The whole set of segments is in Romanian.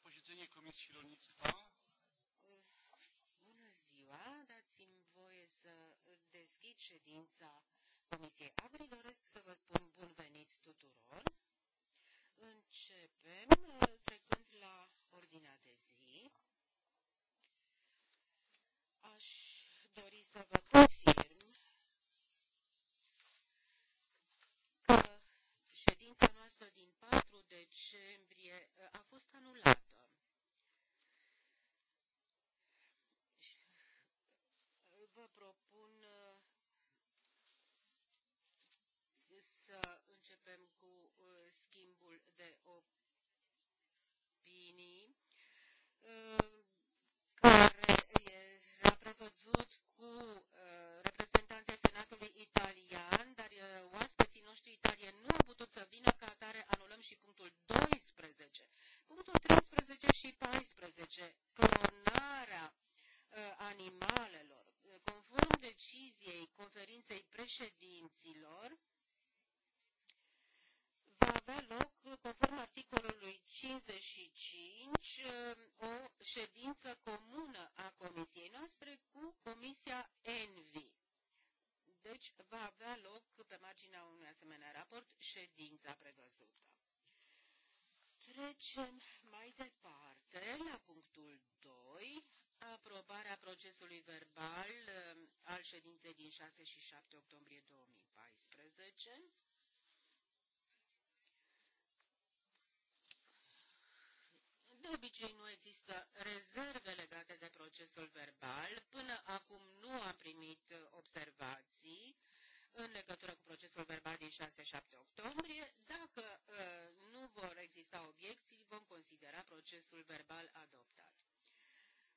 posiedzenie Komisji Rolnictwa. Bună ziua, dați-mi voie să deschid ședința Comisiei Agri. Doresc să vă spun bun venit tuturor. Începem trecând la ordinea de zi. Aș dori să vă confirm trimisă din 4 decembrie ă, a fost anulată. Vă propun ă, să începem cu ă, schimbul de opinii care era prevăzut cu reprezentanța Senatului italian, dar oaspeții invitații noștri italieni nu au putut să vină, ca atare anulăm și punctul 12. Punctul 13 și 14, clonarea uh, animalelor. Conform deciziei conferinței președinților, va avea loc, conform articolului 55, ă, o ședință comună a comisiei noastre cu Comisia ENVI. Deci va avea loc pe marginea unui asemenea raport ședința prevăzută. Trecem mai departe la punctul 2, aprobarea procesului verbal eh, al ședinței din 6 și 7 octombrie 2014. de obicei nu există rezerve legate de procesul verbal. Până acum nu am primit uh, observații în legătură cu procesul verbal din 6-7 octombrie. Dacă uh, nu vor exista obiecții, vom considera procesul verbal adoptat.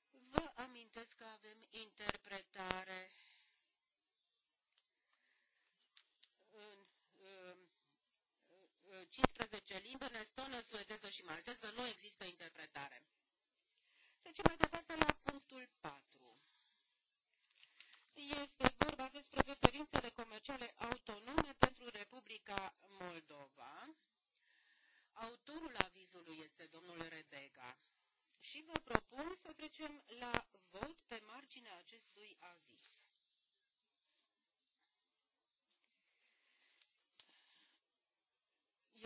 Vă amintesc că avem interpretare 15 limbi, în estonă, suedeză și malteză nu există interpretare. Trecem mai departe la punctul 4. Este vorba despre preferințele comerciale autonome pentru Republica Moldova. Autorul avizului este domnul Rebega. Și vă propun să trecem la vot pe marginea acestui aviz.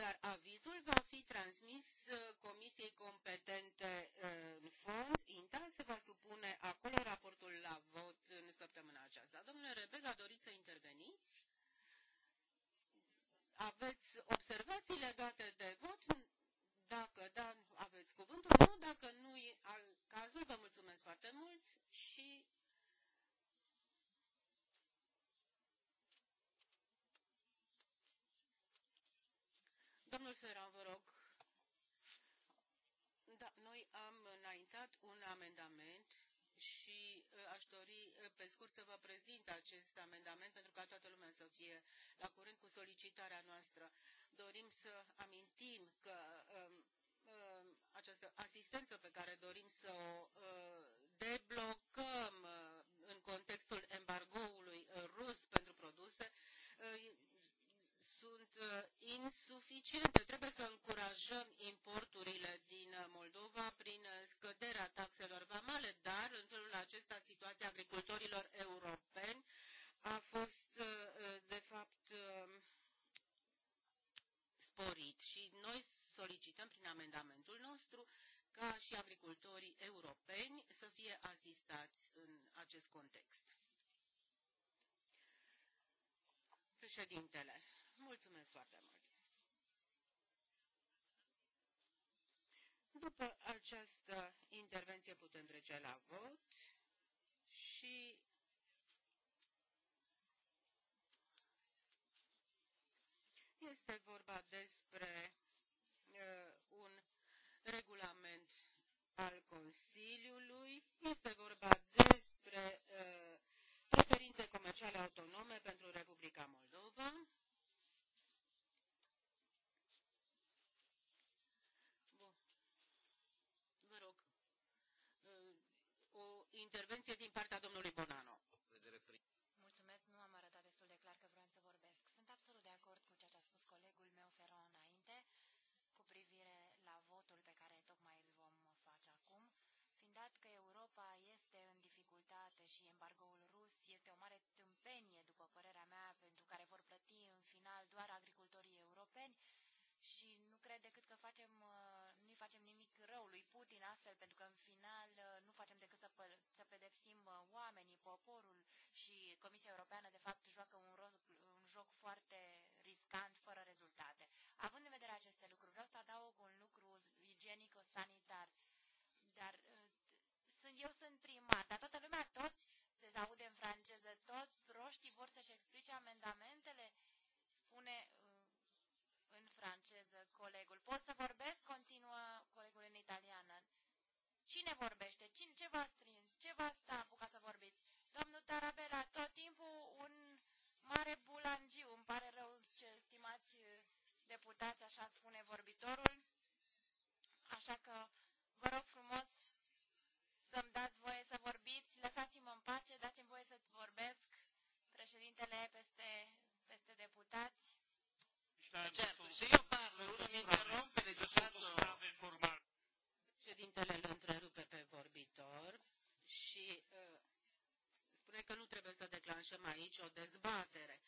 iar avizul va fi transmis uh, comisiei competente uh, în fond. INTA se va supune acolo raportul la vot în săptămâna aceasta. Domnule Rebega, doriți să interveniți? Aveți observațiile date de vot? Dacă da, aveți cuvântul. Nu, dacă nu e cazul, vă mulțumesc foarte mult și Domnul Ferran, vă rog. Da, noi am înaintat un amendament și uh, aș dori uh, pe scurt să vă prezint acest amendament pentru ca toată lumea să fie la curent cu solicitarea noastră. Dorim să amintim că um, um, această asistență pe care dorim să o uh, deblocăm uh, în contextul embargoului uh, rus pentru produse uh, sunt uh, insuficiente. Trebuie să încurajăm importurile din uh, Moldova prin uh, scăderea taxelor vamale, dar în felul acesta situația agricultorilor europeni a fost, de fapt, sporit și noi solicităm prin amendamentul nostru ca și agricultorii europeni să fie asistați în acest context. Președintele, Mulțumesc foarte mult! După această intervenție putem trece la vot și este vorba despre uh, un regulament al Consiliului, este vorba despre uh, preferințe comerciale autonome pentru Republica Moldova. intervenție din partea domnului Bonano. Mulțumesc, nu am arătat destul de clar că vreau să vorbesc. Sunt absolut de acord cu ceea ce a spus colegul meu Ferro înainte, cu privire la votul pe care tocmai îl vom face acum, fiind dat că Europa este în dificultate și embargoul și nu cred decât că facem, uh, nu facem nimic rău lui Putin astfel, pentru că în final uh, nu facem decât să, să pedepsim uh, oamenii, poporul și Comisia Europeană de fapt joacă un, ro- un joc foarte riscant, fără rezultate. Având în vedere aceste lucruri, vreau să adaug un lucru igienico-sanitar. Dar sunt, eu sunt primar, dar toată lumea, toți se aude în franceză, toți proștii vor să-și explice amendamentele franceză colegul. Pot să vorbesc? Continuă colegul în italiană. Cine vorbește? Cine, ce v-a strins? Ce v-a apucat să vorbiți? Domnul Tarabela, tot timpul un mare bulangiu. Îmi pare rău ce stimați deputați, așa spune vorbitorul. Așa că vă rog frumos să-mi dați voie să vorbiți, lăsați-mă în pace, dați-mi voie să vorbesc președintele peste, peste deputați. Certo, se io parlo e uno mi interrompe, legislatorul președintele îl întrerupe pe vorbitor și uh, spune că nu trebuie să declanșăm aici o dezbatere.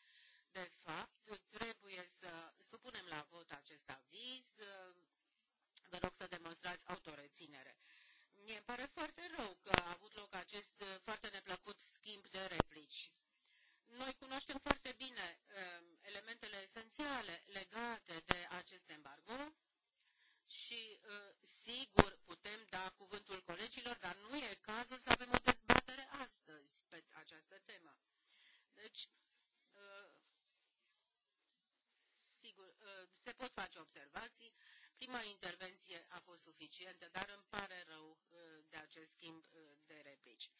De fapt, trebuie să supunem la vot acest aviz. Uh, vă rog să demonstrați autoreținere. Mi-e pare foarte rău că a avut loc acest foarte neplăcut schimb de replici. Noi cunoaștem foarte bine ehm, elementele esențiale legate de acest embargo și, ă, sigur, putem da cuvântul colegilor, dar nu e cazul să avem o dezbatere astăzi pe această temă. Deci, ă, sigur, ă, se pot face observații. Prima intervenție a fost suficientă, dar îmi pare rău de acest schimb de replici.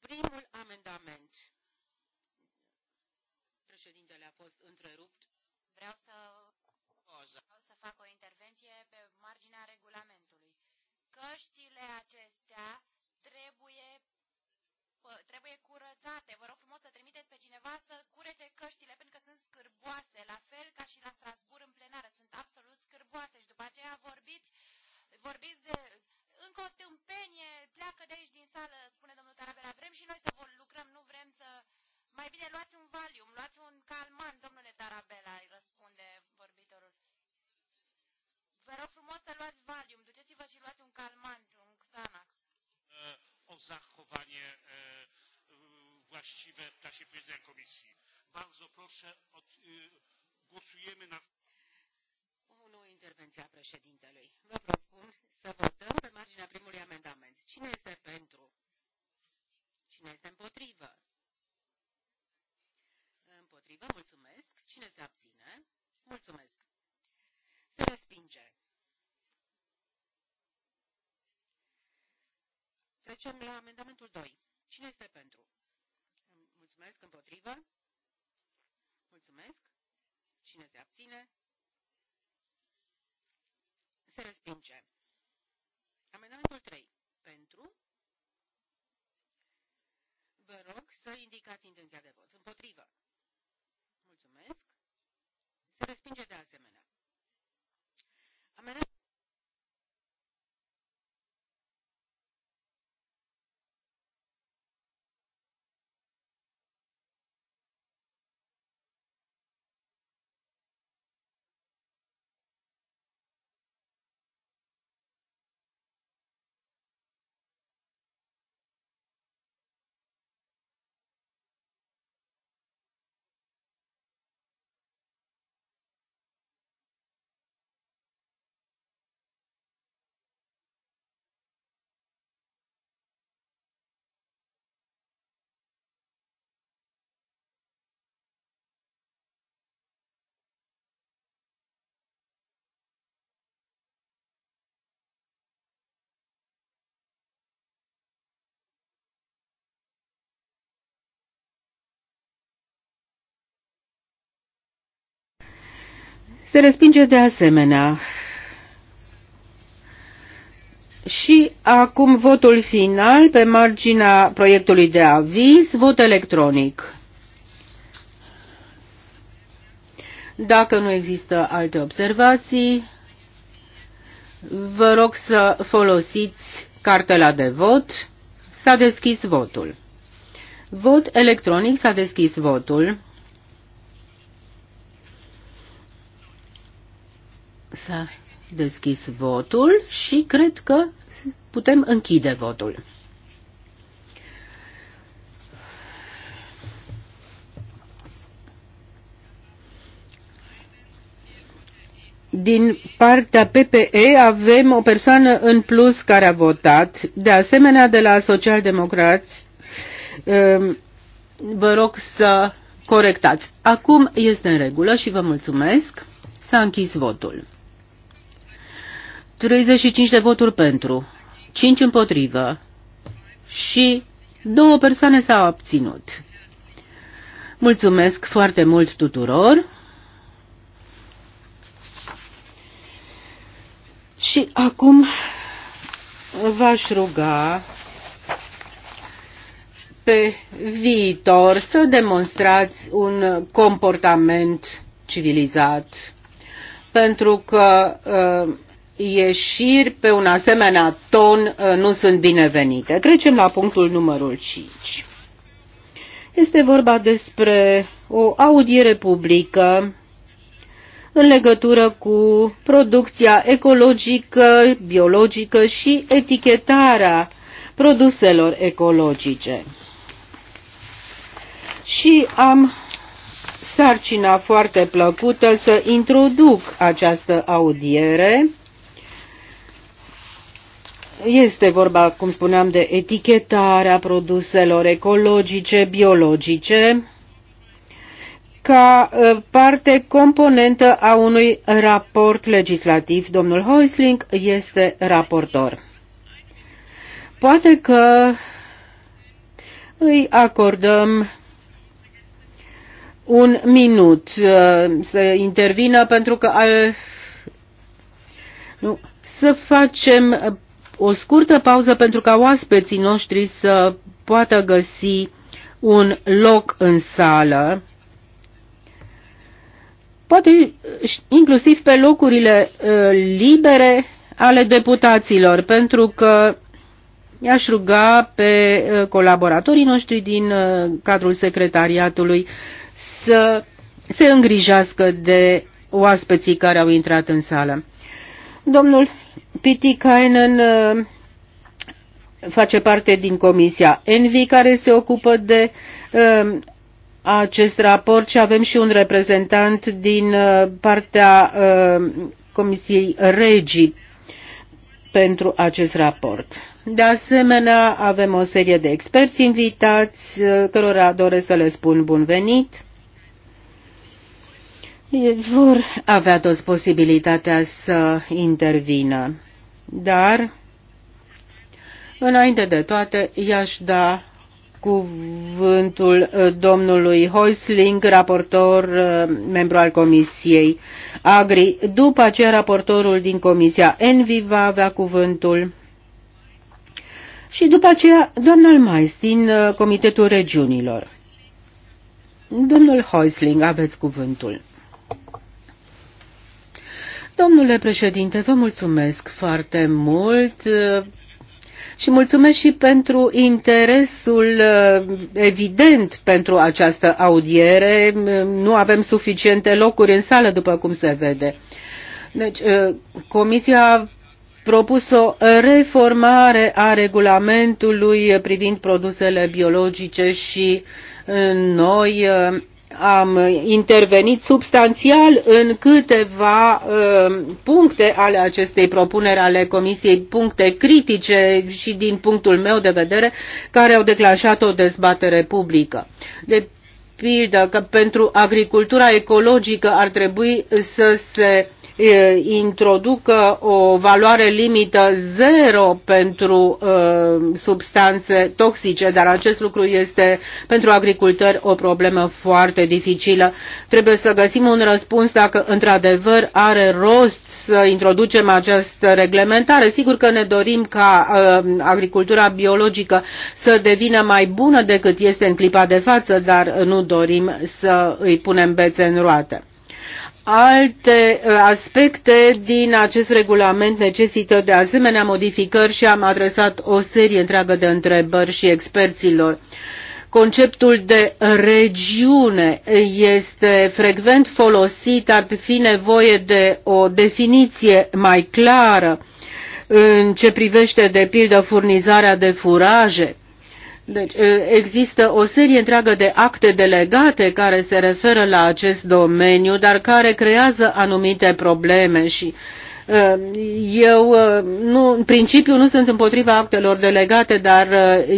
Primul amendament Președintele a fost întrerupt. Vreau să, vreau să fac o intervenție pe marginea regulamentului. Căștile acestea trebuie, trebuie curățate. Vă rog frumos să trimiteți pe cineva să curețe căștile, pentru că sunt scârboase, la fel ca și la Strasbourg în plenară. Sunt absolut scârboase și după aceea vorbiți, vorbiți de încă o tâmpenie, pleacă de aici din sală, spune domnul Tarabela. Vrem și noi să vorbim. Mai bine luați un Valium, luați un calmant, domnule Tarabela, îi răspunde vorbitorul. Vă rog frumos să luați Valium, duceți-vă și luați un calmant, un Xanax. o zachowanie uh, właściwe w czasie posiedzenia komisji. Bardzo proszę, od, uh, głosujemy na... Nu intervenția președintelui. Vă propun să votăm pe marginea primului amendament. Cine este pentru? Cine este împotrivă? Împotrivă. Mulțumesc. Cine se abține? Mulțumesc. Se respinge. Trecem la amendamentul 2. Cine este pentru? Mulțumesc. Împotrivă. Mulțumesc. Cine se abține? Se respinge. Amendamentul 3. Pentru. Vă rog să indicați intenția de vot. Împotrivă mulțumesc. Se respinge de asemenea. Amenea Se respinge de asemenea. Și acum votul final pe marginea proiectului de aviz, vot electronic. Dacă nu există alte observații, vă rog să folosiți cartela de vot. S-a deschis votul. Vot electronic s-a deschis votul. S-a deschis votul și cred că putem închide votul. Din partea PPE avem o persoană în plus care a votat. De asemenea, de la socialdemocrați, um, vă rog să corectați. Acum este în regulă și vă mulțumesc. S-a închis votul. 35 de voturi pentru, 5 împotrivă și două persoane s-au abținut. Mulțumesc foarte mult tuturor și acum v-aș ruga pe viitor să demonstrați un comportament civilizat, pentru că uh, ieșiri pe un asemenea ton uh, nu sunt binevenite. Trecem la punctul numărul 5. Este vorba despre o audiere publică în legătură cu producția ecologică, biologică și etichetarea produselor ecologice. Și am sarcina foarte plăcută să introduc această audiere este vorba, cum spuneam, de etichetarea produselor ecologice, biologice, ca ă, parte componentă a unui raport legislativ. Domnul Hoisling este raportor. Poate că îi acordăm un minut ă, să intervină pentru că nu, să facem o scurtă pauză pentru ca oaspeții noștri să poată găsi un loc în sală, poate inclusiv pe locurile ă, libere ale deputaților, pentru că i-aș ruga pe ă, colaboratorii noștri din ă, cadrul secretariatului să se îngrijească de oaspeții care au intrat în sală. Domnul Pitikainen uh, face parte din Comisia Envi care se ocupă de um, acest raport și avem și un reprezentant din uh, partea um, Comisiei Regi pentru acest raport. De asemenea, avem o serie de experți invitați, uh, cărora doresc să le spun bun venit vor avea toți posibilitatea să intervină. Dar, înainte de toate, i-aș da cuvântul uh, domnului Hoisling, raportor, uh, membru al Comisiei Agri. După aceea, raportorul din Comisia Envi va avea cuvântul. Și după aceea, doamna Almais, din uh, Comitetul Regiunilor. Domnul Hoisling, aveți cuvântul. Domnule președinte, vă mulțumesc foarte mult uh, și mulțumesc și pentru interesul uh, evident pentru această audiere. Uh, nu avem suficiente locuri în sală, după cum se vede. Deci, Comisia propus o reformare a regulamentului privind produsele biologice și noi am intervenit substanțial în câteva uh, puncte ale acestei propuneri ale Comisiei, puncte critice și din punctul meu de vedere, care au declanșat o dezbatere publică. De pildă că pentru agricultura ecologică ar trebui să se introducă o valoare limită zero pentru substanțe toxice, dar acest lucru este pentru agricultori o problemă foarte dificilă. Trebuie să găsim un răspuns dacă într-adevăr are rost să introducem această reglementare. Sigur că ne dorim ca agricultura biologică să devină mai bună decât este în clipa de față, dar nu dorim să îi punem bețe în roate. Alte uh, aspecte din acest regulament necesită de asemenea modificări și am adresat o serie întreagă de întrebări și experților. Conceptul de regiune este frecvent folosit, ar fi nevoie de o definiție mai clară în ce privește, de pildă, furnizarea de furaje deci există o serie întreagă de acte delegate care se referă la acest domeniu, dar care creează anumite probleme și eu, nu, în principiu, nu sunt împotriva actelor delegate, dar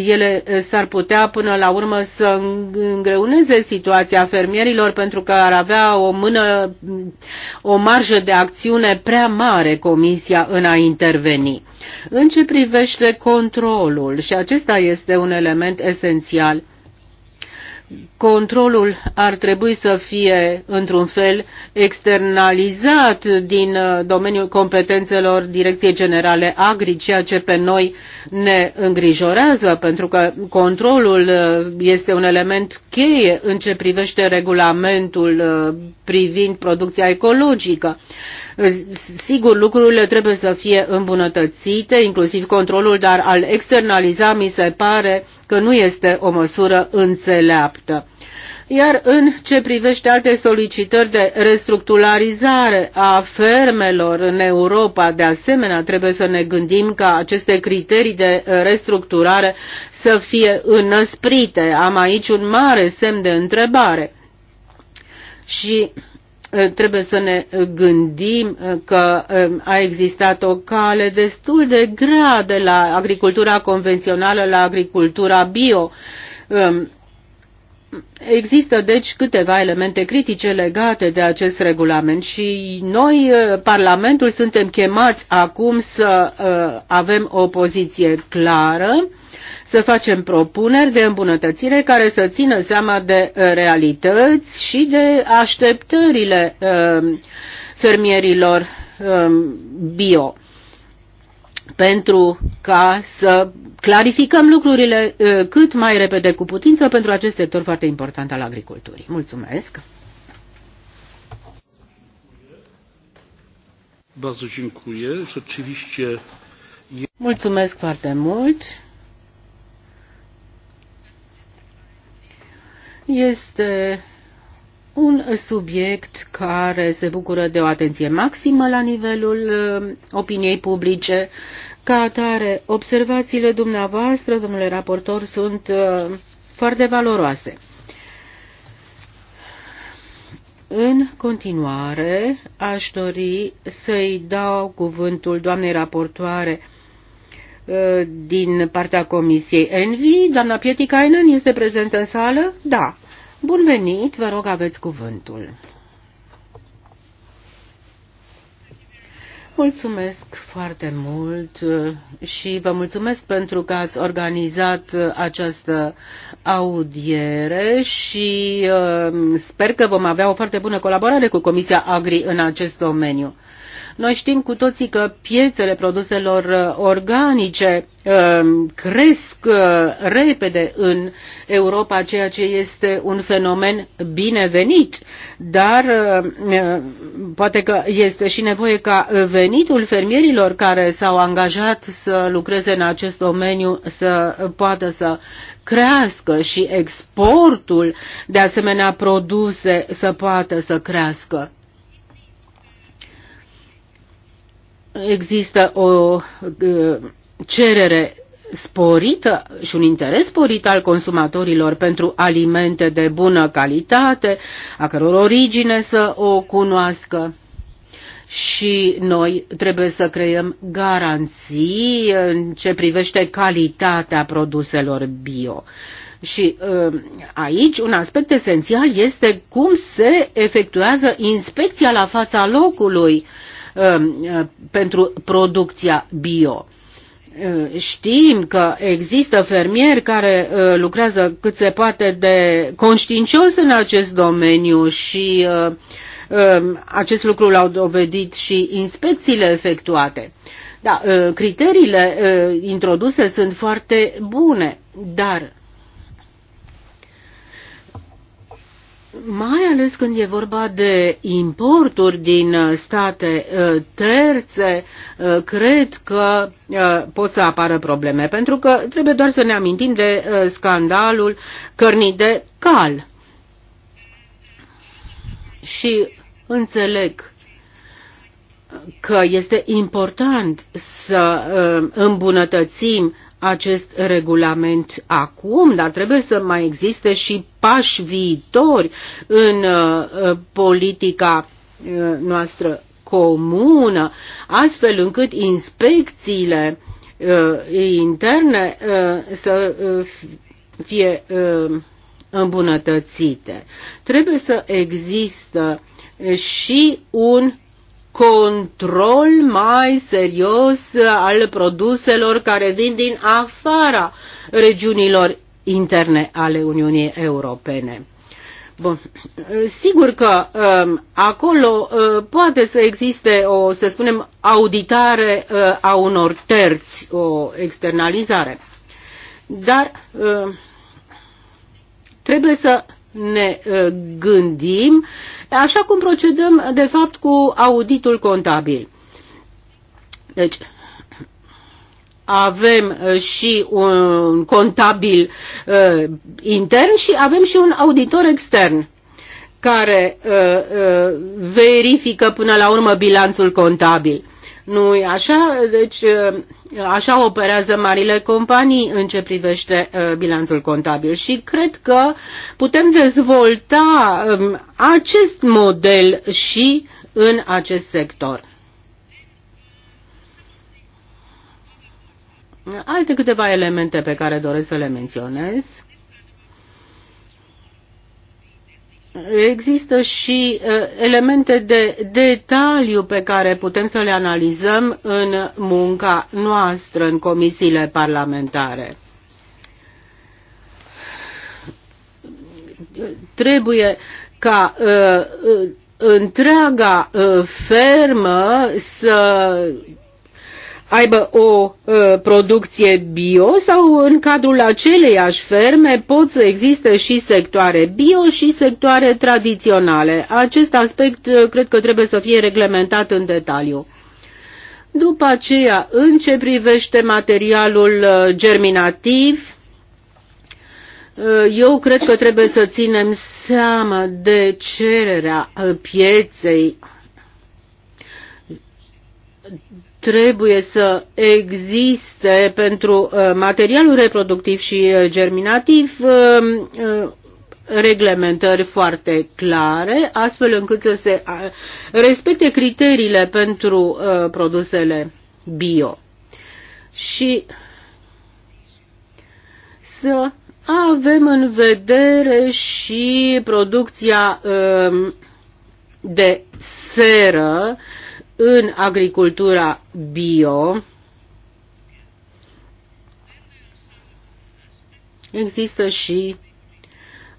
ele s-ar putea până la urmă să îngreuneze situația fermierilor pentru că ar avea o mână, o marjă de acțiune prea mare comisia în a interveni. În ce privește controlul, și acesta este un element esențial, controlul ar trebui să fie, într-un fel, externalizat din uh, domeniul competențelor Direcției Generale Agri, ceea ce pe noi ne îngrijorează, pentru că controlul uh, este un element cheie în ce privește regulamentul uh, privind producția ecologică. Sigur, lucrurile trebuie să fie îmbunătățite, inclusiv controlul, dar al externaliza mi se pare că nu este o măsură înțeleaptă. Iar în ce privește alte solicitări de restructurizare a fermelor în Europa, de asemenea, trebuie să ne gândim ca aceste criterii de restructurare să fie înăsprite. Am aici un mare semn de întrebare. Și Eh, trebuie să ne eh, gândim eh, că a existat o cale destul de grea de la agricultura convențională la agricultura bio. Ehm, există deci câteva elemente critice legate de acest regulament și noi, Parlamentul, suntem chemați acum să avem o poziție clară să facem propuneri de îmbunătățire care să țină seama de uh, realități și de așteptările um, fermierilor um, bio pentru ca să clarificăm lucrurile uh, cât mai repede cu putință pentru acest sector foarte important al agriculturii. Mulțumesc! Mulțumesc foarte mult. Este un subiect care se bucură de o atenție maximă la nivelul uh, opiniei publice. Ca atare, observațiile dumneavoastră, domnule raportor, sunt uh, foarte valoroase. În continuare, aș dori să-i dau cuvântul doamnei raportoare din partea Comisiei Envi. Doamna Pietikainen este prezentă în sală? Da. Bun venit, vă rog aveți cuvântul. Mulțumesc foarte mult uh, și vă mulțumesc pentru că ați organizat uh, această audiere și uh, sper că vom avea o foarte bună colaborare cu Comisia Agri în acest domeniu. Noi știm cu toții că piețele produselor uh, organice um, cresc uh, repede în Europa, ceea ce este un fenomen binevenit, dar uh, poate că este și nevoie ca venitul fermierilor care s-au angajat să lucreze în acest domeniu să poată să crească și exportul de asemenea produse să poată să crească. există o cerere sporită și un interes sporit al consumatorilor pentru alimente de bună calitate, a căror origine să o cunoască. Și noi trebuie să creăm garanții în ce privește calitatea produselor bio. Și aici un aspect esențial este cum se efectuează inspecția la fața locului Um, uh, pentru producția bio. Uh, știm că există fermieri care uh, lucrează cât se poate de conștiincios în acest domeniu și um, acest lucru l-au dovedit și inspecțiile efectuate. Da, criteriile introduse sunt foarte bune, dar mai ales când e vorba de importuri din uh, state uh, terțe, uh, cred că pot să apară probleme, pentru că trebuie doar să ne amintim de scandalul cărnii de cal. Și înțeleg că este important să îmbunătățim acest regulament acum, dar trebuie să mai existe și pași viitori în uh, uh, politica uh, noastră comună, astfel încât inspecțiile interne să fie îmbunătățite. Trebuie să există și un control mai serios al produselor care vin din afara regiunilor interne ale Uniunii Europene. Bun. Sigur că um, acolo uh, poate să existe o, să spunem, auditare uh, a unor terți, o externalizare. Dar uh, trebuie să ne uh, gândim, așa cum procedăm, de fapt, cu auditul contabil. Deci, avem uh, și un contabil uh, intern și avem și un auditor extern care uh, uh, verifică până la urmă bilanțul contabil nu e așa? Deci așa operează marile companii în ce privește bilanțul contabil și cred că putem dezvolta acest model și în acest sector. Alte câteva elemente pe care doresc să le menționez. Există și uh, elemente de detaliu pe care putem să le analizăm în munca noastră, în comisiile parlamentare. Trebuie ca uh, uh, întreaga fermă să aibă o uh, producție bio sau în cadrul aceleiași ferme pot să existe și sectoare bio și sectoare tradiționale. Acest aspect uh, cred că trebuie să fie reglementat în detaliu. După aceea, în ce privește materialul uh, germinativ, eu cred că trebuie să ținem seama de cererea pieței trebuie să existe pentru uh, materialul reproductiv și uh, germinativ uh, reglementări foarte clare, astfel încât să se respecte criteriile pentru produsele bio. Și să avem în vedere și producția um, de seră în agricultura bio. Există și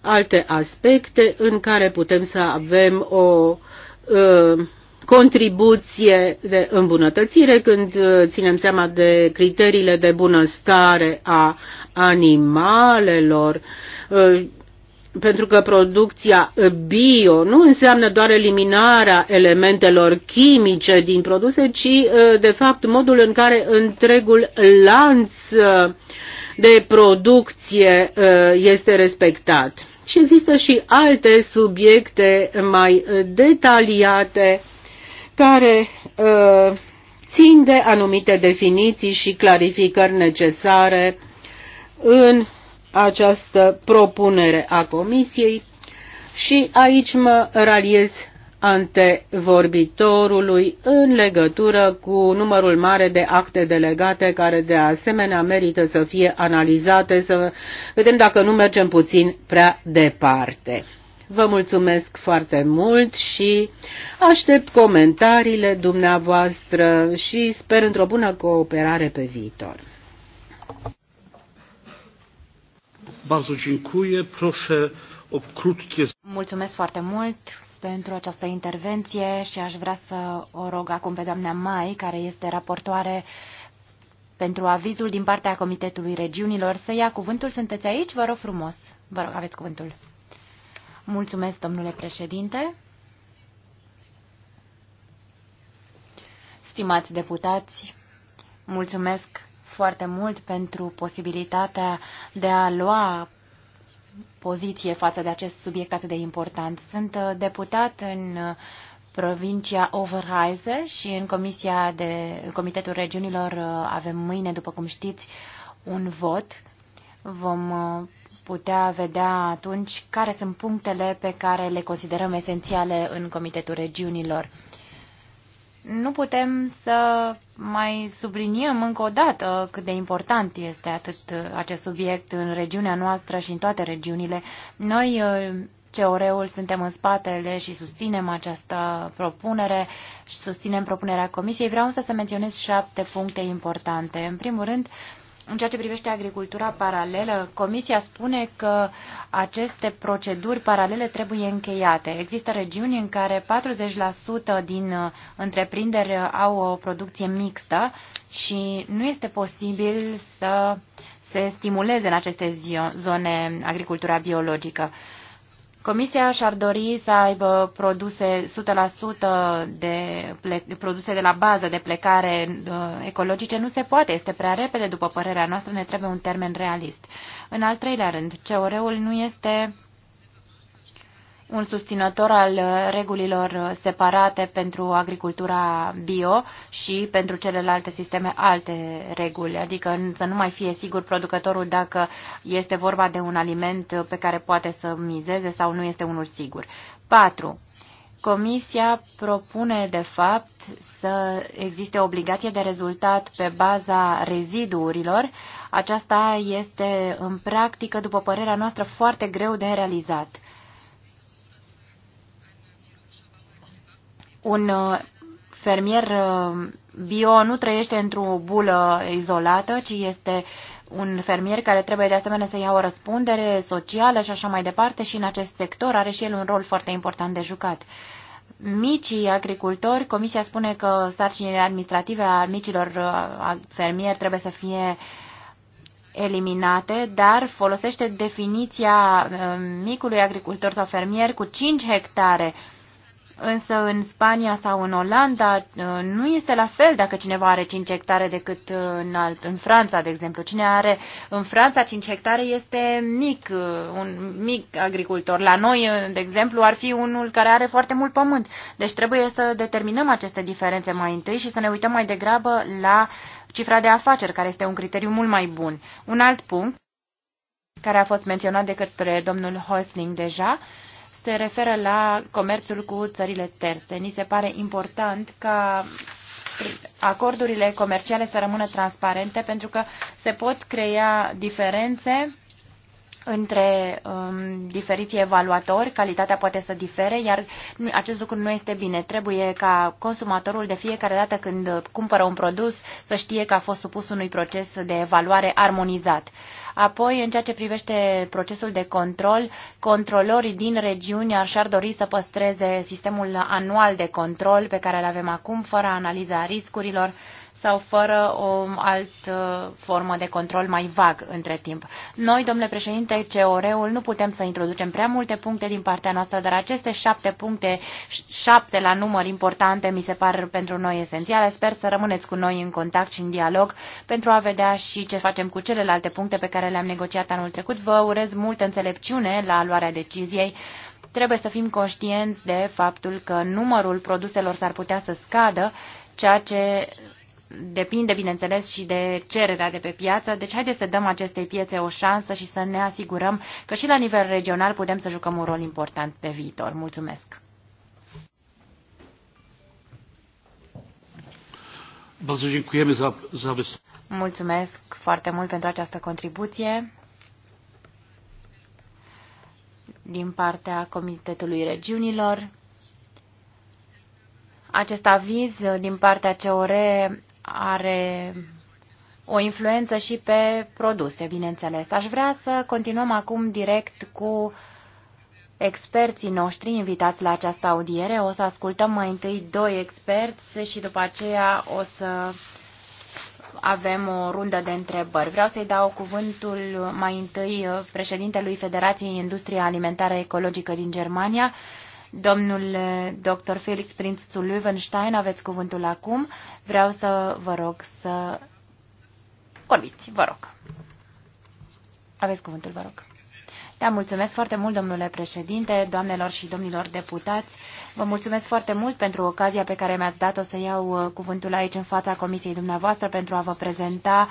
alte aspecte în care putem să avem o uh, contribuție de îmbunătățire când ă, ținem seama de criteriile de bunăstare a animalelor ă, pentru că producția bio nu înseamnă doar eliminarea elementelor chimice din produse, ci uh, de fapt modul în care întregul lanț uh, de producție uh, este respectat. Și există și alte subiecte mai detaliate care țin de anumite definiții și clarificări necesare în această propunere a Comisiei și aici mă raliez vorbitorului în legătură cu numărul mare de acte delegate care de asemenea merită să fie analizate, să vedem dacă nu mergem puțin prea departe. Vă mulțumesc foarte mult și aștept comentariile dumneavoastră și sper într-o bună cooperare pe viitor. Bardzo dziękuję. Proszę o krótkie... Mulțumesc foarte mult pentru această intervenție și aș vrea să o rog acum pe doamna Mai, care este raportoare pentru avizul din partea Comitetului Regiunilor, să ia cuvântul. Sunteți aici? Vă rog frumos. Vă rog, aveți cuvântul. Mulțumesc, domnule președinte. Stimați deputați, mulțumesc foarte mult pentru posibilitatea de a lua poziție față de acest subiect atât de important. Sunt uh, deputat în uh, provincia Overheise și în Comisia de Comitetul Regiunilor uh, avem mâine, după cum știți, un vot. Vom putea vedea atunci care sunt punctele pe care le considerăm esențiale în Comitetul Regiunilor nu putem să mai subliniem încă o dată cât de important este atât acest subiect în regiunea noastră și în toate regiunile. Noi, uh, CEOR-ul, suntem în spatele și susținem această propunere și susținem propunerea Comisiei. Vreau să menționez șapte puncte importante. În primul rând, în ceea ce privește agricultura paralelă, Comisia spune că aceste proceduri paralele trebuie încheiate. Există regiuni în care 40% din uh, întreprinderi au o producție mixtă și nu este posibil să se stimuleze în aceste zone agricultura biologică. Comisia și-ar dori să aibă produse 100% de produse de la bază de plecare uh, ecologice. Nu se poate, este prea repede, după părerea noastră, ne trebuie un termen realist. În al treilea rând, CEOR-ul nu este un susținător al uh, regulilor uh, separate pentru agricultura bio și pentru celelalte sisteme alte reguli, adică să nu mai fie sigur producătorul dacă este vorba de un aliment uh, pe care poate să mizeze sau nu este unul sigur. 4. Comisia propune, de fapt, să existe obligație de rezultat pe baza reziduurilor. Aceasta este, în practică, după părerea noastră, foarte greu de realizat Un uh, fermier uh, bio nu trăiește într-o bulă izolată, ci este un fermier care trebuie de asemenea să ia o răspundere socială și așa mai departe și în acest sector are și el un rol foarte important de jucat. Micii agricultori, Comisia spune că sarcinile administrative a micilor uh, fermieri trebuie să fie eliminate, dar folosește definiția micului agricultor sau fermier cu 5 hectare uh, Însă în Spania sau în Olanda uh, nu este la fel dacă cineva are 5 hectare decât uh, în, alt, în Franța, de exemplu. Cine are în Franța 5 hectare este mic, uh, un mic agricultor. La noi, de exemplu, ar fi unul care are foarte mult pământ. Deci trebuie să determinăm aceste diferențe mai întâi și să ne uităm mai degrabă la cifra de afaceri, care este un criteriu mult mai bun. Un alt punct care a fost menționat de către domnul Hosling deja, se referă la comerțul cu țările terțe. Ni se pare important ca acordurile comerciale să rămână transparente pentru că se pot crea diferențe între um, diferiții evaluatori, calitatea poate să difere, iar acest lucru nu este bine. Trebuie ca consumatorul de fiecare dată când cumpără un produs să știe că a fost supus unui proces de evaluare armonizat. Apoi, în ceea ce privește procesul de control, controlorii din regiuni ar și-ar dori să păstreze sistemul anual de control pe care îl avem acum, fără analiza riscurilor, sau fără o altă formă de control mai vag între timp. Noi, domnule președinte, COR-ul nu putem să introducem prea multe puncte din partea noastră, dar aceste șapte puncte, șapte la număr importante, mi se par pentru noi esențiale. Sper să rămâneți cu noi în contact și în dialog pentru a vedea și ce facem cu celelalte puncte pe care le-am negociat anul trecut. Vă urez multă înțelepciune la luarea deciziei trebuie să fim conștienți de faptul că numărul produselor s-ar putea să scadă, ceea ce depinde, bineînțeles, și de cererea de pe piață, deci haideți să dăm acestei piețe o șansă și să ne asigurăm că și la nivel regional putem să jucăm un rol important pe viitor. Mulțumesc! Mulțumesc foarte mult pentru această contribuție din partea Comitetului Regiunilor. Acest aviz din partea COR are o influență și pe produse, bineînțeles. Aș vrea să continuăm acum direct cu experții noștri invitați la această audiere. O să ascultăm mai întâi doi experți și după aceea o să avem o rundă de întrebări. Vreau să-i dau cuvântul mai întâi președintelui Federației Industriei Alimentare Ecologică din Germania, Domnule dr. Felix Prinz zu Löwenstein, aveți cuvântul acum. Vreau să vă rog să vorbiți, vă rog. Aveți cuvântul, vă rog. Da, mulțumesc foarte mult, domnule președinte, doamnelor și domnilor deputați. Vă mulțumesc foarte mult pentru ocazia pe care mi-ați dat-o să iau uh, cuvântul aici în fața comisiei dumneavoastră pentru a vă prezenta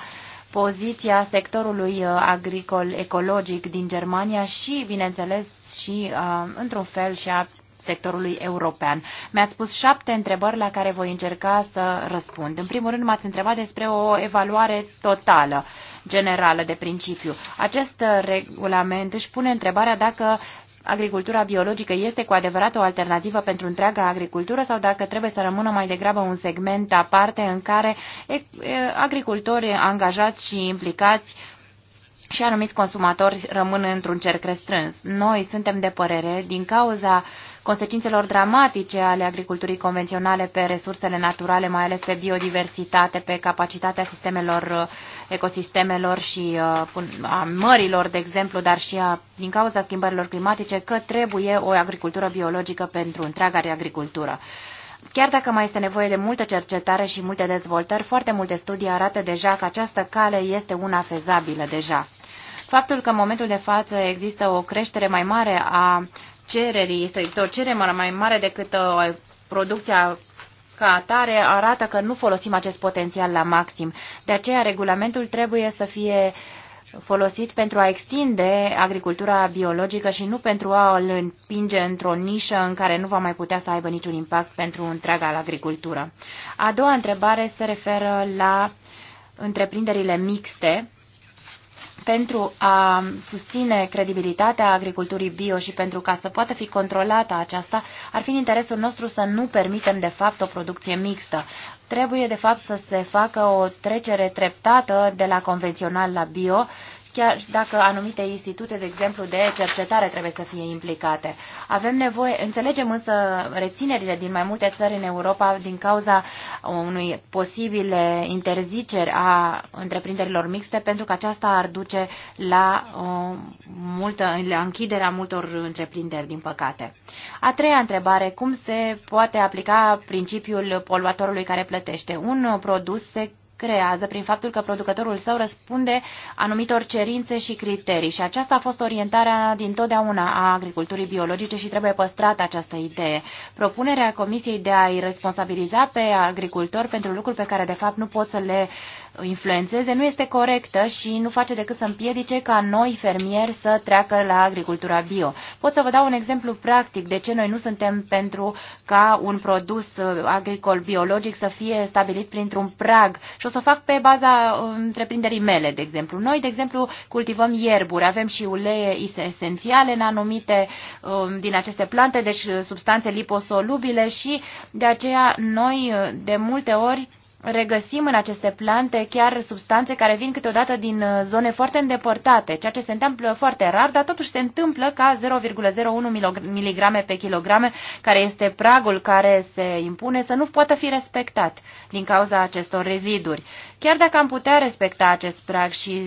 poziția sectorului uh, agricol ecologic din Germania și, bineînțeles, și uh, într-un fel și a sectorului european. Mi-ați spus șapte întrebări la care voi încerca să răspund. În primul rând m-ați întrebat despre o evaluare totală generală de principiu. Acest uh, regulament își pune întrebarea dacă agricultura biologică este cu adevărat o alternativă pentru întreaga agricultură sau dacă trebuie să rămână mai degrabă un segment aparte în care agricultori angajați și implicați și anumiți consumatori rămân într-un cerc restrâns. Noi suntem de părere, din cauza uh, consecințelor dramatice ale agriculturii convenționale pe resursele naturale, mai ales pe biodiversitate, pe capacitatea sistemelor, uh, ecosistemelor și uh, a mărilor, de exemplu, dar și a, din cauza schimbărilor climatice, că trebuie o agricultură biologică pentru întreaga agricultură. Chiar dacă mai este nevoie de multă cercetare și multe dezvoltări, foarte multe studii arată deja că această cale este una fezabilă deja. Faptul că în momentul de față există o creștere mai mare a cererii, este o cerere mai mare decât o uh, producția ca atare arată că nu folosim acest potențial la maxim. De aceea, regulamentul trebuie să fie folosit pentru a extinde agricultura biologică și nu pentru a îl împinge într-o nișă în care nu va mai putea să aibă niciun impact pentru întreaga agricultură. A doua întrebare se referă la întreprinderile mixte pentru a susține credibilitatea agriculturii bio și pentru ca să poată fi controlată aceasta, ar fi în interesul nostru să nu permitem de fapt o producție mixtă. Trebuie de fapt să se facă o trecere treptată de la convențional la bio chiar dacă anumite institute, de exemplu, de cercetare trebuie să fie implicate. Avem nevoie, înțelegem însă reținerile din mai multe țări în Europa din cauza unui posibile interziceri a întreprinderilor mixte, pentru că aceasta ar duce la o multă, la închiderea multor întreprinderi, din păcate. A treia întrebare, cum se poate aplica principiul poluatorului care plătește? Un produs se creează prin faptul că producătorul său răspunde anumitor cerințe și criterii. Și aceasta a fost orientarea din totdeauna a agriculturii biologice și trebuie păstrată această idee. Propunerea Comisiei de a-i responsabiliza pe agricultori pentru lucruri pe care de fapt nu pot să le uh, influențeze nu este corectă și nu face decât să împiedice ca noi fermieri să treacă la agricultura bio. Pot să vă dau un exemplu practic de ce noi nu suntem pentru ca un produs uh, agricol biologic să fie stabilit printr-un prag și o să o fac pe baza uh, întreprinderii mele, de exemplu. Noi, de exemplu, cultivăm ierburi, avem și ulee esențiale în anumite um, din aceste plante, deci uh, substanțe liposolubile și de aceea noi de multe ori regăsim în aceste plante chiar substanțe care vin câteodată din uh, zone foarte îndepărtate, ceea ce se întâmplă foarte rar, dar totuși se întâmplă ca 0,01 mg pe kilograme, care este pragul care se impune, să nu poată fi respectat din cauza acestor reziduri. Chiar dacă am putea respecta acest prag și,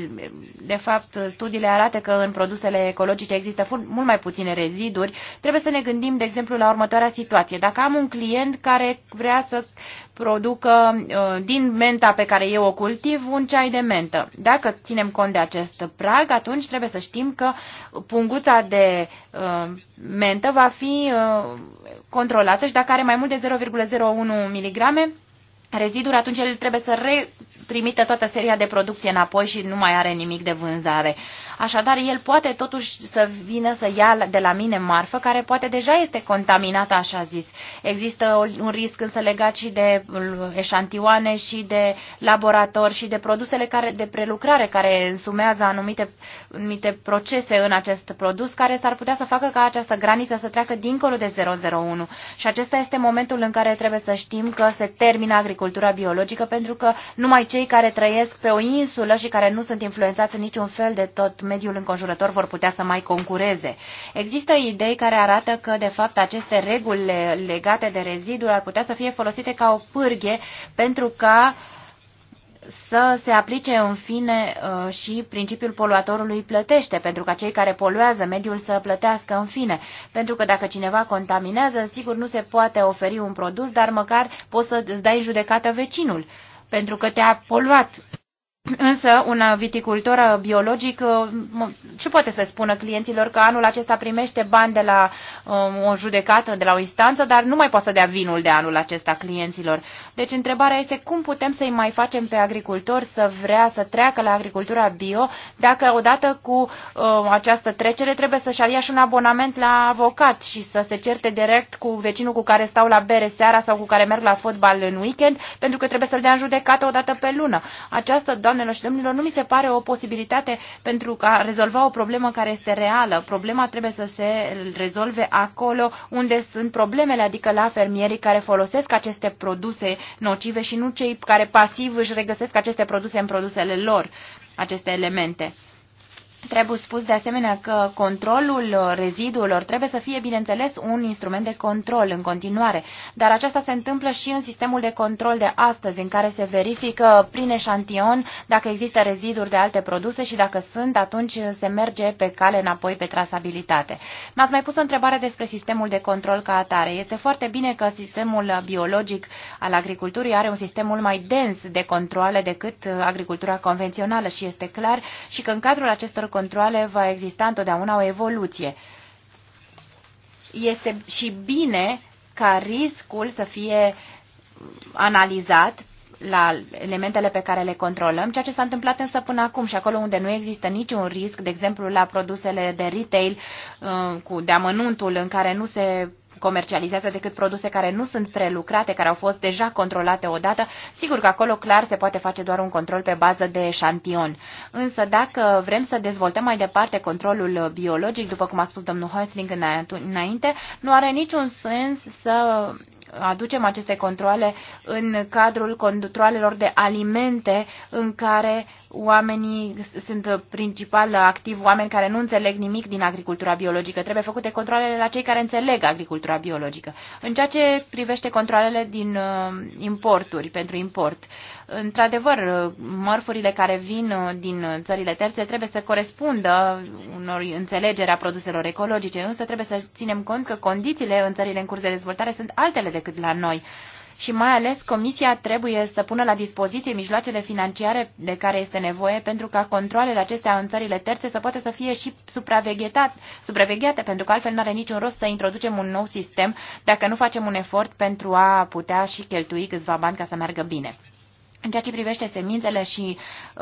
de fapt, studiile arată că în produsele ecologice există mult mai puține reziduri, trebuie să ne gândim, de exemplu, la următoarea situație. Dacă am un client care vrea să producă uh, din menta pe care eu o cultiv un ceai de mentă. Dacă ținem cont de acest prag, atunci trebuie să știm că punguța de uh, mentă va fi uh, controlată și dacă are mai mult de 0,01 mg reziduri, atunci el trebuie să retrimită toată seria de producție înapoi și nu mai are nimic de vânzare. Așadar, el poate totuși să vină să ia de la mine marfă, care poate deja este contaminată, așa zis. Există un risc însă legat și de eșantioane și de laborator și de produsele care, de prelucrare care însumează anumite, anumite procese în acest produs, care s-ar putea să facă ca această graniță să treacă dincolo de 001. Și acesta este momentul în care trebuie să știm că se termină agricultura biologică, pentru că numai cei care trăiesc pe o insulă și care nu sunt influențați în niciun fel de tot mediul înconjurător vor putea să mai concureze. Există idei care arată că, de fapt, aceste reguli legate de reziduri ar putea să fie folosite ca o pârghie pentru ca să se aplice în fine uh, și principiul poluatorului plătește, pentru ca cei care poluează mediul să plătească în fine. Pentru că dacă cineva contaminează, sigur nu se poate oferi un produs, dar măcar poți să îți dai judecată vecinul, pentru că te-a poluat. Însă, un viticultor biologic ce poate să spună clienților că anul acesta primește bani de la um, o judecată, de la o instanță, dar nu mai poate să dea vinul de anul acesta clienților. Deci, întrebarea este cum putem să-i mai facem pe agricultori să vrea să treacă la agricultura bio, dacă odată cu um, această trecere trebuie să-și alia și un abonament la avocat și să se certe direct cu vecinul cu care stau la bere seara sau cu care merg la fotbal în weekend, pentru că trebuie să-l dea în judecată odată pe lună. Această doamnelor și domnilor, nu mi se pare o posibilitate pentru a rezolva o problemă care este reală. Problema trebuie să se rezolve acolo unde sunt problemele, adică la fermierii care folosesc aceste produse nocive și nu cei care pasiv își regăsesc aceste produse în produsele lor, aceste elemente. Trebuie spus de asemenea că controlul reziduelor trebuie să fie, bineînțeles, un instrument de control în continuare, dar aceasta se întâmplă și în sistemul de control de astăzi, în care se verifică prin eșantion dacă există reziduri de alte produse și dacă sunt, atunci se merge pe cale înapoi pe trasabilitate. M-ați mai pus o întrebare despre sistemul de control ca atare. Este foarte bine că sistemul biologic al agriculturii are un sistem mult mai dens de controle decât agricultura convențională și este clar și că în cadrul acestor controle va exista întotdeauna o evoluție. Este și bine ca riscul să fie analizat la elementele pe care le controlăm, ceea ce s-a întâmplat însă până acum și acolo unde nu există niciun risc, de exemplu la produsele de retail uh, cu deamănuntul în care nu se comercializează decât produse care nu sunt prelucrate, care au fost deja controlate odată. Sigur că acolo clar se poate face doar un control pe bază de eșantion. Însă dacă vrem să dezvoltăm mai departe controlul biologic, după cum a spus domnul Hoesling înainte, nu are niciun sens să aducem aceste controle în cadrul controlelor de alimente în care oamenii sunt principal activ, oameni care nu înțeleg nimic din agricultura biologică. Trebuie făcute controlele la cei care înțeleg agricultura biologică. În ceea ce privește controlele din uh, importuri, pentru import, într-adevăr, mărfurile care vin uh, din țările terțe trebuie să corespundă unor înțelegere a produselor ecologice, însă trebuie să ținem cont că condițiile în țările în curs de dezvoltare sunt altele decât la noi. Și mai ales Comisia trebuie să pună la dispoziție mijloacele financiare de care este nevoie pentru ca controlele acestea în țările terțe să poată să fie și supravegheate, pentru că altfel nu are niciun rost să introducem un nou sistem dacă nu facem un efort pentru a putea și cheltui câțiva bani ca să meargă bine. În ceea ce privește semințele și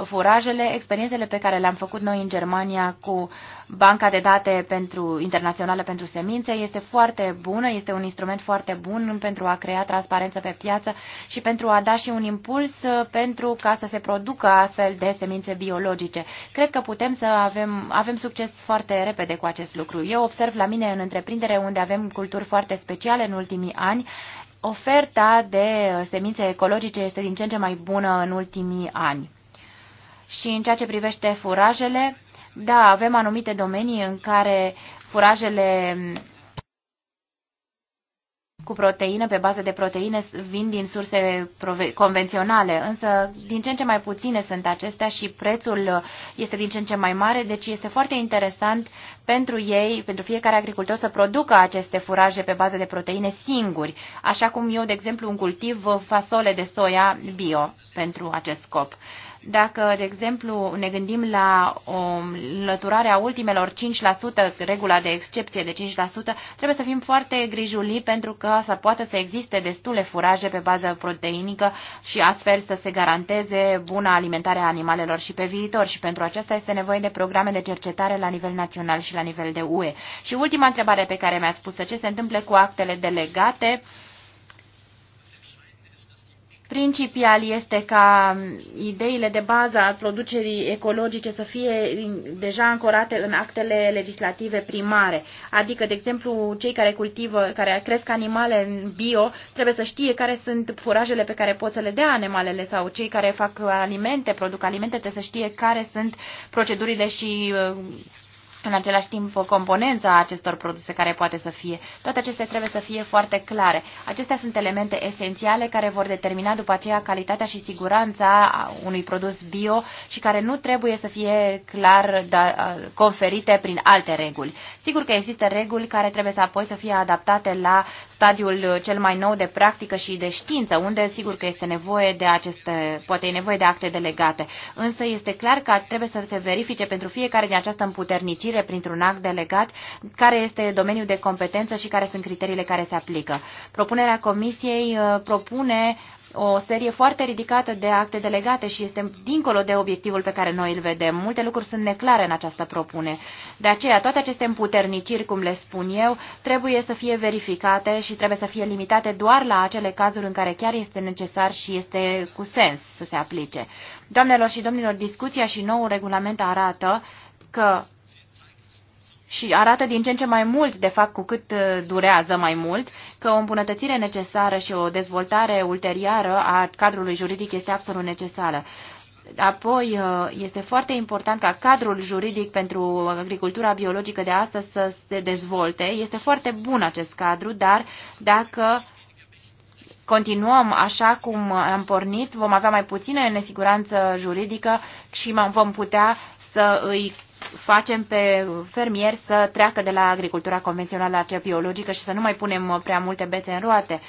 furajele, experiențele pe care le-am făcut noi în Germania cu Banca de Date pentru, Internațională pentru Semințe este foarte bună, este un instrument foarte bun pentru a crea transparență pe piață și pentru a da și un impuls uh, pentru ca să se producă astfel de semințe biologice. Cred că putem să avem, avem succes foarte repede cu acest lucru. Eu observ la mine în întreprindere unde avem culturi foarte speciale în ultimii ani, Oferta de uh, semințe ecologice este din ce în ce mai bună în ultimii ani. Și în ceea ce privește furajele, da, avem anumite domenii în care furajele cu proteine, pe bază de proteine, vin din surse convenționale, însă din ce în ce mai puține sunt acestea și prețul este din ce în ce mai mare, deci este foarte interesant pentru ei, pentru fiecare agricultor să producă aceste furaje pe bază de proteine singuri, așa cum eu, de exemplu, un cultiv fasole de soia bio pentru acest scop. Dacă, de exemplu, ne gândim la o înlăturare a ultimelor 5%, regula de excepție de 5%, trebuie să fim foarte grijuli pentru că să poată să existe destule furaje pe bază proteinică și astfel să se garanteze buna alimentare a animalelor și pe viitor și pentru aceasta este nevoie de programe de cercetare la nivel național și la nivel de UE. Și ultima întrebare pe care mi a spus ce se întâmplă cu actele delegate, uh, principial este ca ideile de bază a producerii ecologice să fie deja ancorate în actele legislative primare. Adică, de exemplu, cei care cultivă, care cresc animale în bio, trebuie să știe care sunt furajele pe care pot să le dea animalele sau cei care fac alimente, produc alimente, trebuie să știe care sunt procedurile și uh, în același timp componența acestor produse care poate să fie. Toate acestea trebuie să fie foarte clare. Acestea sunt elemente esențiale care vor determina după aceea calitatea și siguranța unui produs bio și care nu trebuie să fie clar da, conferite prin alte reguli. Sigur că există reguli care trebuie să apoi să fie adaptate la stadiul cel mai nou de practică și de știință, unde sigur că este nevoie de aceste, poate e nevoie de acte delegate. Însă este clar că trebuie să se verifice pentru fiecare din această împuternicire printr-un act delegat care este domeniul de competență și care sunt criteriile care se aplică. Propunerea Comisiei uh, propune o serie foarte ridicată de acte delegate și este dincolo de obiectivul pe care noi îl vedem. Multe lucruri sunt neclare în această propunere. De aceea, toate aceste împuterniciri, cum le spun eu, trebuie să fie verificate și trebuie să fie limitate doar la acele cazuri în care chiar este necesar și este cu sens să se aplice. Doamnelor și domnilor, discuția și noul regulament arată că și arată din ce în ce mai mult, de fapt, cu cât uh, durează mai mult, că o îmbunătățire necesară și o dezvoltare ulterioară a cadrului juridic este absolut necesară. Apoi, uh, este foarte important ca cadrul juridic pentru agricultura biologică de astăzi să se dezvolte. Este foarte bun acest cadru, dar dacă continuăm așa cum am pornit, vom avea mai puțină nesiguranță juridică și vom putea să îi facem pe fermieri să treacă de la agricultura convențională la cea biologică și să nu mai punem prea multe bețe în roate.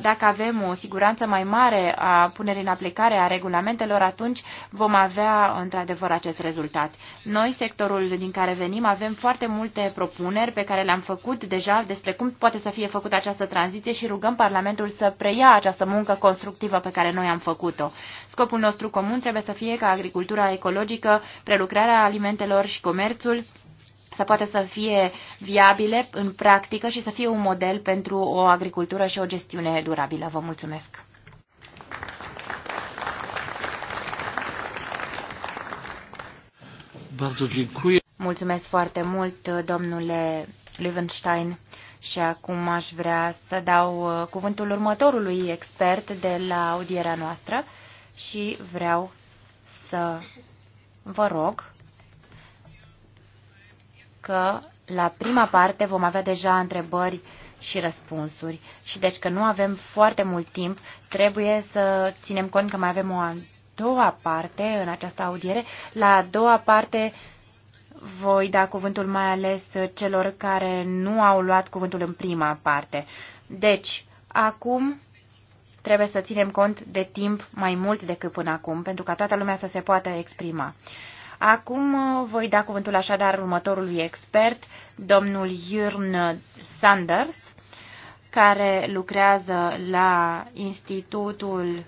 Dacă avem o siguranță mai mare a punerii în aplicare a regulamentelor, atunci vom avea într-adevăr acest rezultat. Noi, sectorul din care venim, avem foarte multe propuneri pe care le-am făcut deja despre cum poate să fie făcută această tranziție și rugăm Parlamentul să preia această muncă constructivă pe care noi am făcut-o. Scopul nostru comun trebuie să fie ca agricultura ecologică, prelucrarea alimentelor și și comerțul să poată să fie viabile în practică și să fie un model pentru o agricultură și o gestiune durabilă. Vă mulțumesc! Mulțumesc foarte mult, domnule Levenstein. Și acum aș vrea să dau uh, cuvântul următorului expert de la audierea noastră și vreau să vă rog că la prima parte vom avea deja întrebări și răspunsuri și deci că nu avem foarte mult timp, trebuie să ținem cont că mai avem o a doua parte în această audiere. La a doua parte voi da cuvântul mai ales celor care nu au luat cuvântul în prima parte. Deci, acum trebuie să ținem cont de timp mai mult decât până acum, pentru ca toată lumea să se poată exprima. Acum uh, voi da cuvântul așadar următorului expert, domnul Jürn Sanders, care lucrează la Institutul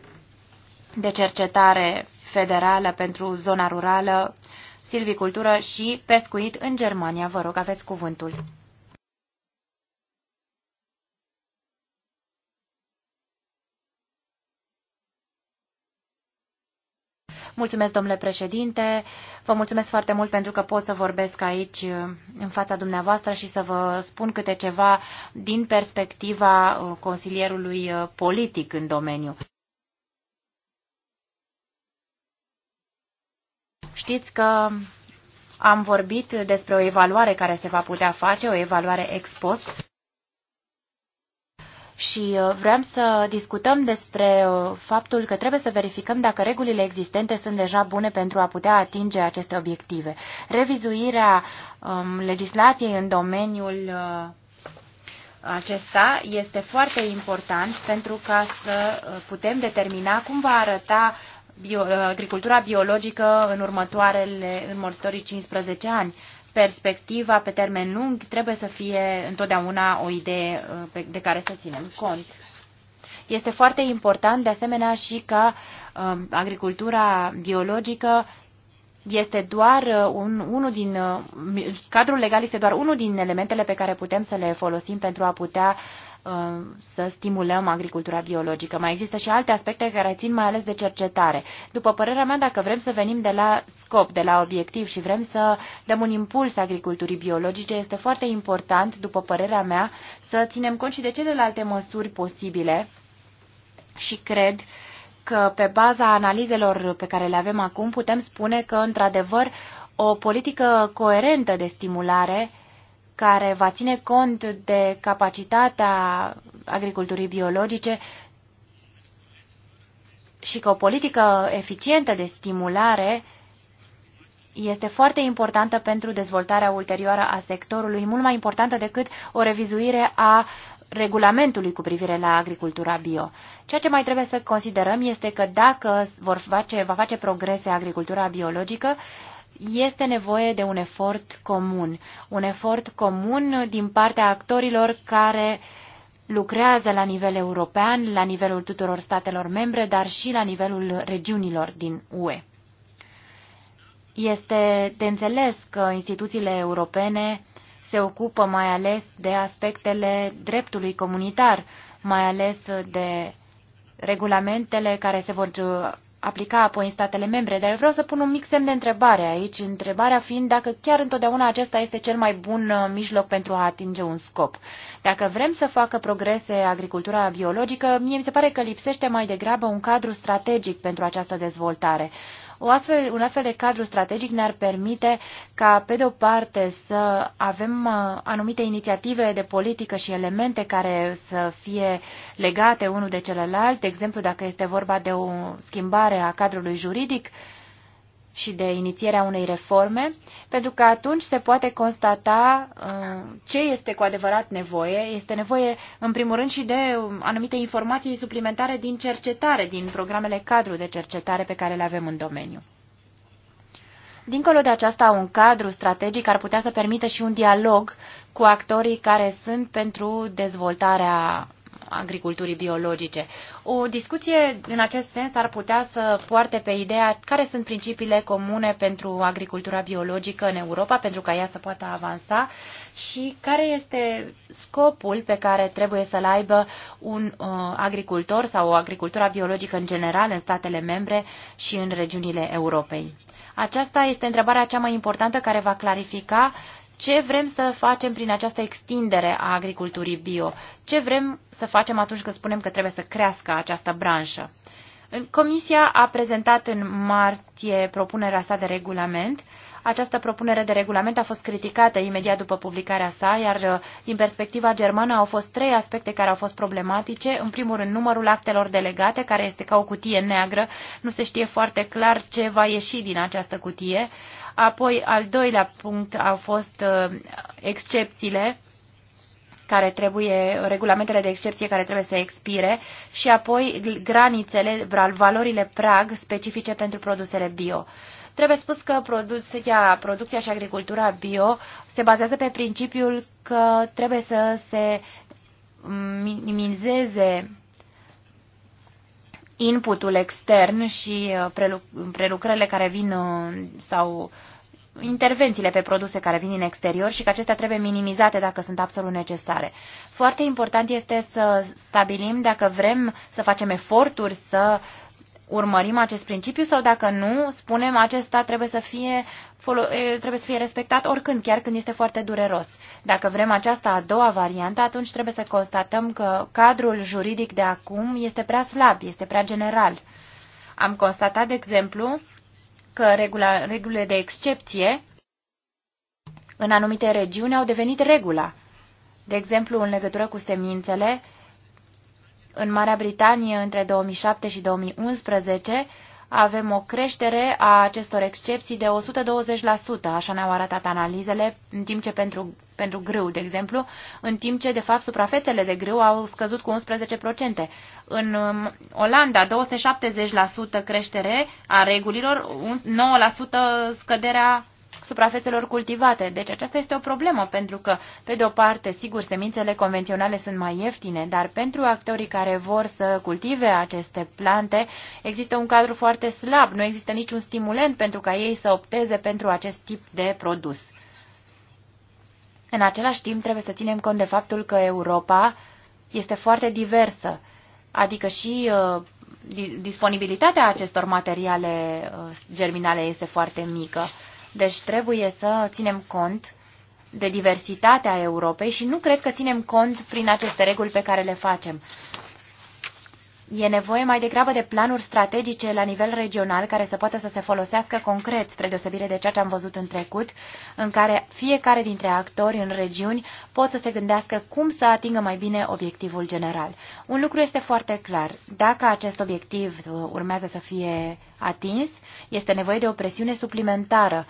de Cercetare Federală pentru Zona Rurală, Silvicultură și Pescuit în Germania. Vă rog, aveți cuvântul. Mulțumesc, domnule președinte. Vă mulțumesc foarte mult pentru că pot să vorbesc aici uh, în fața dumneavoastră și să vă spun câte ceva din perspectiva uh, consilierului uh, politic în domeniu. Știți că am vorbit despre o evaluare care se va putea face, o evaluare ex post și uh, vrem să discutăm despre uh, faptul că trebuie să verificăm dacă regulile existente sunt deja bune pentru a putea atinge aceste obiective. Revizuirea um, legislației în domeniul uh, acesta este foarte important pentru ca să uh, putem determina cum va arăta bio, agricultura biologică în, următoarele, în următorii 15 ani perspectiva pe termen lung trebuie să fie întotdeauna o idee uh, de care să ținem cont. Este foarte important, de asemenea, și ca um, agricultura biologică este doar uh, un, unul din uh, cadrul legal este doar unul din elementele pe care putem să le folosim pentru a putea Uh, să stimulăm agricultura biologică. Mai există și alte aspecte care țin mai ales de cercetare. După părerea mea, dacă vrem să venim de la scop, de la obiectiv și vrem să dăm un impuls agriculturii biologice, este foarte important, după părerea mea, să ținem cont și de celelalte măsuri posibile și cred că pe baza analizelor pe care le avem acum putem spune că, într-adevăr, o politică coerentă de stimulare uh, care va ține cont de capacitatea agriculturii biologice și că o politică eficientă de stimulare este foarte importantă pentru dezvoltarea ulterioară a sectorului, mult mai importantă decât o revizuire a regulamentului cu privire la agricultura bio. Ceea ce mai trebuie să considerăm este că dacă vor face, va face progrese agricultura biologică, este nevoie de un efort comun. Un efort comun din partea actorilor care lucrează la nivel european, la nivelul tuturor statelor membre, dar și la nivelul regiunilor din UE. Este de înțeles că instituțiile europene se ocupă mai ales de aspectele dreptului comunitar, mai ales de regulamentele care se vor aplica apoi în statele membre, dar vreau să pun un mic semn de întrebare aici, întrebarea fiind dacă chiar întotdeauna acesta este cel mai bun uh, mijloc pentru a atinge un scop. Dacă vrem să facă progrese agricultura biologică, mie mi se pare că lipsește mai degrabă un cadru strategic pentru această dezvoltare. O astfel, un astfel de cadru strategic ne-ar permite ca, pe de-o parte, să avem uh, anumite inițiative de politică și elemente care să fie legate unul de celălalt, de exemplu, dacă este vorba de o schimbare a cadrului juridic, și de inițierea unei reforme, pentru că atunci se poate constata uh, ce este cu adevărat nevoie. Este nevoie, în primul rând, și de um, anumite informații suplimentare din cercetare, din programele cadru de cercetare pe care le avem în domeniu. Dincolo de aceasta, un cadru strategic ar putea să permită și un dialog cu actorii care sunt pentru dezvoltarea agriculturii biologice. O discuție în acest sens ar putea să poarte pe ideea care sunt principiile comune pentru agricultura biologică în Europa, pentru ca ea să poată avansa și care este scopul pe care trebuie să-l aibă un uh, agricultor sau o agricultura biologică în general în statele membre și în regiunile Europei. Aceasta este întrebarea cea mai importantă care va clarifica ce vrem să facem prin această extindere a agriculturii bio? Ce vrem să facem atunci când spunem că trebuie să crească această branșă? Comisia a prezentat în martie propunerea sa de regulament. Această propunere de regulament a fost criticată imediat după publicarea sa, iar uh, din perspectiva germană au fost trei aspecte care au fost problematice. În primul rând, numărul actelor delegate, care este ca o cutie neagră, nu se știe foarte clar ce va ieși din această cutie. Uh, Apoi, al doilea punct au fost uh, excepțiile care trebuie, regulamentele de excepție care trebuie să expire și apoi granițele, valorile prag specifice pentru produsele bio. Trebuie spus că producția, producția și agricultura bio se bazează pe principiul că trebuie să se minimizeze inputul extern și uh, prelucrările care vin uh, sau intervențiile pe produse care vin din exterior și că acestea trebuie minimizate dacă sunt absolut necesare. Foarte important este să stabilim dacă vrem să facem eforturi să uh, urmărim acest principiu sau dacă nu, spunem acesta trebuie să fie, trebuie să fie respectat oricând, chiar când este foarte dureros. Dacă vrem aceasta a doua variantă, atunci trebuie să constatăm că cadrul juridic de acum este prea slab, este prea general. Am constatat, de exemplu, că regula, regulile de excepție în anumite regiuni au devenit regula. De exemplu, în legătură cu semințele, în Marea Britanie, între 2007 și 2011, avem o creștere a acestor excepții de 120%, așa ne-au arătat analizele, în timp ce pentru, pentru grâu, de exemplu, în timp ce, de fapt, suprafețele de grâu au scăzut cu 11%. În um, Olanda, 270% creștere a regulilor, 9% scăderea suprafețelor cultivate. Deci aceasta este o problemă, pentru că, pe de o parte, sigur, semințele convenționale sunt mai ieftine, dar pentru actorii care vor să cultive aceste plante, există un cadru foarte slab, nu există niciun stimulent pentru ca ei să opteze pentru acest tip de produs. În același timp, trebuie să ținem cont de faptul că Europa este foarte diversă, adică și uh, disponibilitatea acestor materiale uh, germinale este foarte mică. Deci trebuie să ținem cont de diversitatea Europei și nu cred că ținem cont prin aceste reguli pe care le facem. E nevoie mai degrabă de planuri strategice la nivel regional care să poată să se folosească concret, spre deosebire de ceea ce am văzut în trecut, în care fiecare dintre actori în regiuni pot să se gândească cum să atingă mai bine obiectivul general. Un lucru este foarte clar. Dacă acest obiectiv uh, urmează să fie atins, este nevoie de o presiune suplimentară,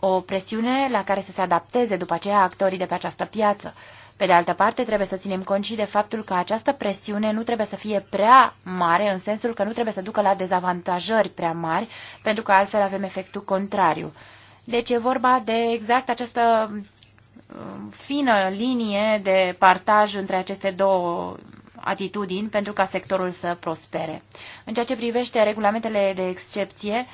o presiune la care să se adapteze după aceea actorii de pe această piață. Pe de altă parte, trebuie să ținem cont și de faptul că această presiune nu trebuie să fie prea mare, în sensul că nu trebuie să ducă la dezavantajări prea mari, pentru că altfel avem efectul contrariu. Deci e vorba de exact această um, fină linie de partaj între aceste două atitudini pentru ca sectorul să prospere. În ceea ce privește regulamentele de excepție,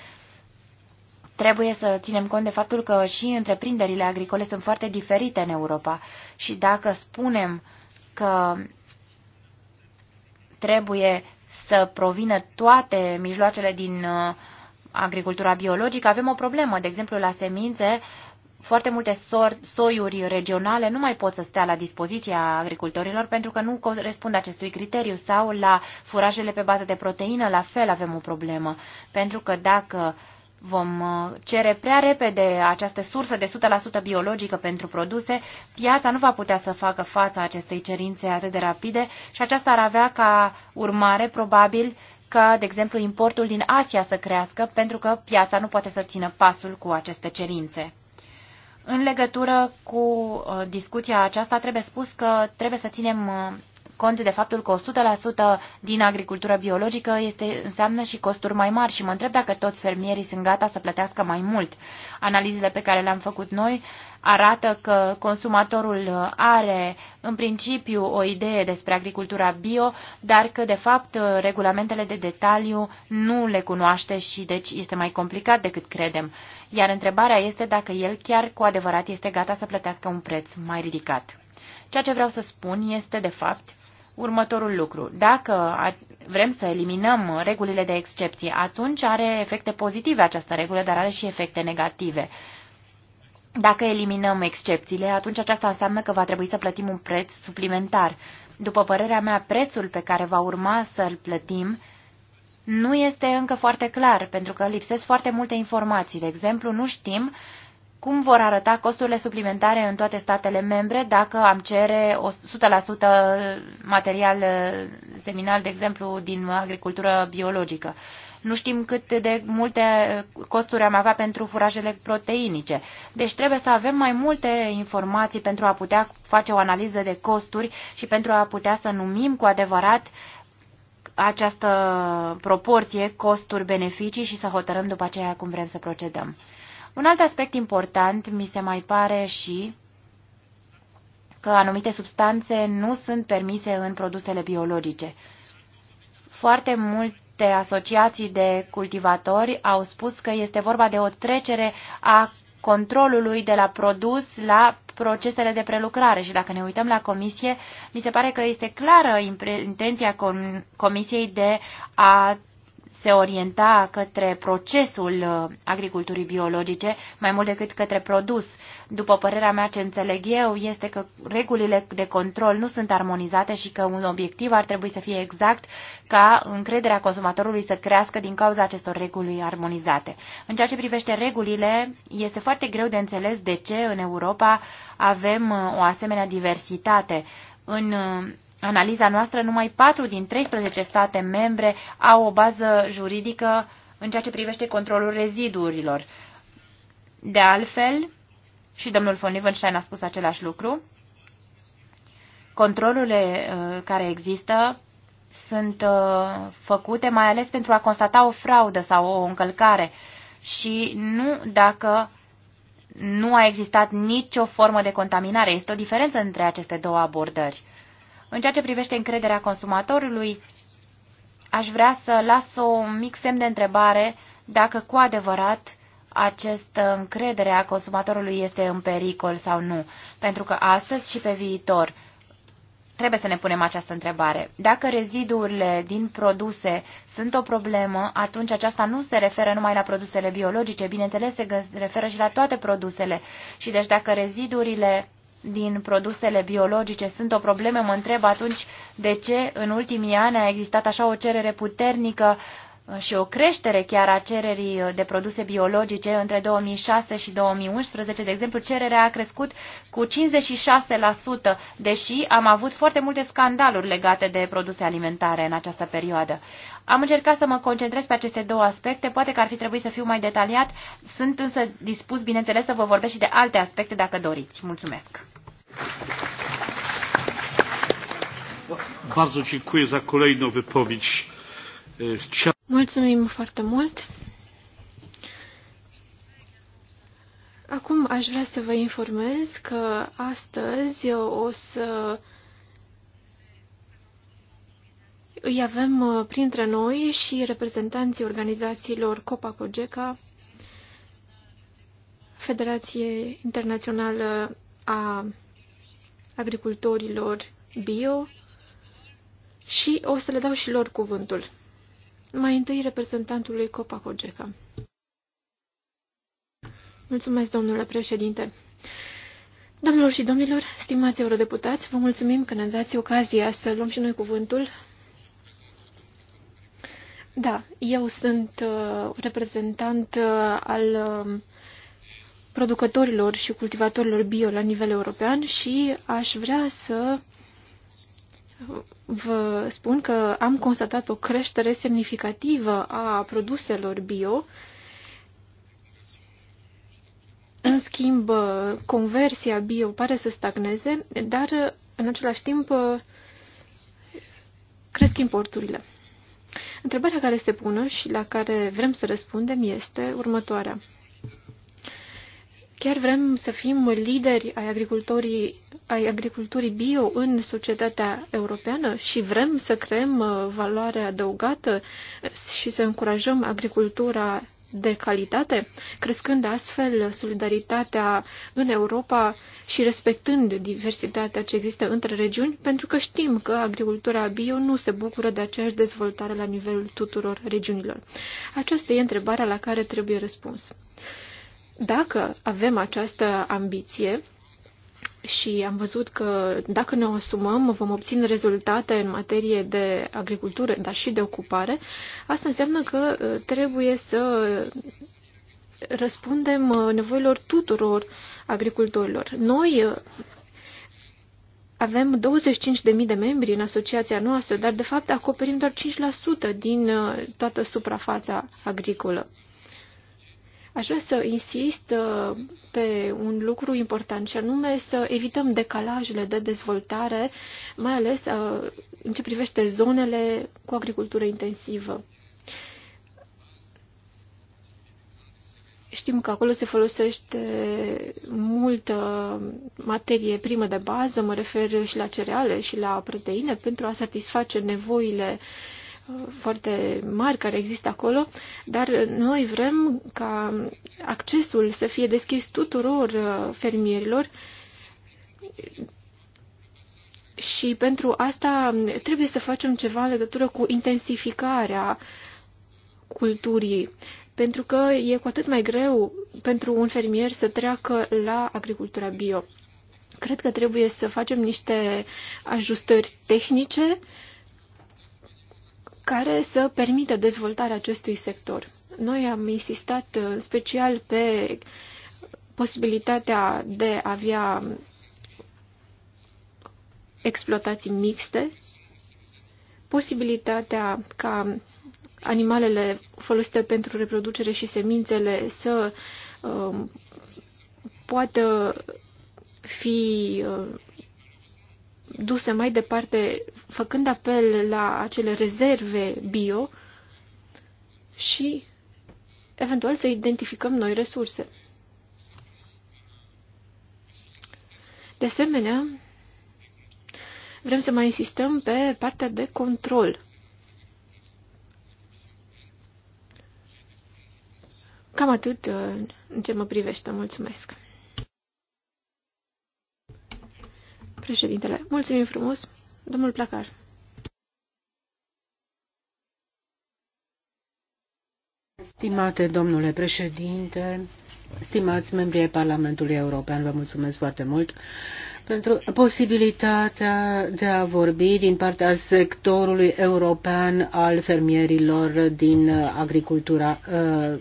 Trebuie să ținem cont de faptul că și întreprinderile agricole sunt foarte diferite în Europa și dacă spunem că trebuie să provină toate mijloacele din uh, agricultura biologică, avem o problemă. De exemplu, la semințe, foarte multe soiuri regionale nu mai pot să stea la dispoziția agricultorilor pentru că nu corespund acestui criteriu sau la furajele pe bază de proteină, la fel avem o problemă. Pentru că dacă uh, vom uh, cere prea repede această sursă de 100% biologică pentru produse, piața nu va putea să facă fața acestei cerințe atât de rapide și aceasta ar avea ca urmare probabil ca, de exemplu, importul din Asia să crească pentru că piața nu poate să țină pasul cu aceste cerințe. În legătură cu uh, discuția aceasta, trebuie spus că trebuie să ținem uh, cont de faptul că 100% din agricultură biologică este, înseamnă și costuri mai mari și mă întreb dacă toți fermierii sunt gata să plătească mai mult. Analizele pe care le-am făcut noi arată că consumatorul are în principiu o idee despre agricultura bio, dar că de fapt regulamentele de detaliu nu le cunoaște și deci este mai complicat decât credem. Iar întrebarea este dacă el chiar cu adevărat este gata să plătească un preț mai ridicat. Ceea ce vreau să spun este, de fapt, următorul lucru. Dacă vrem să eliminăm regulile de excepție, atunci are efecte pozitive această regulă, dar are și efecte negative. Dacă eliminăm excepțiile, atunci aceasta înseamnă că va trebui să plătim un preț suplimentar. După părerea mea, prețul pe care va urma să-l plătim nu este încă foarte clar, pentru că lipsesc foarte multe informații. De exemplu, nu știm cum vor arăta costurile suplimentare în toate statele membre dacă am cere 100% material eh, seminal, de exemplu, din agricultură biologică. Nu știm cât de multe eh, costuri am avea pentru furajele proteinice. Deci trebuie să avem mai multe informații pentru a putea face o analiză de costuri și pentru a putea să numim cu adevărat această proporție costuri-beneficii și să hotărâm după aceea cum vrem să procedăm. Un alt aspect important mi se mai pare și că anumite substanțe nu sunt permise în produsele biologice. Foarte multe asociații de cultivatori au spus că este vorba de o trecere a controlului de la produs la procesele de prelucrare și dacă ne uităm la comisie, mi se pare că este clară intenția comisiei de a se orienta către procesul uh, agriculturii biologice mai mult decât către produs. După părerea mea, ce înțeleg eu este că regulile de control nu sunt armonizate și că un obiectiv ar trebui să fie exact ca încrederea consumatorului să crească din cauza acestor reguli armonizate. În ceea ce privește regulile, este foarte greu de înțeles de ce în Europa avem uh, o asemenea diversitate. În uh, analiza noastră, numai 4 din 13 state membre au o bază juridică în ceea ce privește controlul rezidurilor. De altfel, și domnul von Liebenstein a spus același lucru, controlurile uh, care există sunt uh, făcute mai ales pentru a constata o fraudă sau o încălcare și nu dacă nu a existat nicio formă de contaminare. Este o diferență între aceste două abordări. În ceea ce privește încrederea consumatorului, aș vrea să las o mic semn de întrebare dacă cu adevărat această încredere a consumatorului este în pericol sau nu. Pentru că astăzi și pe viitor trebuie să ne punem această întrebare. Dacă rezidurile din produse sunt o problemă, atunci aceasta nu se referă numai la produsele biologice, bineînțeles se referă și la toate produsele. Și deci dacă reziduurile din produsele biologice sunt o problemă, mă întreb atunci de ce în ultimii ani a existat așa o cerere puternică și o creștere chiar a cererii de produse biologice între 2006 și 2011. De exemplu, cererea a crescut cu 56%, deși am avut foarte multe scandaluri legate de produse alimentare în această perioadă. Am încercat să mă concentrez pe aceste două aspecte, poate că ar fi trebuit să fiu mai detaliat, sunt însă dispus, bineînțeles, să vă vorbesc și de alte aspecte dacă doriți. Mulțumesc! Bardzo dziękuję za kolejną wypowiedź. Mulțumim foarte mult! Acum aș vrea să vă informez că astăzi o să îi avem uh, printre noi și reprezentanții organizațiilor Copa Cogeca, Federație Internațională a Agricultorilor Bio și o să le dau și lor cuvântul. Mai întâi reprezentantului Copacogeca. Mulțumesc, domnule președinte. Domnilor și domnilor, stimați eurodeputați, vă mulțumim că ne dați ocazia să luăm și noi cuvântul. Da, eu sunt uh, reprezentant uh, al uh, producătorilor și cultivatorilor bio la nivel european și aș vrea să vă spun că am constatat o creștere semnificativă a produselor bio. În schimb, conversia bio pare să stagneze, dar în același timp cresc importurile. Întrebarea care se pună și la care vrem să răspundem este următoarea. Chiar vrem să fim lideri ai agricultorii, ai agriculturii bio în societatea europeană și vrem să creăm uh, valoare adăugată uh, și să încurajăm agricultura de calitate, crescând astfel solidaritatea în Europa și respectând diversitatea ce există între regiuni, pentru că știm că agricultura bio nu se bucură de aceeași dezvoltare la nivelul tuturor regiunilor. Aceasta e întrebarea la care trebuie răspuns. Dacă avem această ambiție, și am văzut că dacă ne o asumăm, vom obține rezultate în materie de agricultură, dar și de ocupare. Asta înseamnă că uh, trebuie să răspundem uh, nevoilor tuturor agricultorilor. Noi uh, avem 25.000 de membri în asociația noastră, dar de fapt acoperim doar 5% din toată suprafața agricolă. Aș vrea să insist uh, pe un lucru important și anume să evităm decalajele de dezvoltare, mai ales uh, în ce privește zonele cu agricultură intensivă. Știm că acolo se folosește multă materie primă de bază, mă refer și la cereale și la proteine, pentru a satisface nevoile uh, foarte mari care există acolo, dar noi vrem ca accesul să fie deschis tuturor uh, fermierilor și pentru asta trebuie să facem ceva în legătură cu intensificarea culturii, pentru că e cu atât mai greu pentru un fermier să treacă la agricultura bio. Cred că trebuie să facem niște ajustări tehnice uh, care să permită dezvoltarea acestui sector. Noi am insistat uh, în special pe posibilitatea de a avea exploatații mixte, posibilitatea ca animalele folosite pentru reproducere și semințele să uh, poată fi uh, duse mai departe, făcând apel la acele rezerve bio și eventual să identificăm noi resurse. De asemenea, vrem să mai insistăm pe partea de control. Cam atât uh, în ce mă privește. Mulțumesc! Președintele, mulțumim frumos, domnul Placar. Stimate domnule președinte, stimați membri ai Parlamentului European, vă mulțumesc foarte mult pentru posibilitatea de a vorbi din partea sectorului european al fermierilor din agricultura uh,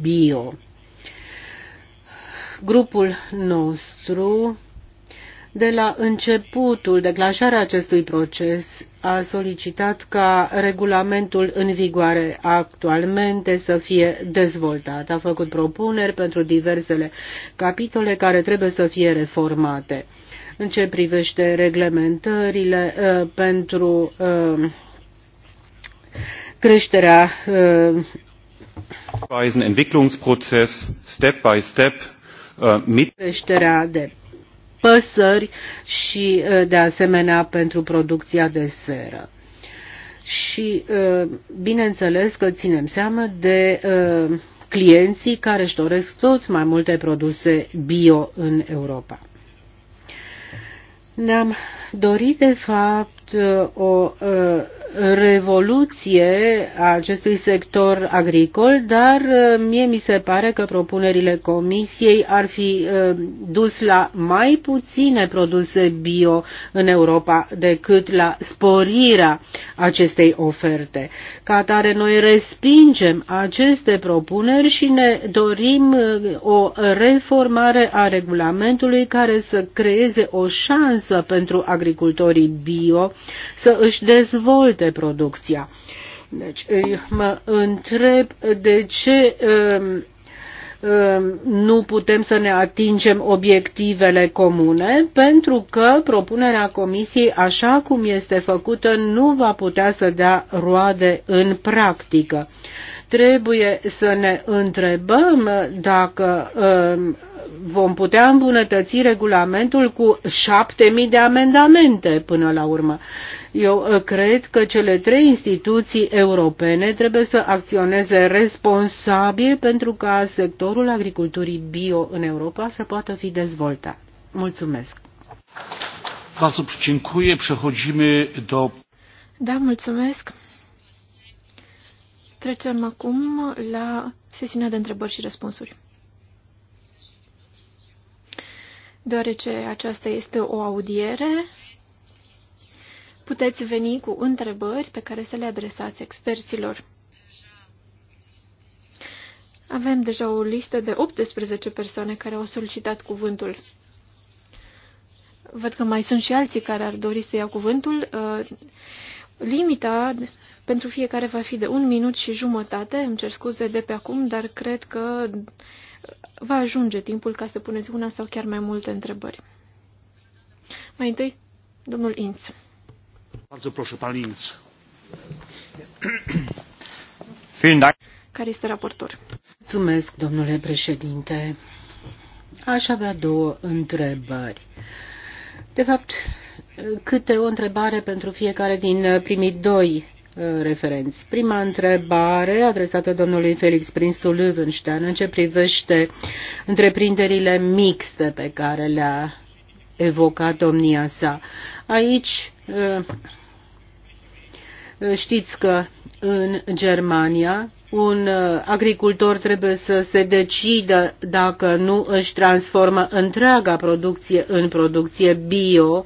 bio. Grupul nostru de la începutul declanșarea acestui proces a solicitat ca regulamentul în vigoare actualmente să fie dezvoltat. A făcut propuneri pentru diversele capitole care trebuie să fie reformate. În ce privește reglementările uh, pentru uh, creșterea uh, Entwicklungsprozess step by step uh, mit creșterea de păsări și uh, de asemenea pentru producția de seră. Și uh, bineînțeles că ținem seama de uh, clienții care își doresc tot mai multe produse bio în Europa. Ne-am dorit, de fapt, o revoluție a acestui sector agricol, dar uh, mie mi se pare că propunerile comisiei ar fi uh, dus la mai puține produse bio în Europa decât la sporirea acestei oferte. Ca atare, noi respingem aceste propuneri și ne dorim uh, o reformare a regulamentului care să creeze o șansă pentru agricultorii bio să își dezvolte crește producția. Deci mă întreb de ce um, um, nu putem să ne atingem obiectivele comune, pentru că propunerea Comisiei, așa cum este făcută, nu va putea să dea roade în practică. Trebuie să ne întrebăm dacă um, vom putea îmbunătăți regulamentul cu șapte mii de amendamente până la urmă. Eu uh, cred că cele trei instituții europene trebuie să acționeze responsabil pentru ca sectorul agriculturii bio în Europa să poată fi dezvoltat. Mulțumesc! Bardzo dziękuję. Przechodzimy do... Da, mulțumesc. Trecem acum la sesiunea de întrebări și răspunsuri. Deoarece aceasta este o audiere, puteți veni cu întrebări pe care să le adresați experților. Avem deja o listă de 18 persoane care au solicitat cuvântul. Văd că mai sunt și alții care ar dori să iau cuvântul. Uh, limita pentru fiecare va fi de un minut și jumătate. Îmi cer scuze de pe acum, dar cred că va ajunge timpul ca să puneți una sau chiar mai multe întrebări. Mai întâi, domnul Inț. Bardzo proszę, Inț. Care este raportor? Mulțumesc, domnule președinte. Aș avea două întrebări. De fapt, câte o întrebare pentru fiecare din primii doi Uh, referenți. Prima întrebare adresată domnului Felix Prinsul Löwenstein în ce privește întreprinderile mixte pe care le-a evocat domnia sa. Aici uh, uh, știți că în Germania un agricultor trebuie să se decidă dacă nu își transformă întreaga producție în producție bio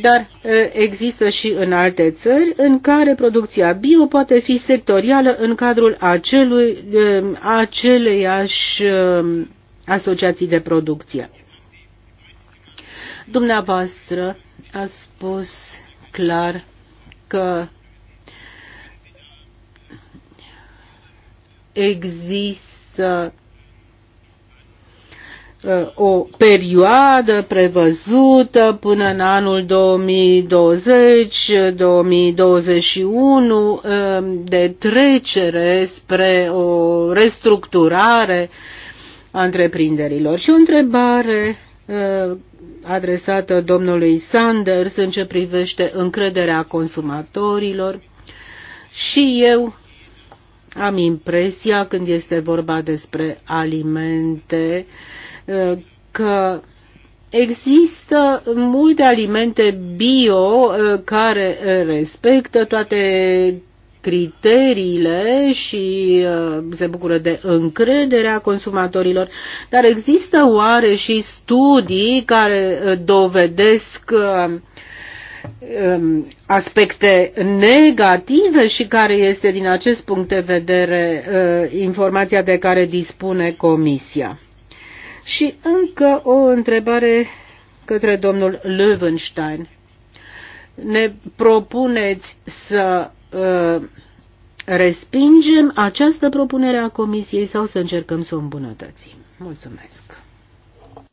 dar există și în alte țări în care producția bio poate fi sectorială în cadrul acelui, aceleiași asociații de producție. Dumneavoastră a spus clar că există Uh, o perioadă prevăzută până în anul 2020-2021 uh, de trecere spre o restructurare a întreprinderilor. Și o întrebare uh, adresată domnului Sanders în ce privește încrederea consumatorilor. Și eu am impresia când este vorba despre alimente uh, că Există multe alimente bio uh, care uh, respectă toate criteriile și uh, se bucură de încrederea consumatorilor, dar există oare și studii care dovedesc um, aspecte negative și care este din acest punct de vedere informația de care dispune Comisia. Și încă o întrebare către domnul Löwenstein. Ne propuneți să uh, respingem această propunere a Comisiei sau să încercăm să o îmbunătățim? Mulțumesc.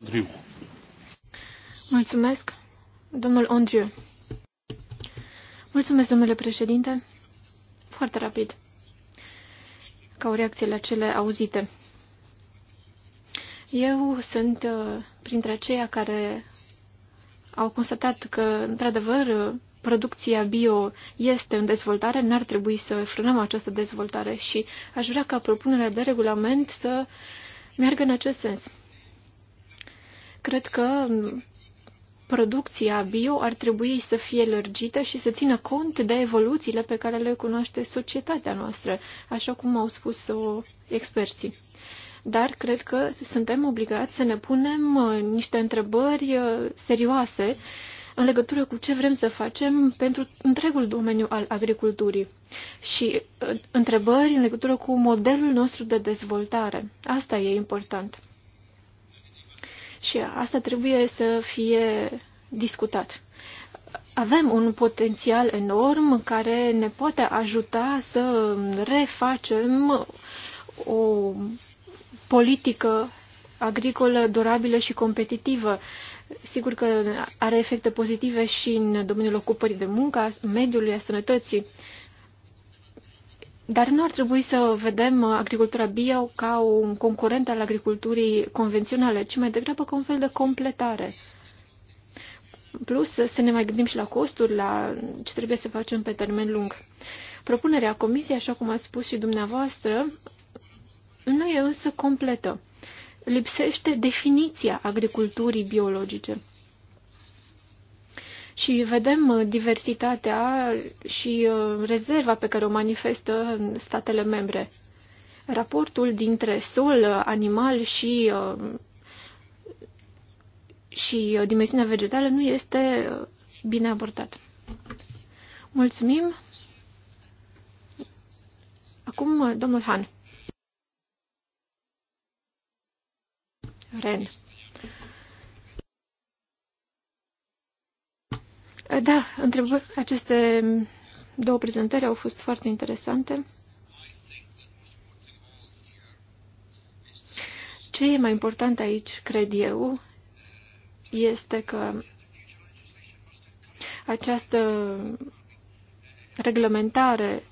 Andriu. Mulțumesc, domnul Andriu. Mulțumesc, domnule președinte. Foarte rapid, ca o reacție la cele auzite. Eu sunt uh, printre aceia care au constatat că, într-adevăr, producția bio este în dezvoltare, n-ar trebui să frânăm această dezvoltare și aș vrea ca propunerea de regulament să meargă în acest sens. Cred că producția bio ar trebui să fie lărgită și să țină cont de evoluțiile pe care le cunoaște societatea noastră, așa cum au spus experții dar cred că suntem obligați să ne punem uh, niște întrebări uh, serioase în legătură cu ce vrem să facem pentru întregul domeniu al agriculturii și uh, întrebări în legătură cu modelul nostru de dezvoltare. Asta e important. Și asta trebuie să fie discutat. Avem un potențial enorm care ne poate ajuta să refacem o politică agricolă durabilă și competitivă. Sigur că are efecte pozitive și în domeniul ocupării de muncă, mediului, a sănătății. Dar nu ar trebui să vedem agricultura bio ca un concurent al agriculturii convenționale, ci mai degrabă ca un fel de completare. Plus, să ne mai gândim și la costuri, la ce trebuie să facem pe termen lung. Propunerea comisiei, așa cum ați spus și dumneavoastră, nu e însă completă. Lipsește definiția agriculturii biologice. Și vedem uh, diversitatea și uh, rezerva pe care o manifestă uh, statele membre. Raportul dintre sol, animal și, și dimensiunea vegetală nu este bine abordat. Mulțumim! Acum, domnul Han. Ren. Da, întrebări. Aceste două prezentări au fost foarte interesante. Ce e mai important aici, cred eu, este că această reglementare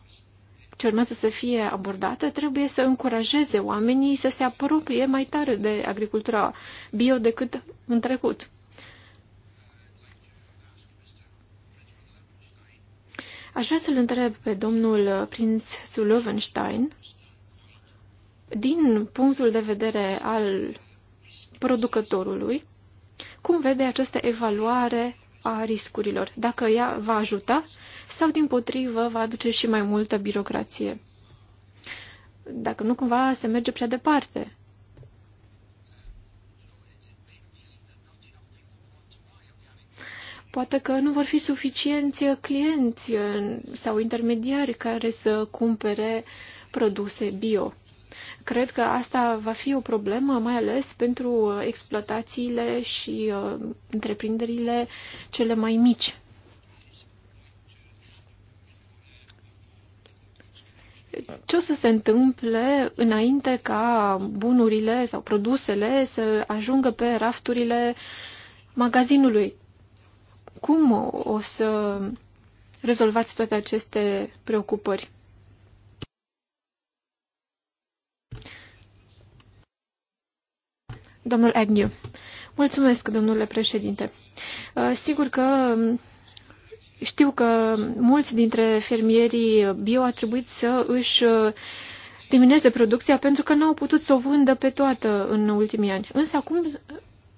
ce urmează să fie abordată trebuie să încurajeze oamenii să se apropie mai tare de agricultura bio decât în trecut. Aș vrea să-l întreb pe domnul prinț Zulovenstein, din punctul de vedere al producătorului, cum vede această evaluare a riscurilor, dacă ea va ajuta sau, din potrivă, va aduce și mai multă birocrație. Dacă nu, cumva se merge prea departe. Poate că nu vor fi suficienți clienți sau intermediari care să cumpere produse bio. Cred că asta va fi o problemă, mai ales pentru uh, exploatațiile și uh, întreprinderile cele mai mici. ce o să se întâmple înainte ca bunurile sau produsele să ajungă pe rafturile magazinului? Cum o să rezolvați toate aceste preocupări? Domnul Agnew. Mulțumesc, domnule președinte. Uh, sigur că um, știu că mulți dintre fermierii bio a trebuit să își diminueze uh, producția pentru că nu au putut să o vândă pe toată în ultimii ani. Însă acum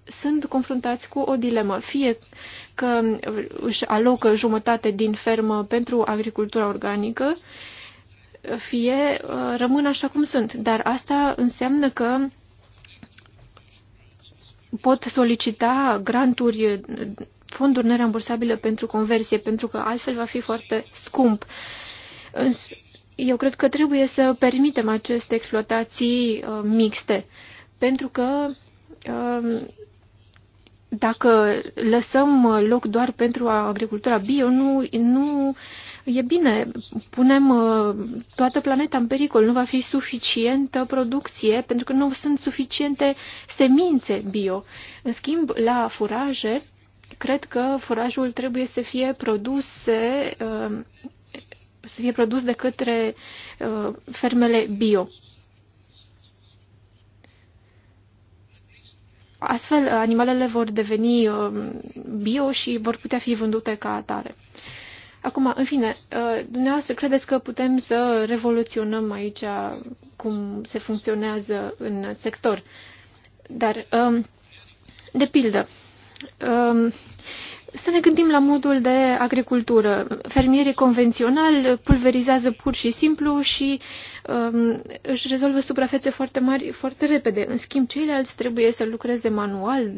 sunt confruntați cu o dilemă. Fie că își alocă jumătate din fermă pentru agricultura organică, fie uh, rămân așa cum sunt. Dar asta înseamnă că pot solicita granturi fonduri nerambursabile pentru conversie, pentru că altfel va fi foarte scump. Însă, eu cred că trebuie să permitem aceste exploatații uh, mixte, pentru că uh, dacă lăsăm loc doar pentru agricultura bio, nu, nu e bine. Punem uh, toată planeta în pericol. Nu va fi suficientă producție, pentru că nu sunt suficiente semințe bio. În schimb, la furaje, Cred că furajul trebuie să fie produse uh, să fie produs de către uh, fermele bio. Astfel, animalele vor deveni uh, bio și vor putea fi vândute ca atare. Acum, în fine, dumneavoastră credeți că putem să revoluționăm aici cum se funcționează în sector. Dar, um, de pildă, Ehm, să ne gândim la modul de agricultură. Fermierii convenționali pulverizează pur și simplu și um, își rezolvă suprafețe foarte mari foarte repede. În schimb, ceilalți trebuie să lucreze manual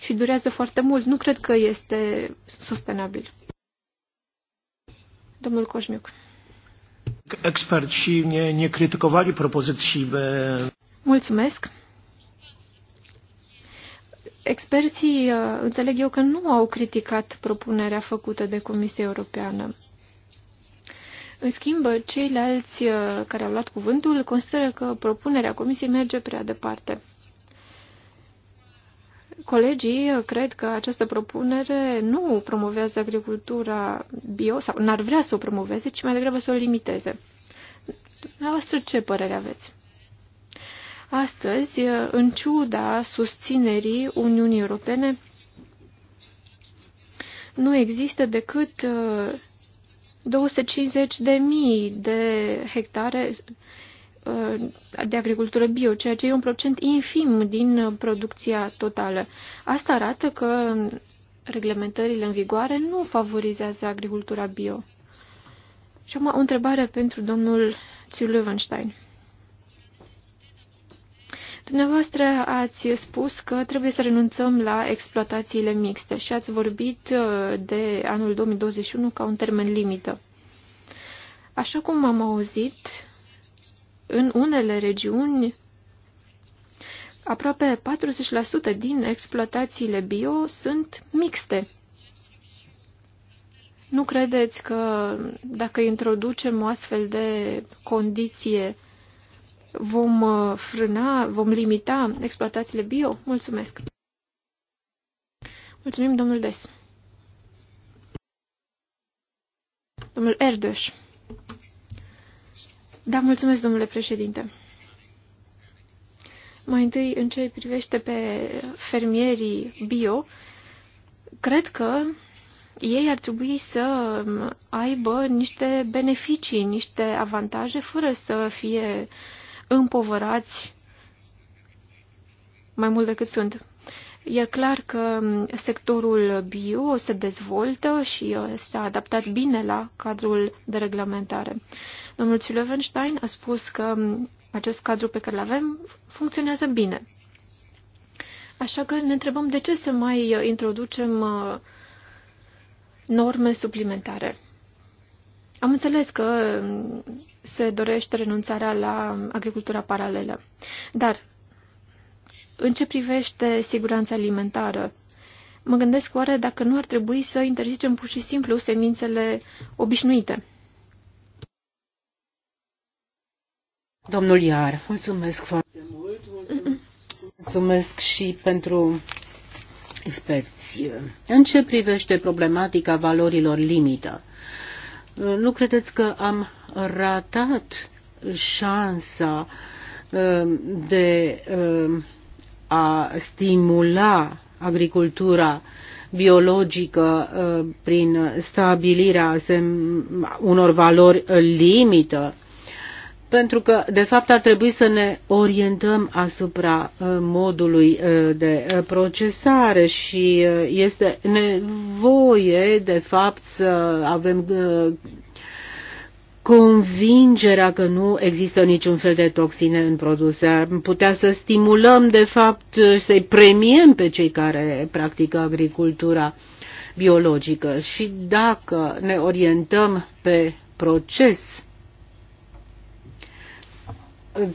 și durează foarte mult. Nu cred că este sustenabil. Domnul Coșmiuc. și ne, ne criticovali propoziții. Mulțumesc. Experții, uh, înțeleg eu, că nu au criticat propunerea făcută de Comisia Europeană. În schimb, ceilalți uh, care au luat cuvântul consideră că propunerea Comisiei merge prea departe. Colegii uh, cred că această propunere nu promovează agricultura bio sau n-ar vrea să o promoveze, ci mai degrabă să o limiteze. Dumneavoastră ce părere aveți? Astăzi, în ciuda susținerii Uniunii Europene, nu există decât 250 de mii de hectare de agricultură bio, ceea ce e un procent infim din producția totală. Asta arată că reglementările în vigoare nu favorizează agricultura bio. Și acum o întrebare pentru domnul Țiu Löwenstein. Dumneavoastră ați spus că trebuie să renunțăm la exploatațiile mixte și ați vorbit uh, de anul 2021 ca un termen limită. Așa cum am auzit, în unele regiuni, aproape 40% din exploatațiile bio sunt mixte. Nu credeți că dacă introducem o astfel de condiție vom uh, frâna, vom limita exploatațiile bio? Mulțumesc! Mulțumim, domnul Des. Domnul Erdős. Da, mulțumesc, domnule președinte. Mai întâi, în ce privește pe fermierii bio, cred că ei ar trebui să aibă niște beneficii, niște avantaje, fără să fie uh, împovărați mai mult decât sunt. E clar că sectorul bio se dezvoltă și uh, s-a adaptat bine la cadrul de reglementare. Domnul Silvenstein a spus că um, acest cadru pe care îl avem funcționează bine. Așa că ne întrebăm de ce să mai uh, introducem uh, norme suplimentare. Am înțeles că mm, se dorește renunțarea la agricultura paralelă, dar în ce privește siguranța alimentară, mă gândesc oare dacă nu ar trebui să interzicem pur și simplu semințele obișnuite. Domnul Iar, mulțumesc foarte mult. Mulțumesc, mulțumesc și pentru experți. În ce privește problematica valorilor limită, nu credeți că am ratat șansa uh, de uh, a stimula agricultura biologică uh, prin stabilirea unor valori limită pentru că, de fapt, ar trebui să ne orientăm asupra uh, modului uh, de uh, procesare și este nevoie, de fapt, să avem convingerea că nu există niciun fel de toxine în produse. Ar putea să stimulăm, de fapt, să-i premiem pe cei care practică agricultura biologică și dacă ne orientăm pe proces,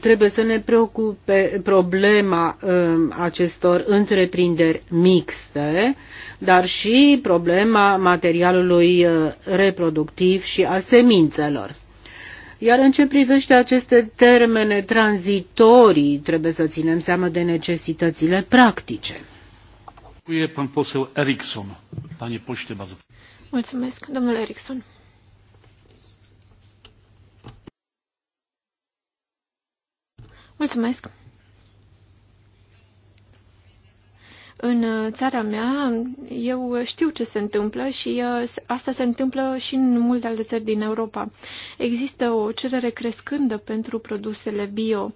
trebuie să ne preocupe problema um, acestor întreprinderi mixte, dar și problema materialului uh, reproductiv și a semințelor. Iar în ce privește aceste termene tranzitorii, trebuie să ținem seama de necesitățile practice. Mulțumesc, domnule Erickson. Mulțumesc! În uh, țara mea, eu știu ce se întâmplă și uh, asta se întâmplă și în multe alte țări din Europa. Există o cerere crescândă pentru produsele bio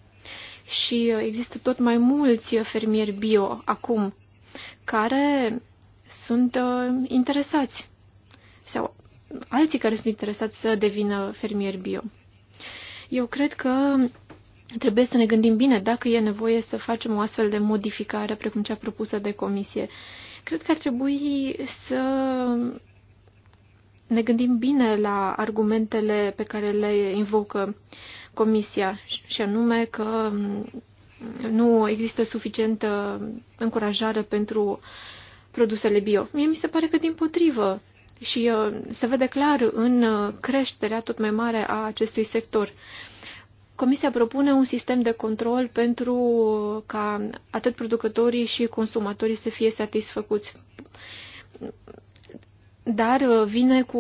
și uh, există tot mai mulți fermieri bio acum care sunt interesați sau alții care sunt interesați să devină fermieri bio. Eu cred că Trebuie să ne gândim bine dacă e nevoie să facem o astfel de modificare precum cea propusă de comisie. Cred că ar trebui să ne gândim bine la argumentele pe care le invocă comisia și anume că nu există suficientă încurajare pentru produsele bio. Mie mi se pare că din potrivă și uh, se vede clar în creșterea tot mai mare a acestui sector. Comisia propune un sistem de control pentru ca atât producătorii și consumatorii să fie satisfăcuți. Dar vine cu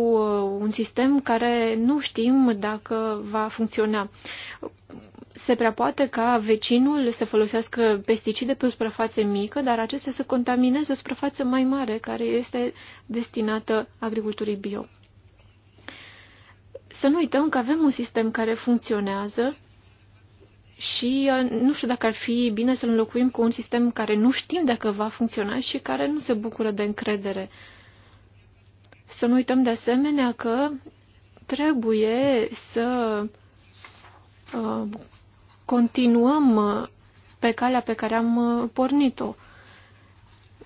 un sistem care nu știm dacă va funcționa. Se prea poate ca vecinul să folosească pesticide pe o suprafață mică, dar acestea să contamineze o suprafață mai mare care este destinată agriculturii bio. Să nu uităm că avem un sistem care funcționează și uh, nu știu dacă ar fi bine să-l înlocuim cu un sistem care nu știm dacă va funcționa și care nu se bucură de încredere. Să nu uităm de asemenea că trebuie să uh, continuăm uh, pe calea pe care am pornit-o.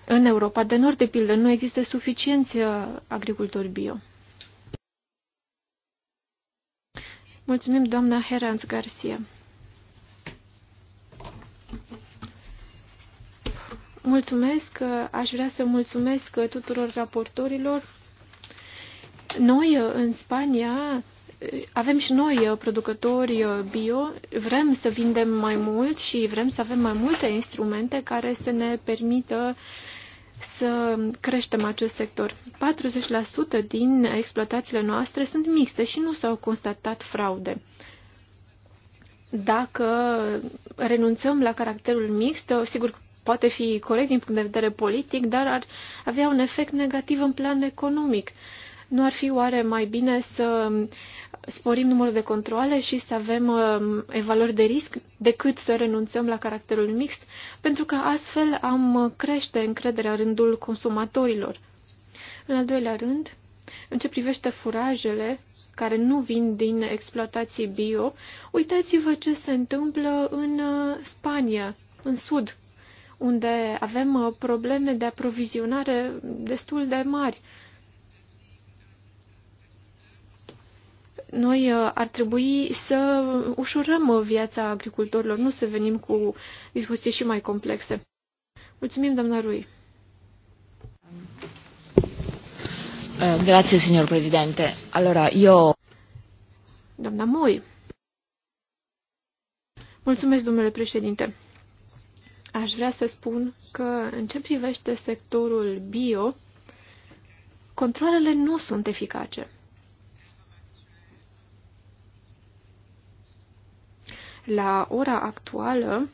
În Europa de Nord, de pildă, nu există suficienți agricultori bio. Mulțumim, doamna Heranz Garcia. Mulțumesc, aș vrea să mulțumesc tuturor raportorilor. Noi, în Spania, avem și noi producători bio, vrem să vindem mai mult și vrem să avem mai multe instrumente care să ne permită să creștem acest sector. 40% din exploatațiile noastre sunt mixte și nu s-au constatat fraude. Dacă renunțăm la caracterul mixt, sigur poate fi corect din punct de vedere politic, dar ar avea un efect negativ în plan economic. Nu ar fi oare mai bine să sporim numărul de controle și să avem um, evaluări de risc decât să renunțăm la caracterul mixt, pentru că astfel am crește încrederea în rândul consumatorilor. În al doilea rând, în ce privește furajele care nu vin din exploatații bio, uitați-vă ce se întâmplă în uh, Spania, în sud unde avem uh, probleme de aprovizionare destul de mari. Noi uh, ar trebui să ușurăm uh, viața agricultorilor, nu să venim cu discuții și mai complexe. Mulțumim, doamna Rui. Grazie, signor Presidente. Allora, io... Doamna Mui. Mulțumesc, domnule președinte aș vrea să spun că în ce privește sectorul bio, controlele nu sunt eficace. La ora actuală,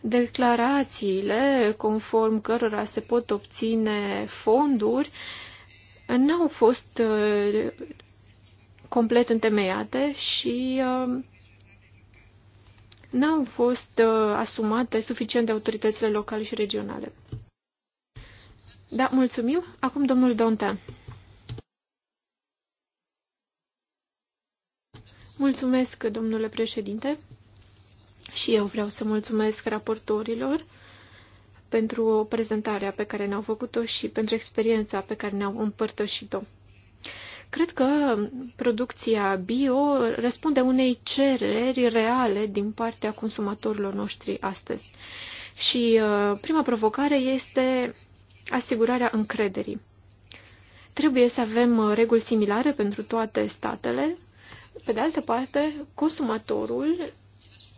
declarațiile conform cărora se pot obține fonduri n-au fost uh, complet întemeiate și uh, n-au fost uh, asumate suficient de autoritățile locale și regionale. Da, mulțumim. Acum domnul Donta. Mulțumesc, domnule președinte. Și eu vreau să mulțumesc raportorilor pentru prezentarea pe care ne-au făcut-o și pentru experiența pe care ne-au împărtășit-o. Cred că producția bio răspunde unei cereri reale din partea consumatorilor noștri astăzi. Și uh, prima provocare este asigurarea încrederii. Trebuie să avem uh, reguli similare pentru toate statele. Pe de altă parte, consumatorul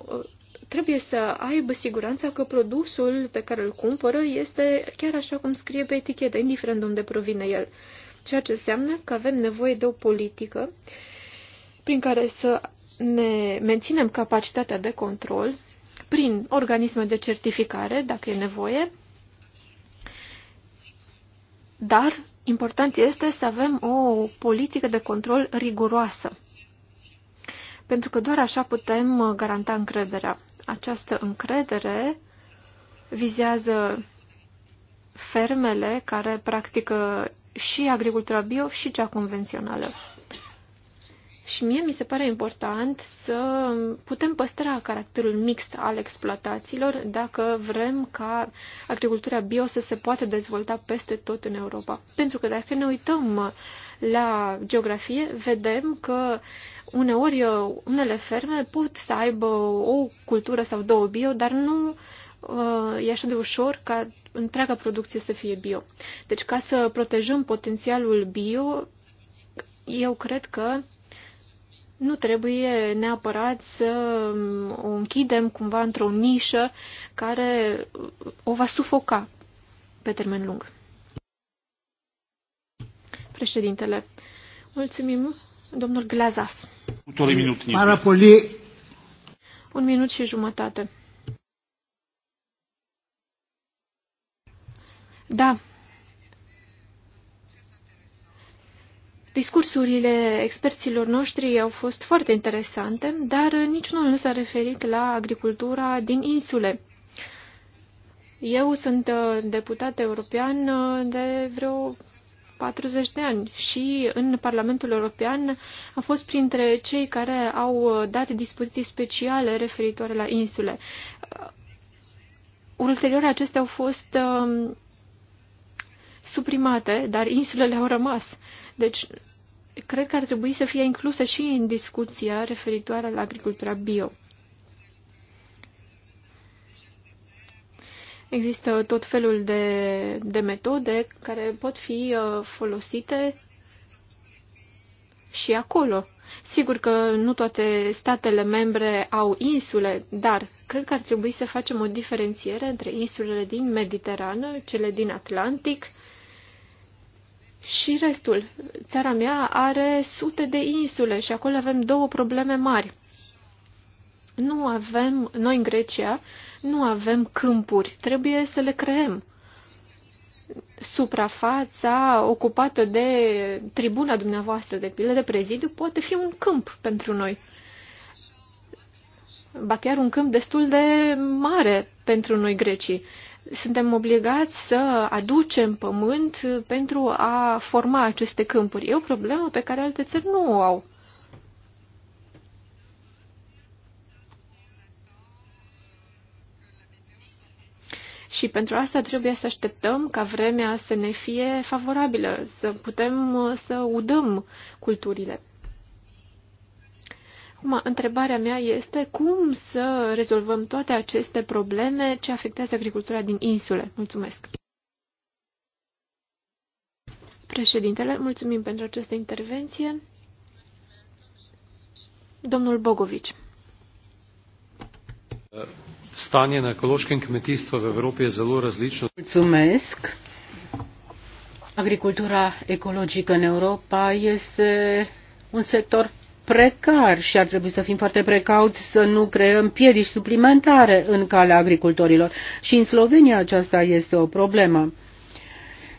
uh, trebuie să aibă siguranța că produsul pe care îl cumpără este chiar așa cum scrie pe etichetă, indiferent de unde provine el ceea ce înseamnă că avem nevoie de o politică prin care să ne menținem capacitatea de control prin organisme de certificare, dacă e nevoie, dar important este să avem o politică de control riguroasă, pentru că doar așa putem garanta încrederea. Această încredere vizează fermele care practică și agricultura bio și cea convențională. Și mie mi se pare important să putem păstra caracterul mixt al exploatațiilor dacă vrem ca agricultura bio să se poată dezvolta peste tot în Europa. Pentru că dacă ne uităm la geografie, vedem că uneori unele ferme pot să aibă o cultură sau două bio, dar nu uh, Uh, e așa de ușor ca întreaga producție să fie bio. Deci ca să protejăm potențialul bio, eu cred că nu trebuie neapărat să o închidem cumva într-o nișă care o va sufoca pe termen lung. Președintele, mulțumim, domnul Glazas. Un minut și jumătate. Da. Discursurile experților noștri au fost foarte interesante, dar niciunul nu s-a referit la agricultura din insule. Eu sunt uh, deputat european uh, de vreo 40 de ani și în Parlamentul European am fost printre cei care au uh, dat dispoziții speciale referitoare la insule. Ulterior, acestea au fost suprimate, dar insulele au rămas. Deci, cred că ar trebui să fie inclusă și în discuția referitoare la agricultura bio. Există tot felul de, de metode care pot fi uh, folosite și acolo. Sigur că nu toate statele membre au insule, dar cred că ar trebui să facem o diferențiere între insulele din Mediterană, cele din Atlantic și restul. Țara mea are sute de insule și acolo avem două probleme mari. Nu avem, noi în Grecia, nu avem câmpuri, trebuie să le creăm. Suprafața ocupată de tribuna dumneavoastră, de pildă de prezidiu, poate fi un câmp pentru noi. Ba chiar un câmp destul de mare pentru noi grecii suntem obligați să aducem pământ pentru a forma aceste câmpuri. E o problemă pe care alte țări nu o au. Și pentru asta trebuie să așteptăm ca vremea să ne fie favorabilă, să putem uh, să udăm culturile. Acum, întrebarea mea este cum să rezolvăm toate aceste probleme ce afectează agricultura din insule. Mulțumesc! Președintele, mulțumim pentru această intervenție. Domnul Bogovici. Stanje na ekološkem kmetijstvu v Evropi je zelo različno. Mulțumesc. Agricultura ecologică în Europa este un sector precar și ar trebui să fim foarte precauți să nu creăm piedici suplimentare în calea agricultorilor. Și în Slovenia aceasta este o problemă.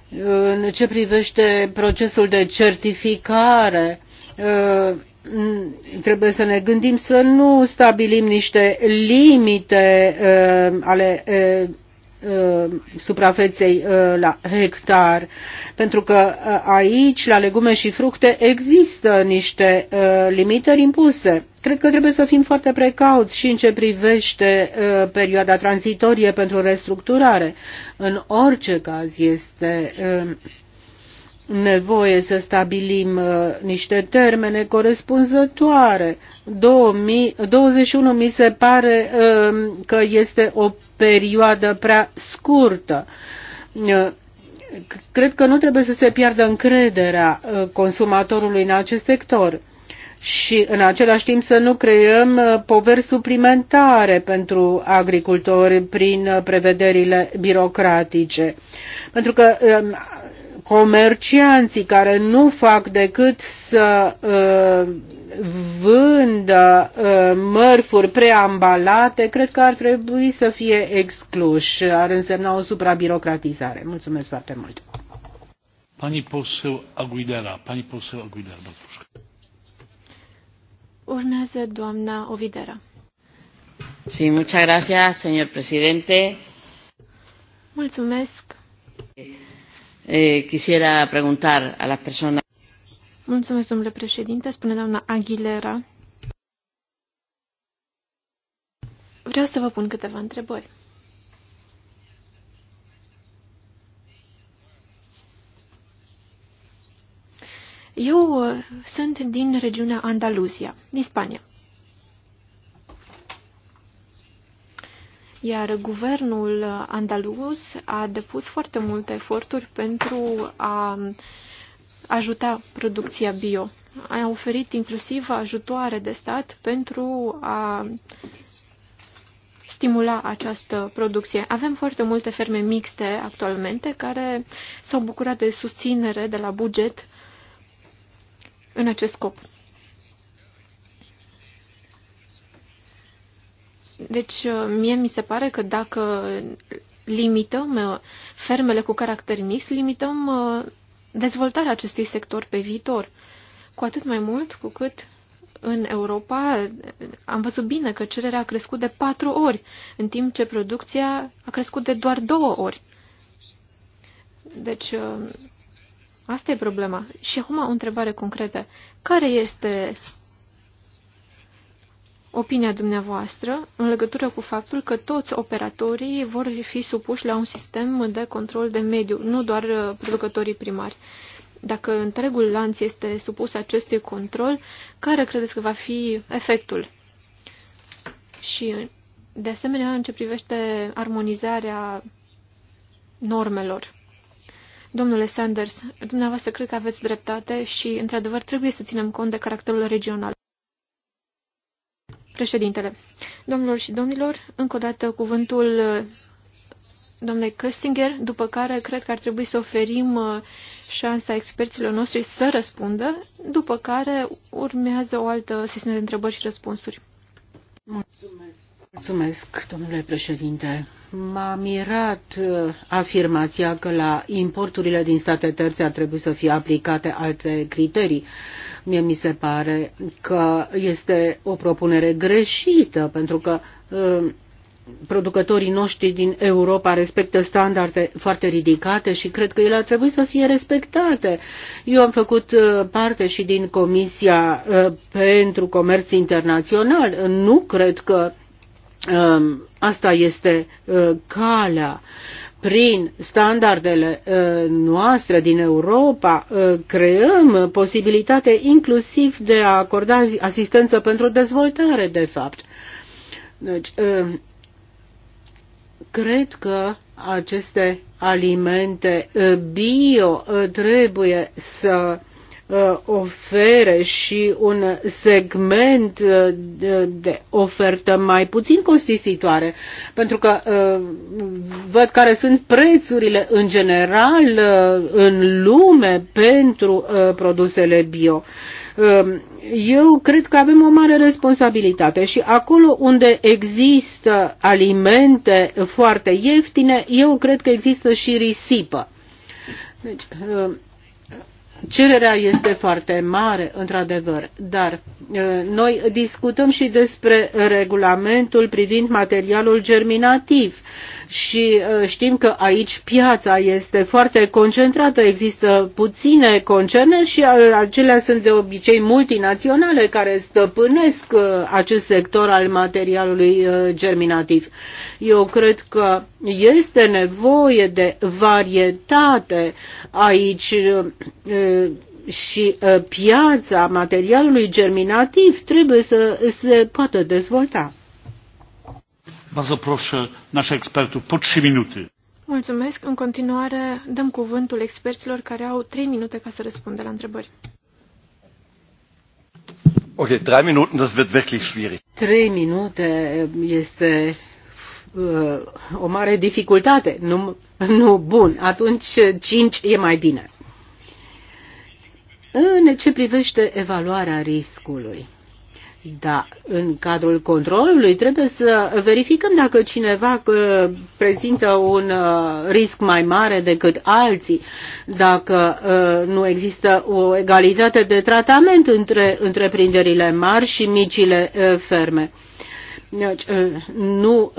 În ce privește procesul de certificare, uh, trebuie să ne gândim să nu stabilim niște limite uh, ale uh, Uh, suprafeței uh, la hectar, pentru că uh, aici, la legume și fructe, există niște limitări impuse. Cred că trebuie să fim foarte precauți și în ce privește perioada tranzitorie pentru restructurare. În orice caz este nevoie să stabilim uh, niște termene corespunzătoare. 2021 21 mi se pare um, că este o perioadă prea scurtă. Uh, cred că nu trebuie să se piardă încrederea uh, consumatorului în acest sector și în același timp să nu creăm poveri suplimentare pentru agricultori prin prevederile birocratice. Pentru că um, comercianții care nu fac decât să uh, vândă uh, mărfuri preambalate, cred că ar trebui să fie excluși. Ar însemna o suprabirocratizare. Mulțumesc foarte mult. Pani poseu Aguilera, pani poseu Aguilera, Urmează doamna Ovidera. Sí, muchas gracias, señor presidente. Mulțumesc. Eh, quisiera preguntar a las personas. Mulțumesc, domnule președinte. Spune doamna Aguilera. Vreau să vă pun câteva întrebări. Eu uh, sunt din regiunea Andaluzia, din Spania. Iar guvernul andaluz a depus foarte multe eforturi pentru a ajuta producția bio. A oferit inclusiv ajutoare de stat pentru a stimula această producție. Avem foarte multe ferme mixte actualmente care s-au bucurat de susținere de la buget în acest scop. Deci, uh, mie mi se pare că dacă limităm uh, fermele cu caracter mix, limităm uh, dezvoltarea acestui sector pe viitor. Cu atât mai mult cu cât în Europa am văzut bine că cererea a crescut de patru ori, în timp ce producția a crescut de doar două ori. Deci, asta e problema. Și acum o întrebare concretă. Care este opinia dumneavoastră în legătură cu faptul că toți operatorii vor fi supuși la un sistem de control de mediu, nu doar uh, producătorii primari. Dacă întregul lanț este supus acestui control, care credeți că va fi efectul? Și, de asemenea, în ce privește armonizarea normelor. Domnule Sanders, dumneavoastră cred că aveți dreptate și, într-adevăr, trebuie să ținem cont de caracterul regional. Președintele, domnilor și domnilor, încă o dată cuvântul uh, domnule Köstinger, după care cred că ar trebui să oferim uh, șansa experților noștri să răspundă, după care urmează o altă sesiune de întrebări și răspunsuri. Mulțumesc. Mulțumesc, domnule președinte. M-a mirat uh, afirmația că la importurile din state terțe ar trebui să fie aplicate alte criterii. Mie mi se pare că este o propunere greșită, pentru că uh, producătorii noștri din Europa respectă standarde foarte ridicate și cred că ele ar trebui să fie respectate. Eu am făcut uh, parte și din Comisia pentru Comerț Internațional. Nu cred că Um, asta este uh, calea prin standardele uh, noastre din Europa uh, creăm posibilitate inclusiv de a acorda asistență pentru dezvoltare, de fapt. Deci, cred că aceste alimente bio trebuie să Uh, ofere și un segment uh, de ofertă mai puțin costisitoare, pentru că uh, văd care sunt prețurile în general în lume pentru produsele bio. Um, eu cred că avem o mare responsabilitate și acolo unde există alimente foarte ieftine, eu cred că există și risipă. Deci, um, Cererea este foarte mare, într-adevăr, dar noi discutăm și despre regulamentul privind materialul germinativ și uh, știm că aici piața este foarte concentrată, există puține concerne și uh, acelea sunt de obicei multinaționale care stăpânesc uh, acest sector al materialului germinativ. Eu cred că este nevoie de varietate aici și piața materialului germinativ trebuie să se poată dezvolta. Bardzo proszę naszych ekspertów po 3 minute. Mulțumesc. În continuare dăm cuvântul experților care au trei minute ca să răspundă la întrebări. Ok, trei minute, das wird wirklich schwierig. Trei minute este uh, o mare dificultate. Nu, nu, bun, atunci cinci e mai bine. În ce privește evaluarea riscului, da, în cadrul controlului trebuie să verificăm dacă cineva uh, prezintă un uh, risc mai mare decât alții, dacă uh, nu există o egalitate de tratament între întreprinderile mari și micile ferme. Deci, nu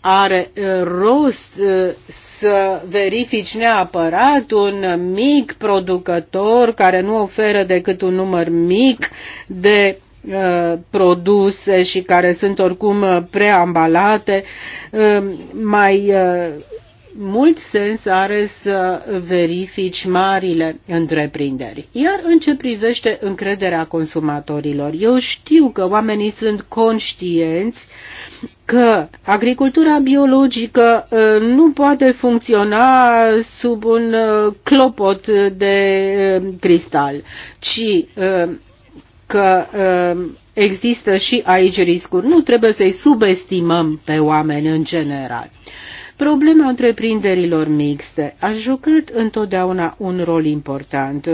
are rost să verifici neapărat un mic producător care nu oferă decât un număr mic de Uh, produse și care sunt oricum uh, preambalate, uh, mai mult sens are să verifici marile întreprinderi. Iar în ce privește încrederea consumatorilor, eu știu că oamenii sunt conștienți că agricultura biologică nu poate funcționa sub un clopot de cristal, ci că ehm, există și aici riscuri. Nu trebuie să-i subestimăm pe oameni în general. Problema întreprinderilor mixte a jucat întotdeauna un rol important.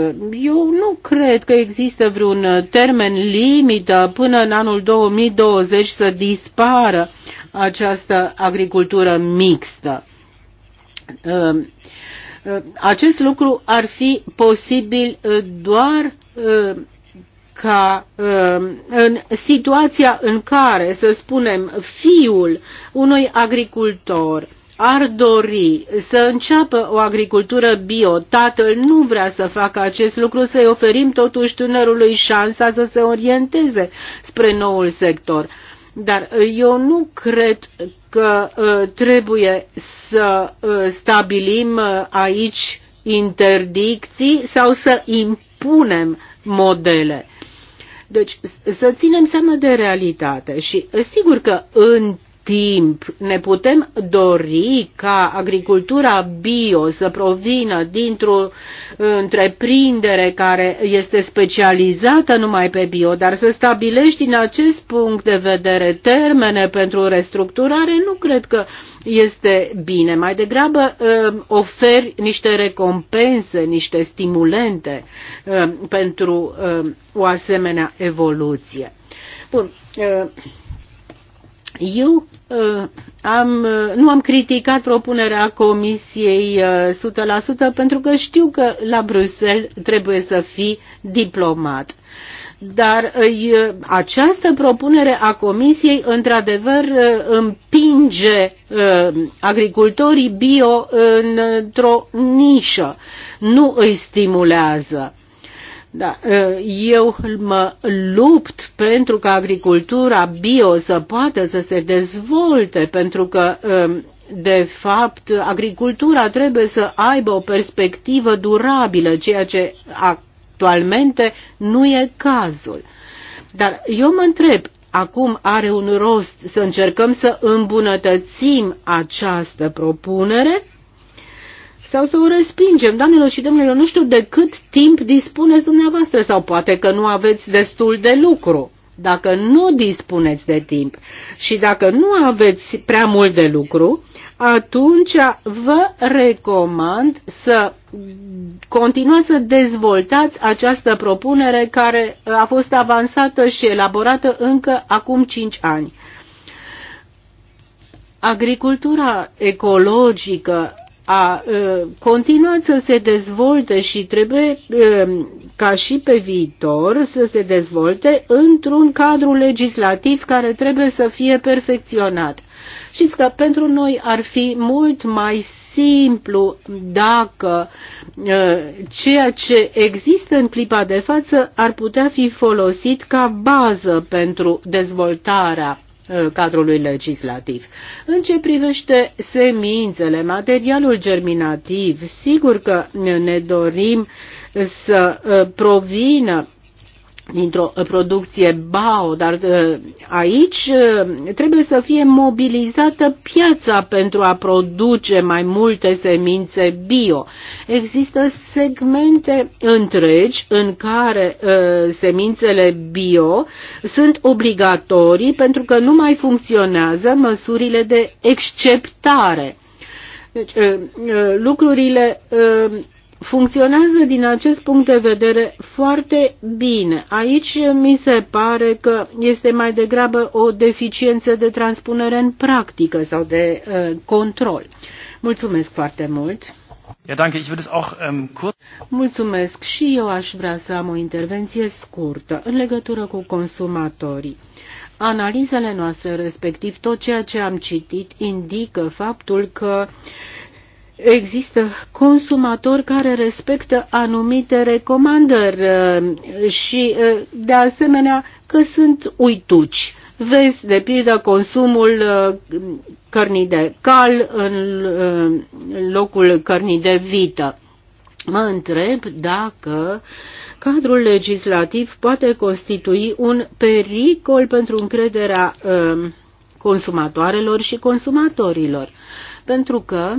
Eu nu cred că există vreun termen limită până în anul 2020 să dispară această agricultură mixtă. Ehm, ehm, acest lucru ar fi posibil eh, doar ca um, în situația în care, să spunem, fiul unui agricultor ar dori să înceapă o agricultură bio, tatăl nu vrea să facă acest lucru, să-i oferim totuși tânărului șansa să se orienteze spre noul sector. Dar eu nu cred că uh, trebuie să uh, stabilim uh, aici interdicții sau să impunem modele. Deci să ținem seama de realitate și sigur că în timp ne putem dori ca agricultura bio să provină dintr-o întreprindere care este specializată numai pe bio, dar să stabilești din acest punct de vedere termene pentru restructurare, nu cred că este bine. Mai degrabă um, oferi niște recompense, niște stimulente um, pentru um, o asemenea evoluție. Bun. Uh, eu uh, am, uh, nu am criticat propunerea Comisiei uh, 100% pentru că știu că la Bruxelles trebuie să fii diplomat. Dar uh, această propunere a Comisiei într-adevăr uh, împinge uh, agricultorii bio uh, într-o nișă, nu îi stimulează. Da, ă, eu mă lupt pentru ca agricultura bio să poată să se dezvolte, pentru că ă, de fapt, agricultura trebuie să aibă o perspectivă durabilă, ceea ce actualmente nu e cazul. Dar eu mă întreb, acum are un rost să încercăm să îmbunătățim această propunere? sau să o respingem. Doamnelor și domnilor, nu știu de cât timp dispuneți dumneavoastră sau poate că nu aveți destul de lucru. Dacă nu dispuneți de timp și dacă nu aveți prea mult de lucru, atunci vă recomand să continuați să dezvoltați această propunere care a fost avansată și elaborată încă acum 5 ani. Agricultura ecologică a continuat să se dezvolte și trebuie ca și pe viitor să se dezvolte într-un cadru legislativ care trebuie să fie perfecționat. Știți că pentru noi ar fi mult mai simplu dacă ceea ce există în clipa de față ar putea fi folosit ca bază pentru dezvoltarea Uh, cadrului legislativ. În ce privește semințele, materialul germinativ, sigur că ne dorim să uh, provină dintr-o uh, producție BAO, dar uh, aici uh, trebuie să fie mobilizată piața pentru a produce mai multe semințe bio. Există segmente întregi în care uh, semințele bio sunt obligatorii pentru că nu mai funcționează măsurile de exceptare. Deci, lucrurile funcționează din acest punct de vedere foarte bine. Aici mi se pare că este mai degrabă o deficiență de transpunere în practică sau de uh, control. Mulțumesc foarte mult! Ja, danke. Ich würde es auch, ähm, kurz... Mulțumesc. Și eu aș vrea să am o intervenție scurtă în legătură cu consumatorii. Analizele noastre, respectiv tot ceea ce am citit, indică faptul că uh, există consumatori care respectă anumite recomandări uh, și, uh, de asemenea, că sunt uituci. Vezi, de pildă, consumul uh, cărnii de cal în locul cărnii de vită. Mă întreb dacă cadrul legislativ poate constitui un pericol pentru încrederea consumatoarelor și consumatorilor, pentru că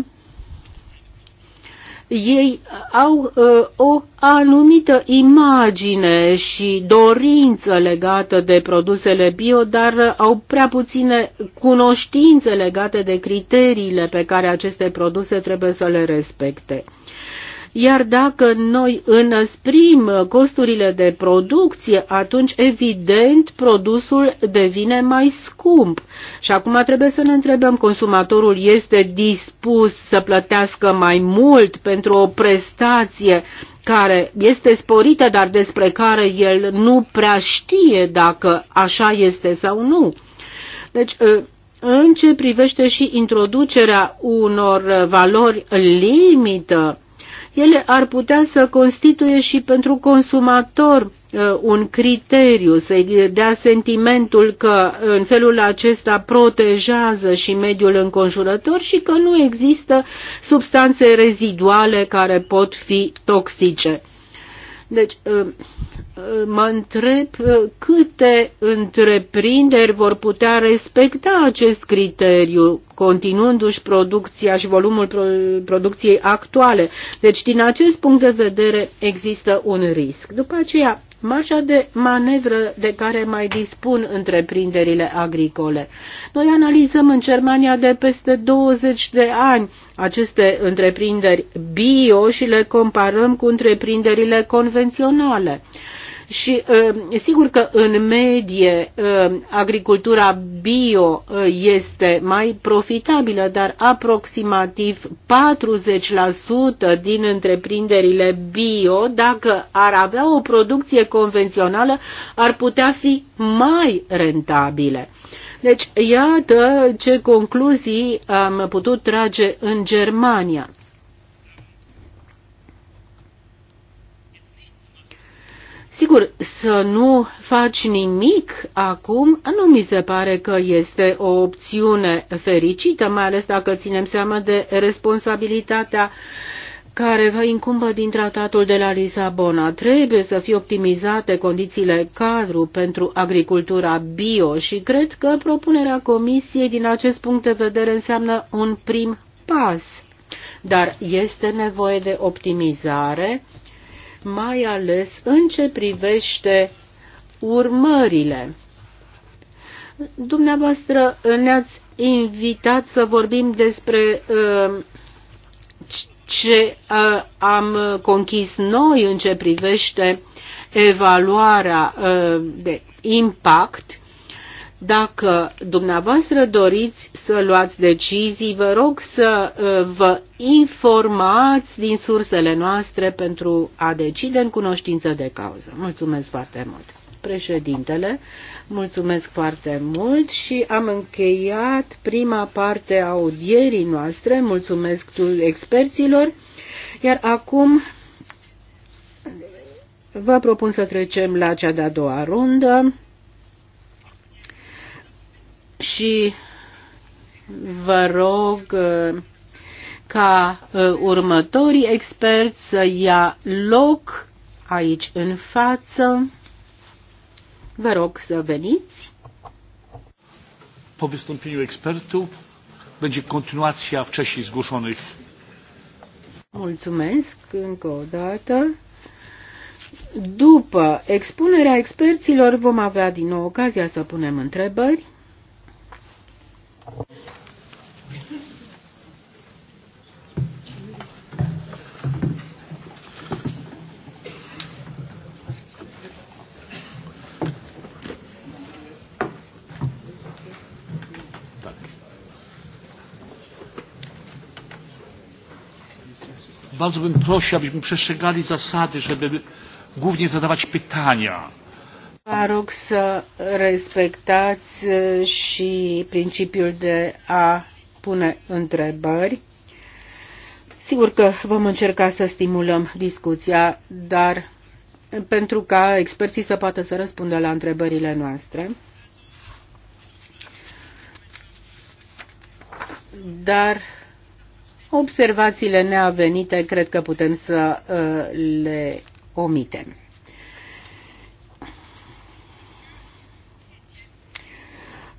ei au uh, o anumită imagine și dorință legată de produsele bio, dar uh, au prea puține cunoștințe legate de criteriile pe care aceste produse trebuie să le respecte. Iar dacă noi înăsprim costurile de producție, atunci evident produsul devine mai scump. Și acum trebuie să ne întrebăm, consumatorul este dispus să plătească mai mult pentru o prestație care este sporită, dar despre care el nu prea știe dacă așa este sau nu. Deci, ă, în ce privește și introducerea unor valori limită, ele ar putea să constituie și pentru consumator uh, un criteriu, să-i dea sentimentul că uh, în felul acesta protejează și mediul înconjurător și că nu există substanțe reziduale care pot fi toxice. Deci, ă, ă, mă întreb ă, câte întreprinderi vor putea respecta acest criteriu, continuându-și producția și volumul producției actuale. Deci, din acest punct de vedere, există un risc. După aceea, marja de manevră de care mai dispun întreprinderile agricole. Noi analizăm în Germania de peste 20 de ani aceste întreprinderi bio și le comparăm cu întreprinderile convenționale. Și ă, sigur că în medie ă, agricultura bio ă, este mai profitabilă, dar aproximativ 40% din întreprinderile bio, dacă ar avea o producție convențională, ar putea fi mai rentabile. Deci, iată ce concluzii am putut trage în Germania. Sigur, să nu faci nimic acum nu mi se pare că este o opțiune fericită, mai ales dacă ținem seama de responsabilitatea care vă incumbă din tratatul de la Lisabona. Trebuie să fie optimizate condițiile cadru pentru agricultura bio și cred că propunerea Comisiei din acest punct de vedere înseamnă un prim pas. Dar este nevoie de optimizare mai ales în ce privește urmările. Dumneavoastră ne-ați invitat să vorbim despre uh, ce uh, am conchis noi în ce privește evaluarea uh, de impact dacă dumneavoastră doriți să luați decizii, vă rog să uh, vă informați din sursele noastre pentru a decide în cunoștință de cauză. Mulțumesc foarte mult! președintele. Mulțumesc foarte mult și am încheiat prima parte a audierii noastre. Mulțumesc experților. Iar acum vă propun să trecem la cea de-a doua rundă și vă rog uh, ca uh, următorii experți să ia loc aici în față. Vă rog să veniți. Po wystąpieniu ekspertu będzie kontynuacja wcześniej zgłoszonych. Mulțumesc încă o dată. După expunerea experților vom avea din nou ocazia să punem întrebări bardzo bym prosił abyśmy przestrzegali zasady żeby głównie zadawać pytania Vă rog să respectați uh, și principiul de a pune întrebări. Sigur că vom încerca să stimulăm discuția, dar pentru ca experții să poată să răspundă la întrebările noastre. Dar observațiile neavenite cred că putem să uh, le omitem.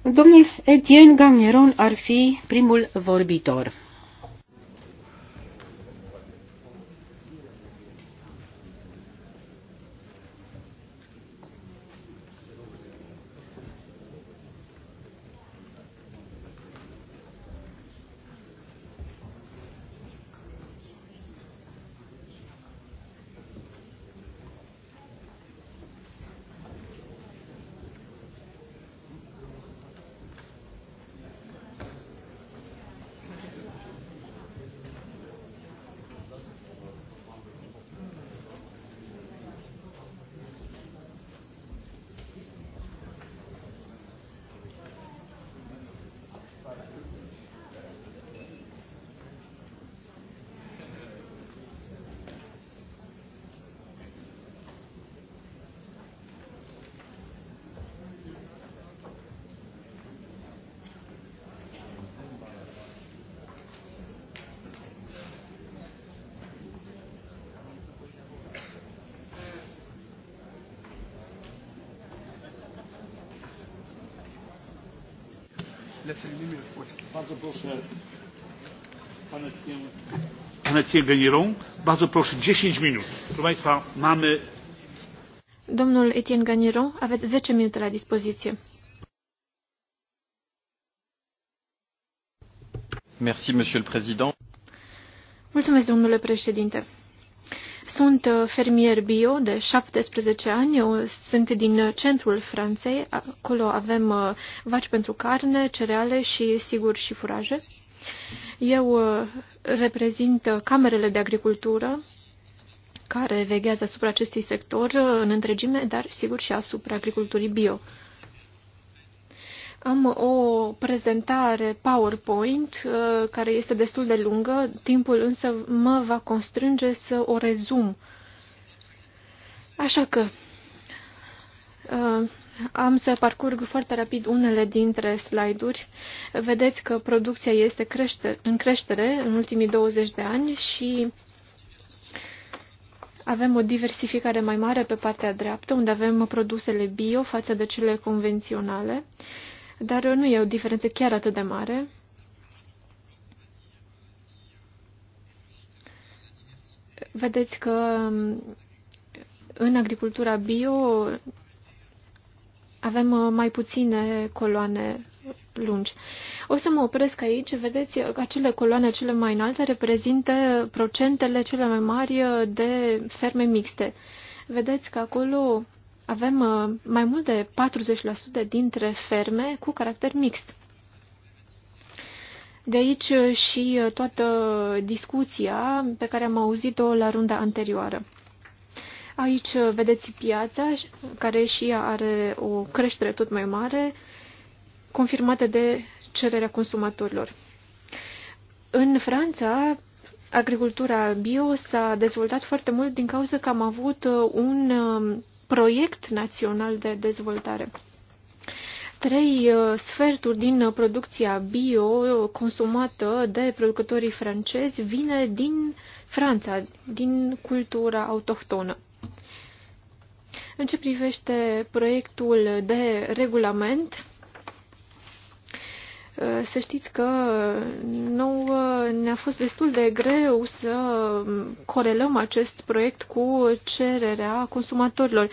Domnul Etienne Gagneron ar fi primul vorbitor. Bardzo proszę. Bardzo proszę, 10 minut. Proszę Państwa, mamy... Domnul Etienne Gagneron, aveți 10 minute la dispoziție. Merci, Monsieur le Président. Mulțumesc, domnule președinte. Sunt uh, fermier bio de 17 ani, eu sunt din centrul Franței, acolo avem uh, vaci pentru carne, cereale și, sigur, și furaje. Eu uh, reprezint camerele de agricultură care veghează asupra acestui sector în întregime, dar, sigur, și asupra agriculturii bio. Am o prezentare PowerPoint uh, care este destul de lungă, timpul însă mă va constrânge să o rezum. Așa că uh, am să parcurg foarte rapid unele dintre slide-uri. Vedeți că producția este în creștere în ultimii 20 de ani și avem o diversificare mai mare pe partea dreaptă, unde avem produsele bio față de cele convenționale. Uh, dar nu e o diferență chiar atât de mare. Vedeți că um, în agricultura bio avem uh, mai puține coloane lungi. O să mă opresc aici. Vedeți, acele coloane cele mai înalte reprezintă procentele cele mai mari uh, de ferme mixte. Vedeți că acolo avem uh, mai mult de 40% dintre ferme cu caracter mixt. De aici uh, și uh, toată discuția pe care am auzit-o la runda anterioară. Aici vedeți piața, care și ea are o creștere tot mai mare, confirmată de cererea consumatorilor. În Franța, agricultura bio s-a dezvoltat foarte mult din cauza că am avut un proiect național de dezvoltare. Trei uh, sferturi din producția bio consumată de producătorii francezi vine din Franța, din cultura autohtonă. În ce privește proiectul de regulament, Eh, să știți că nouă eh, ne-a fost destul de greu să mm, corelăm acest proiect cu cererea consumatorilor.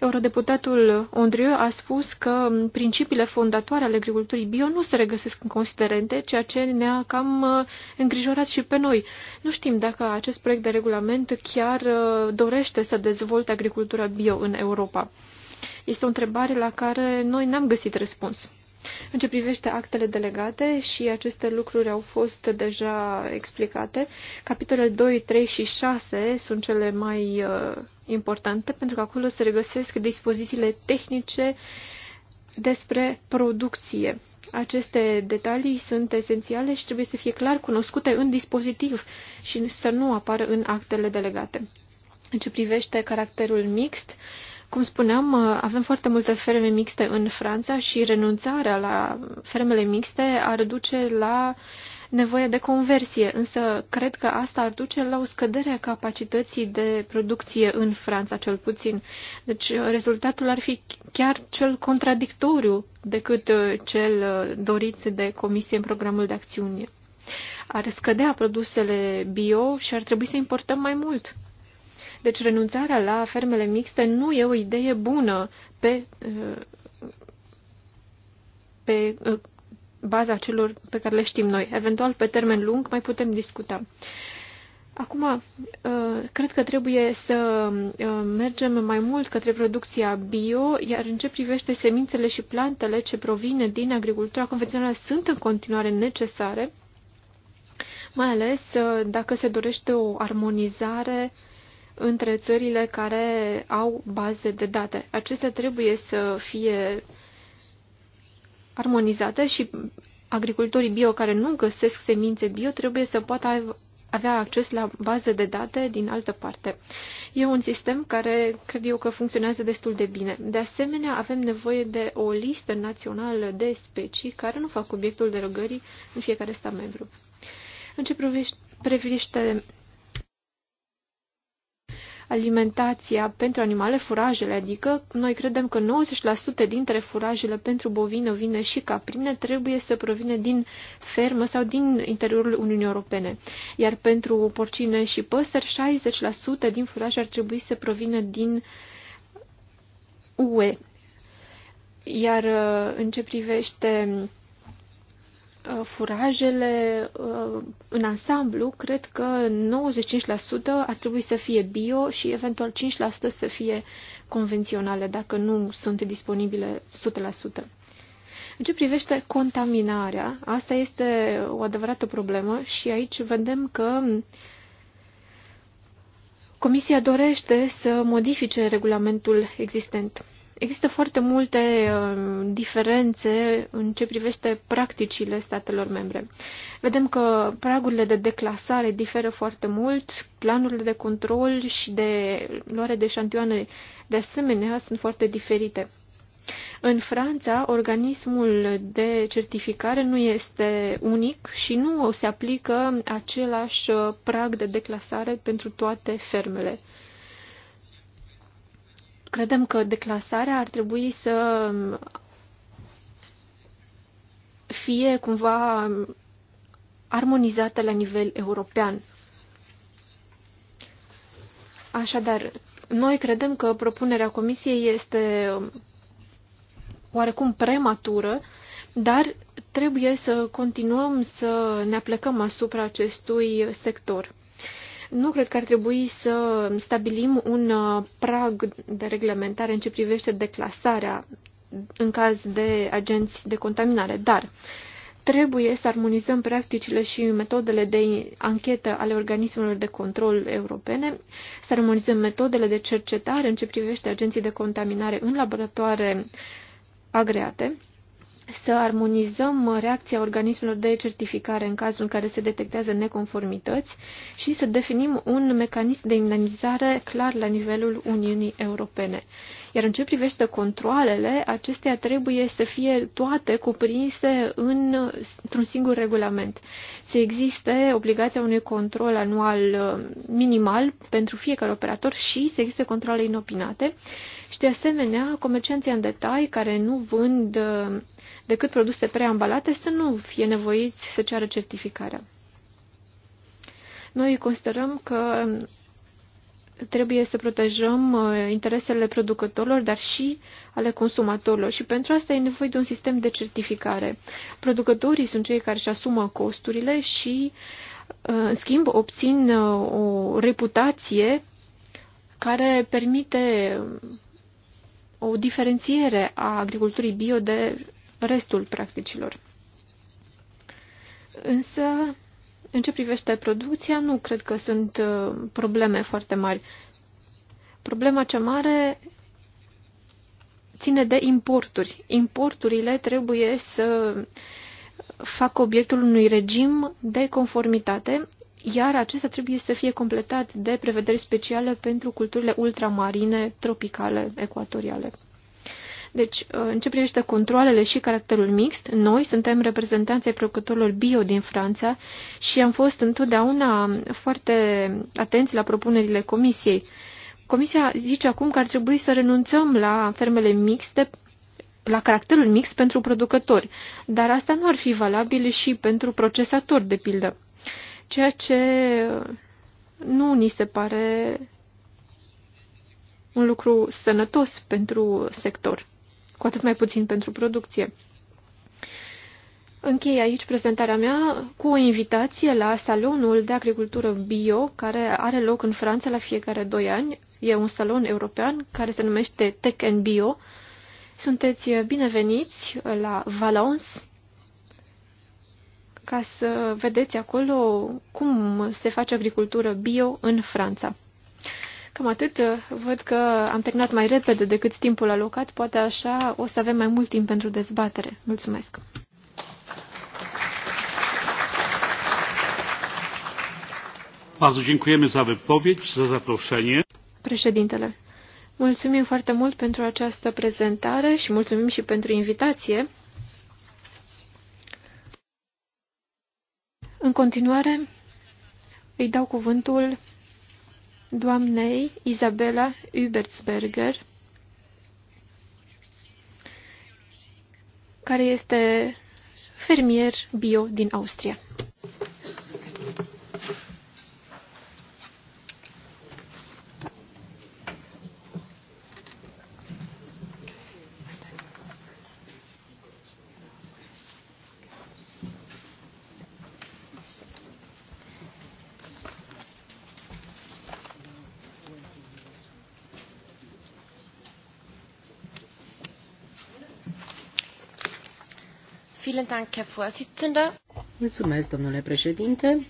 Eurodeputatul Andrieu a spus că mm, principiile fondatoare ale agriculturii bio nu se regăsesc în considerente, ceea ce ne-a cam eh, îngrijorat și pe noi. Nu știm dacă acest proiect de regulament chiar dorește să dezvolte agricultura bio în Europa. Este o întrebare la care noi n-am găsit răspuns. În ce privește actele delegate și aceste lucruri au fost deja explicate, capitolele 2, 3 și 6 sunt cele mai uh, importante pentru că acolo se regăsesc dispozițiile tehnice despre producție. Aceste detalii sunt esențiale și trebuie să fie clar cunoscute în dispozitiv și să nu apară în actele delegate. În ce privește caracterul mixt, uh, cum spuneam, uh, avem foarte multe ferme mixte în Franța și renunțarea la fermele mixte ar duce la nevoie de conversie, însă cred că asta ar duce la o scădere a capacității de producție în Franța, cel puțin. Deci uh, rezultatul ar fi chiar cel contradictoriu decât uh, cel dorit de Comisie în programul de acțiune. Ar scădea produsele bio și ar trebui să importăm mai mult. Deci renunțarea la fermele mixte nu e o idee bună pe, uh, pe uh, baza celor pe care le știm noi. Eventual, pe termen lung, mai putem discuta. Acum, uh, cred că trebuie să mergem mai mult către producția bio, iar în ce privește semințele și plantele ce provine din agricultura convențională sunt în continuare necesare, mai ales dacă se dorește o armonizare între țările care au baze de date. Acestea trebuie să fie armonizate și agricultorii bio care nu găsesc semințe bio trebuie să poată avea acces la baze de date din altă parte. E un sistem care cred eu că funcționează destul de bine. De asemenea, avem nevoie de o listă națională de specii care nu fac obiectul derogării în fiecare stat membru. În ce privește alimentația pentru animale, furajele, adică noi credem că 90% dintre furajele pentru bovine, ovine și caprine trebuie să provină din fermă sau din interiorul Uniunii Europene, iar pentru porcine și păsări 60% din furaj ar trebui să provină din UE. Iar uh, în ce privește Uh, furajele uh, în ansamblu, cred că 95% ar trebui să fie bio și eventual 5% să fie convenționale, dacă nu sunt disponibile 100%. În ce privește contaminarea, asta este o adevărată problemă și aici vedem că Comisia dorește să modifice regulamentul existent. Există foarte multe uh, diferențe în ce privește practicile statelor membre. Vedem că pragurile de declasare diferă foarte mult, planurile de control și de luare de șantioane de asemenea sunt foarte diferite. În Franța, organismul de certificare nu este unic și nu se aplică același prag de declasare pentru toate fermele. Credem că declasarea ar trebui să fie cumva armonizată la nivel european. Așadar, noi credem că propunerea Comisiei este oarecum prematură, dar trebuie să continuăm să ne aplecăm asupra acestui sector. Nu cred că ar trebui să stabilim un uh, prag de reglementare în ce privește declasarea în caz de agenți de contaminare, dar trebuie să armonizăm practicile și metodele de anchetă ale organismelor de control europene, să armonizăm metodele de cercetare în ce privește agenții de contaminare în laboratoare agreate să armonizăm reacția organismelor de certificare în cazul în care se detectează neconformități și să definim un mecanism de indemnizare clar la nivelul Uniunii Europene. Iar în ce privește controlele, acestea trebuie să fie toate cuprinse în, într-un singur regulament. Să existe obligația unui control anual uh, minimal pentru fiecare operator și să existe controle inopinate și, de asemenea, comercianții în detai care nu vând uh, decât produse preambalate să nu fie nevoiți să ceară certificarea. Noi considerăm că trebuie să protejăm uh, interesele producătorilor, dar și ale consumatorilor. Și pentru asta e nevoie de un sistem de certificare. Producătorii sunt cei care își asumă costurile și, uh, în schimb, obțin o reputație care permite o diferențiere a agriculturii bio de restul practicilor. Însă, în ce privește producția, nu cred că sunt uh, probleme foarte mari. Problema cea mare ține de importuri. Importurile trebuie să facă obiectul unui regim de conformitate iar acesta trebuie să fie completat de prevederi speciale pentru culturile ultramarine, tropicale, ecuatoriale. Deci, uh, în ce privește controlele și caracterul mixt, noi suntem reprezentanții producătorilor bio din Franța și am fost întotdeauna foarte atenți la propunerile comisiei. Comisia zice acum că ar trebui să renunțăm la fermele mixte, la caracterul mix pentru producători, dar asta nu ar fi valabil și pentru procesatori, de pildă ceea ce nu ni se pare un lucru sănătos pentru sector, cu atât mai puțin pentru producție. Închei aici prezentarea mea cu o invitație la Salonul de Agricultură Bio, care are loc în Franța la fiecare doi ani. E un salon european care se numește Tech and Bio. Sunteți bineveniți la Valence ca să vedeți acolo cum se face agricultură bio în Franța. Cam atât. Văd că am terminat mai repede decât timpul alocat. Poate așa o să avem mai mult timp pentru dezbatere. Mulțumesc! Bardzo dziękujemy za wypowiedź, za zaproszenie. Președintele, mulțumim foarte mult pentru această prezentare și mulțumim și pentru invitație. În continuare, îi dau cuvântul doamnei Isabela Hubertsberger, care este fermier bio din Austria. Vielen Dank, Herr Vorsitzender. Mulțumesc, domnule președinte.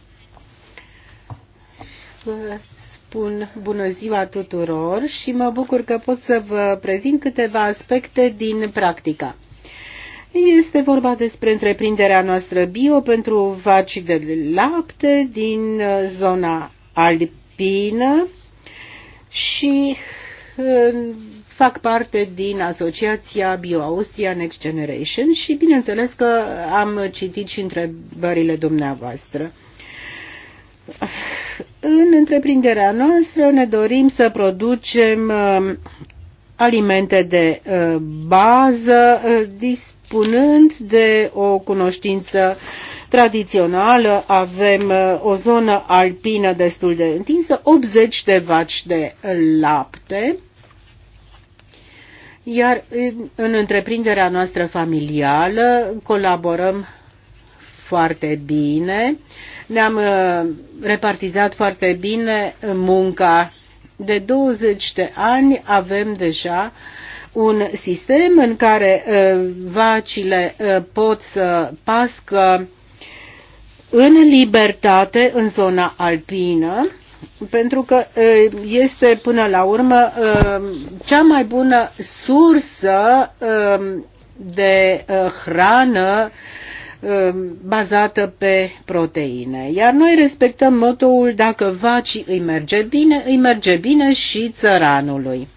Vă spun bună ziua tuturor și mă bucur că pot să vă prezint câteva aspecte din practica. Este vorba despre întreprinderea noastră bio pentru vaci de lapte din zona alpină și fac parte din asociația BioAustria Next Generation și bineînțeles că am citit și întrebările dumneavoastră. În întreprinderea noastră ne dorim să producem uh, alimente de uh, bază uh, dispunând de o cunoștință tradițională avem o zonă alpină destul de întinsă, 80 de vaci de lapte iar în întreprinderea noastră familială colaborăm foarte bine, ne-am uh, repartizat foarte bine munca. De 20 de ani avem deja un sistem în care uh, vacile uh, pot să pască în libertate în zona alpină pentru că este până la urmă cea mai bună sursă de hrană bazată pe proteine. Iar noi respectăm motoul dacă vacii îi merge bine, îi merge bine și țăranului.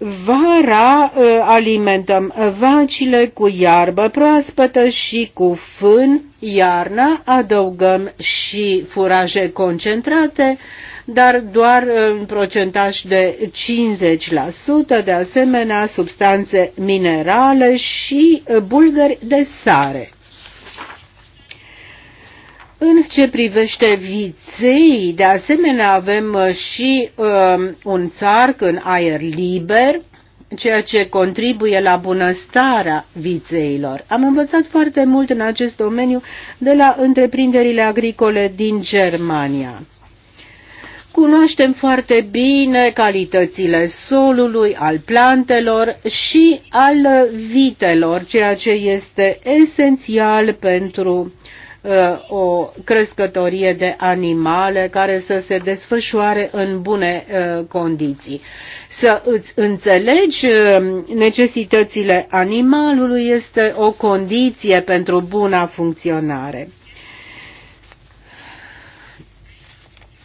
Vara ă, alimentăm vacile cu iarbă proaspătă și cu fân, iarna adăugăm și furaje concentrate, dar doar ă, în procentaj de 50%, de asemenea substanțe minerale și ă, bulgări de sare. În ce privește viței, de asemenea avem uh, și um, un țarc în aer liber, ceea ce contribuie la bunăstarea vițeilor. Am învățat foarte mult în acest domeniu de la întreprinderile agricole din Germania. Cunoaștem foarte bine calitățile solului, al plantelor și al vitelor, ceea ce este esențial pentru Uh, o crescătorie de animale care să se desfășoare în bune uh, condiții. Să îți înțelegi uh, necesitățile animalului este o condiție pentru buna funcționare.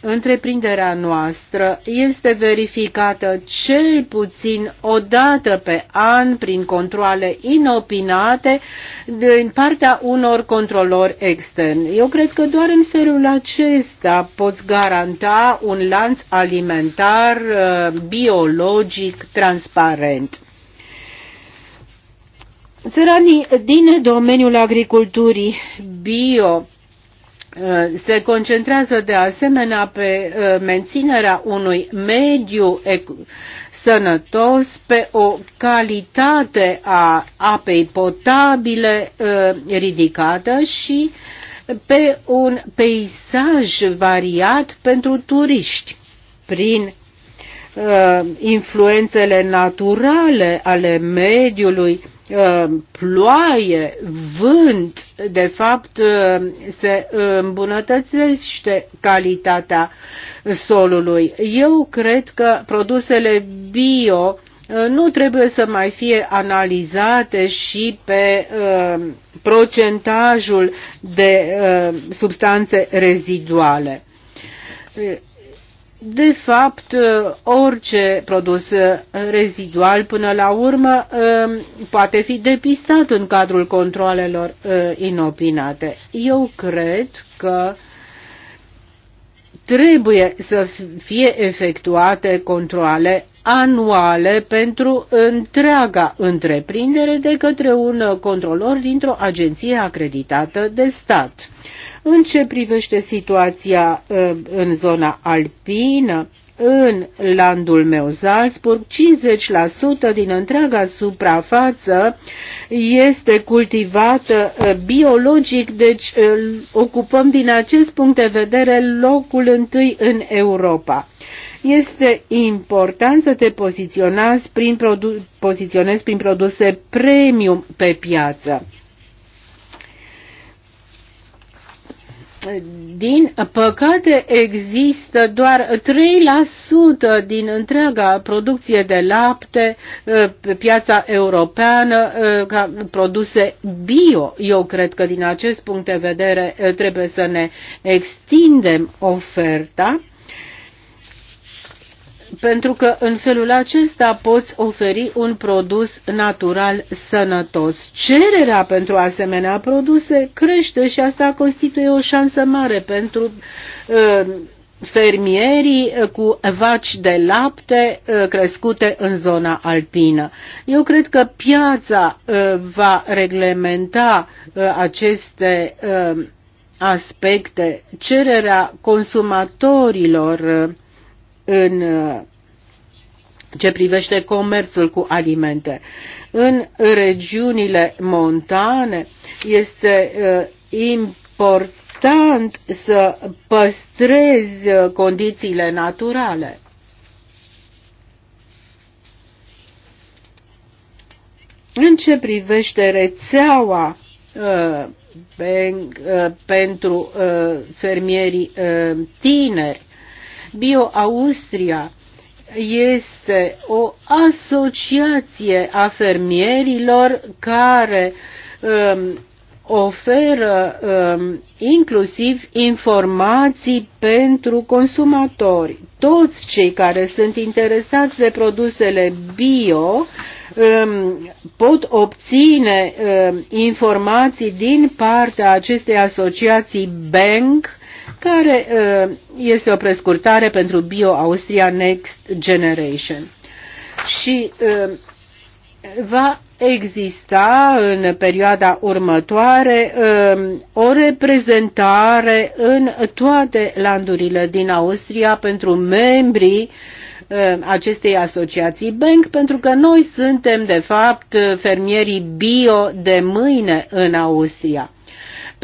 întreprinderea noastră este verificată cel puțin o dată pe an prin controle inopinate din partea unor controlori externi. Eu cred că doar în felul acesta poți garanta un lanț alimentar uh, biologic transparent. Țăranii din domeniul agriculturii bio Uh, se concentrează de asemenea pe uh, menținerea unui mediu sănătos, pe o calitate a apei potabile uh, ridicată și pe un peisaj variat pentru turiști prin influențele naturale ale mediului Uh, ploaie, vânt, de fapt uh, se îmbunătățește calitatea solului. Eu cred că produsele bio uh, nu trebuie să mai fie analizate și pe procentajul de substanțe reziduale de fapt, orice produs rezidual până la urmă um, poate fi depistat în cadrul controlelor uh, inopinate. Eu cred că trebuie să fie efectuate controle anuale pentru întreaga întreprindere de către un controlor dintr-o agenție acreditată de stat. În ce privește situația ă, în zona alpină, în landul meu Salzburg, 50% din întreaga suprafață este cultivată ă, biologic, deci ă, ocupăm din acest punct de vedere locul întâi în Europa. Este important să te poziționezi prin, produ- poziționezi prin produse premium pe piață. Din păcate există doar 3% din întreaga producție de lapte uh, pe piața europeană uh, ca produse bio. Eu cred că din acest punct de vedere uh, trebuie să ne extindem oferta pentru că în felul acesta poți oferi un produs natural sănătos. Cererea pentru asemenea produse crește și asta constituie o șansă mare pentru uh, fermierii uh, cu vaci de lapte uh, crescute în zona alpină. Eu cred că piața uh, va reglementa aceste aspecte. Cererea consumatorilor în uh, ce privește comerțul cu alimente. În regiunile montane este uh, important să păstrezi uh, condițiile naturale. În ce privește rețeaua uh, pe, uh, pentru uh, fermierii tineri, Bio Austria este o asociație a fermierilor care um, oferă um, inclusiv informații pentru consumatori. Toți cei care sunt interesați de produsele bio um, pot obține um, informații din partea acestei asociații BANK care uh, este o prescurtare pentru Bio Austria Next Generation. Și uh, va exista în perioada următoare uh, o reprezentare în toate landurile din Austria pentru membrii acestei asociații Bank, pentru că noi suntem, de fapt, fermierii bio de mâine în Austria.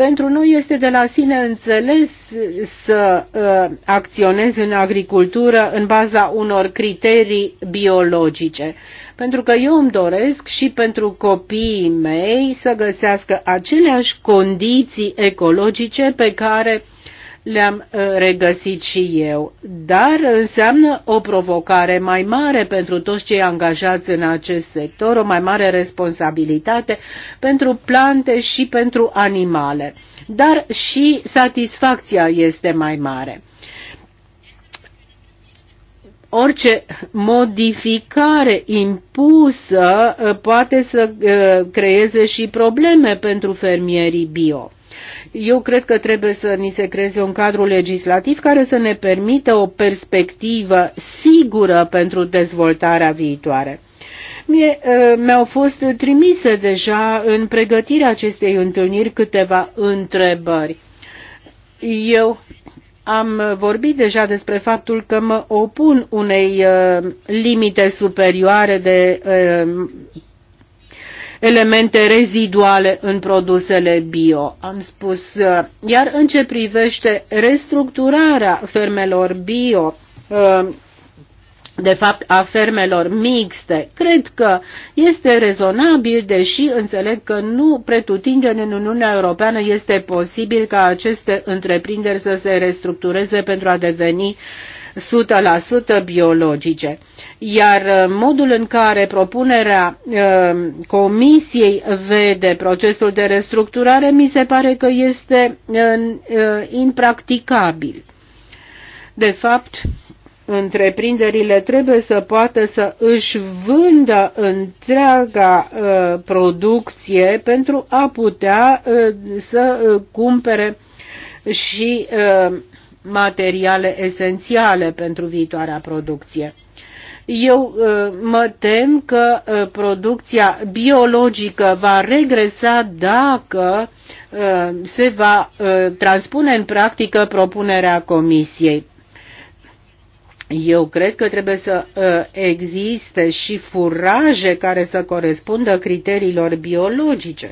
Pentru noi este de la sine înțeles să uh, acționezi în agricultură în baza unor criterii biologice, pentru că eu îmi doresc și pentru copiii mei să găsească aceleași condiții ecologice pe care uh, le-am uh, regăsit și eu, dar înseamnă o provocare mai mare pentru toți cei angajați în acest sector, o mai mare responsabilitate pentru plante și pentru animale, dar și satisfacția este mai mare orice modificare impusă uh, poate să uh, creeze și probleme pentru fermierii bio. Eu cred că trebuie să ni se creeze un cadru legislativ care să ne permită o perspectivă sigură pentru dezvoltarea viitoare. Uh, mi-au fost trimise deja în pregătirea acestei întâlniri câteva întrebări. Eu am vorbit deja despre faptul că mă opun unei uh, limite superioare de uh, elemente reziduale în produsele bio. Am spus, uh, iar în ce privește restructurarea fermelor bio, uh, de fapt a fermelor mixte. Cred că este rezonabil, deși înțeleg că nu pretutindeni în Uniunea Europeană este posibil ca aceste întreprinderi să se restructureze pentru a deveni 100% biologice iar uh, modul în care propunerea uh, Comisiei vede procesul de restructurare mi se pare că este uh, impracticabil. De fapt, întreprinderile trebuie să poată să își vândă întreaga uh, producție pentru a putea uh, să uh, cumpere și materiale esențiale pentru viitoarea producție. Eu uh, mă tem că uh, producția biologică va regresa dacă uh, se va transpune în practică propunerea Comisiei. Eu cred că trebuie să existe și furaje care să corespundă criteriilor biologice.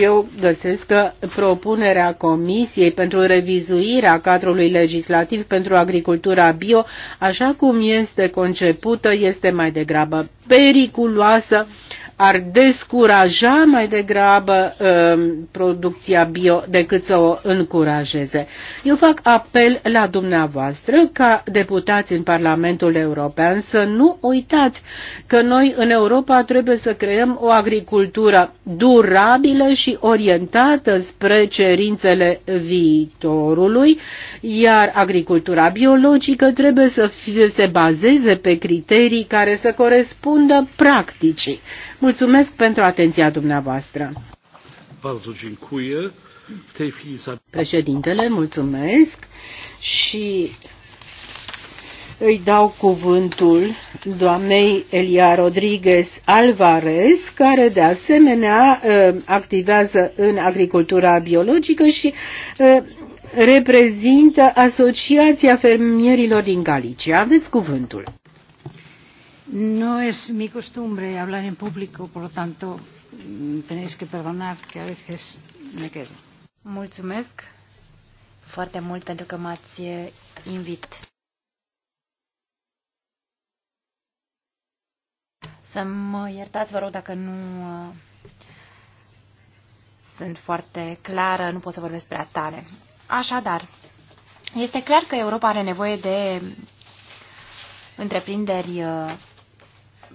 Eu găsesc că propunerea Comisiei pentru revizuirea cadrului legislativ pentru agricultura bio, așa cum este concepută, este mai degrabă periculoasă ar descuraja mai degrabă um, producția bio decât să o încurajeze. Eu fac apel la dumneavoastră ca deputați în Parlamentul European să nu uitați că noi în Europa trebuie să creăm o agricultură durabilă și orientată spre cerințele viitorului, iar agricultura biologică trebuie să fie, se bazeze pe criterii care să corespundă practicii. Mulțumesc pentru atenția dumneavoastră. Președintele, mulțumesc și îi dau cuvântul doamnei Elia Rodriguez Alvarez, care de asemenea ă, activează în agricultura biologică și ă, reprezintă Asociația Fermierilor din Galicia. Aveți cuvântul. No es mi costumbre hablar en público, por lo tanto, mm, tenéis que perdonar que a veces me quedo. Mulțumesc foarte mult pentru că m-ați eh, invit. Să mă eh, iertați, vă rog, dacă nu eh, sunt foarte clară, nu pot să vorbesc prea tare. Așadar, este clar că Europa are nevoie de mm, întreprinderi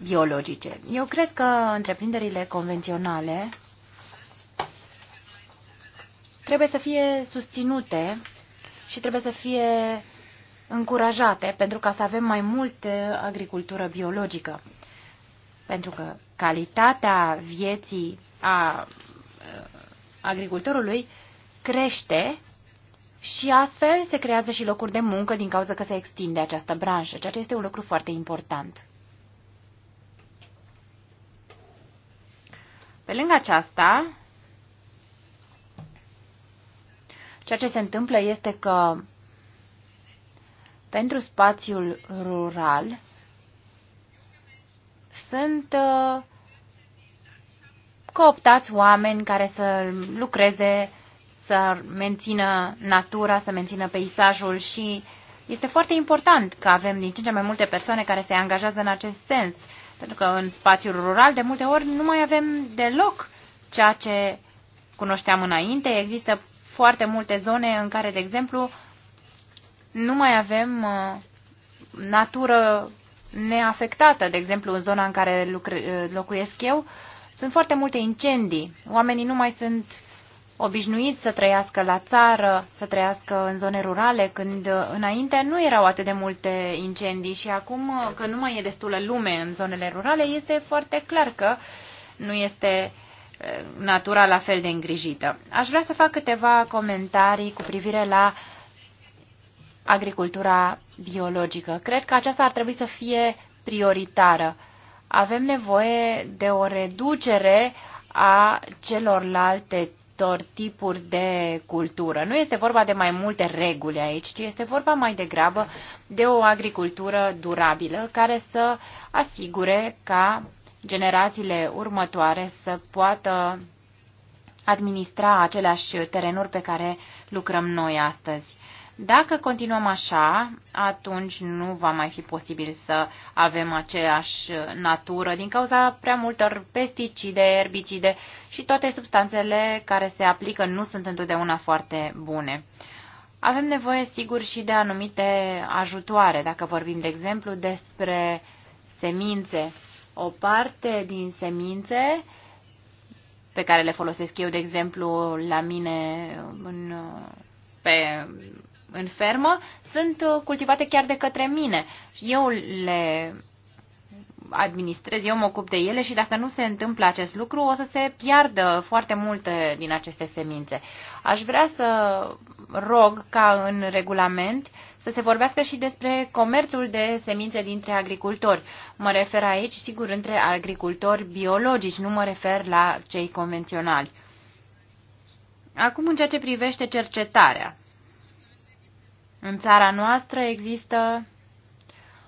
biologice. Eu cred că întreprinderile convenționale trebuie să fie susținute și trebuie să fie încurajate pentru ca să avem mai multă agricultură biologică. Pentru că calitatea vieții a uh, agricultorului crește și astfel se creează și locuri de muncă din cauza că se extinde această branșă, ceea ce este un lucru foarte important. Pe lângă aceasta, ceea ce se întâmplă este că pentru spațiul rural sunt uh, cooptați oameni care să lucreze, să mențină natura, să mențină peisajul și este foarte important că avem din ce mai multe persoane care se angajează în acest sens pentru că în spațiul rural, de multe ori, nu mai avem deloc ceea ce cunoșteam înainte. Există foarte multe zone în care, de exemplu, nu mai avem uh, natură neafectată. De exemplu, în zona în care uh, locuiesc eu, sunt foarte multe incendii. Oamenii nu mai sunt obișnuit să trăiască la țară, să trăiască în zone rurale, când înainte nu erau atât de multe incendii și acum că nu mai e destulă lume în zonele rurale, este foarte clar că nu este eh, natura la fel de îngrijită. Aș vrea să fac câteva comentarii cu privire la agricultura biologică. Cred că aceasta ar trebui să fie prioritară. Avem nevoie de o reducere a celorlalte anumitor tipuri de cultură. Nu este vorba de mai multe reguli aici, ci este vorba mai degrabă de o agricultură durabilă care să asigure ca generațiile următoare să poată administra aceleași terenuri pe care lucrăm noi astăzi. Dacă continuăm așa, atunci nu va mai fi posibil să avem aceeași natură din cauza prea multor pesticide, erbicide și toate substanțele care se aplică nu sunt întotdeauna foarte bune. Avem nevoie, sigur, și de anumite ajutoare, dacă vorbim, de exemplu, despre semințe. O parte din semințe pe care le folosesc eu, de exemplu, la mine în în fermă sunt uh, cultivate chiar de către mine. Eu le administrez, eu mă ocup de ele și dacă nu se întâmplă acest lucru, o să se piardă foarte multe din aceste semințe. Aș vrea să rog ca în regulament să se vorbească și despre comerțul de semințe dintre agricultori. Mă refer aici, sigur, între agricultori biologici, nu mă refer la cei convenționali. Acum, în ceea ce privește cercetarea. În țara noastră există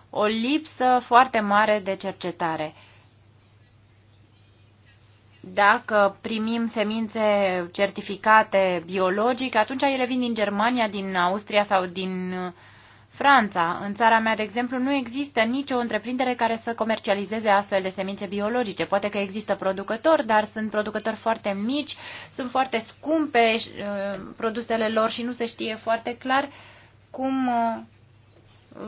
o lipsă foarte mare de cercetare. Dacă primim semințe certificate biologic, atunci ele vin din Germania, din Austria sau din uh, Franța. În țara mea, de exemplu, nu există nicio întreprindere care să comercializeze astfel de semințe biologice. Poate că există producători, dar sunt producători foarte mici, sunt foarte scumpe uh, produsele lor și nu se știe foarte clar uh, cum uh,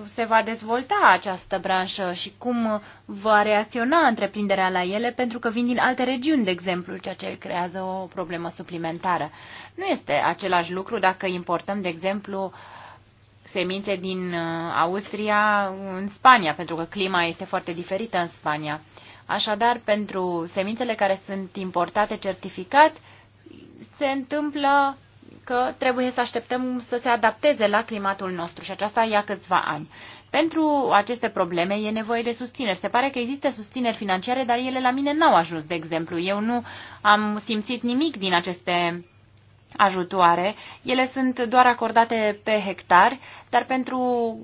se va dezvolta această branșă și cum uh, va reacționa întreprinderea la ele, pentru că vin din alte regiuni, de exemplu, ceea ce creează o problemă suplimentară. Nu este același lucru dacă importăm, de exemplu, semințe din uh, Austria în Spania, pentru că clima este foarte diferită în Spania. Așadar, pentru semințele care sunt importate certificat, se întâmplă că trebuie să așteptăm să se adapteze la climatul nostru și aceasta ia câțiva ani. Pentru aceste probleme e nevoie de susțineri. Se pare că există susțineri financiare, dar ele la mine n-au ajuns, de exemplu. Eu nu am simțit nimic din aceste ajutoare. Ele sunt doar acordate pe hectar, dar pentru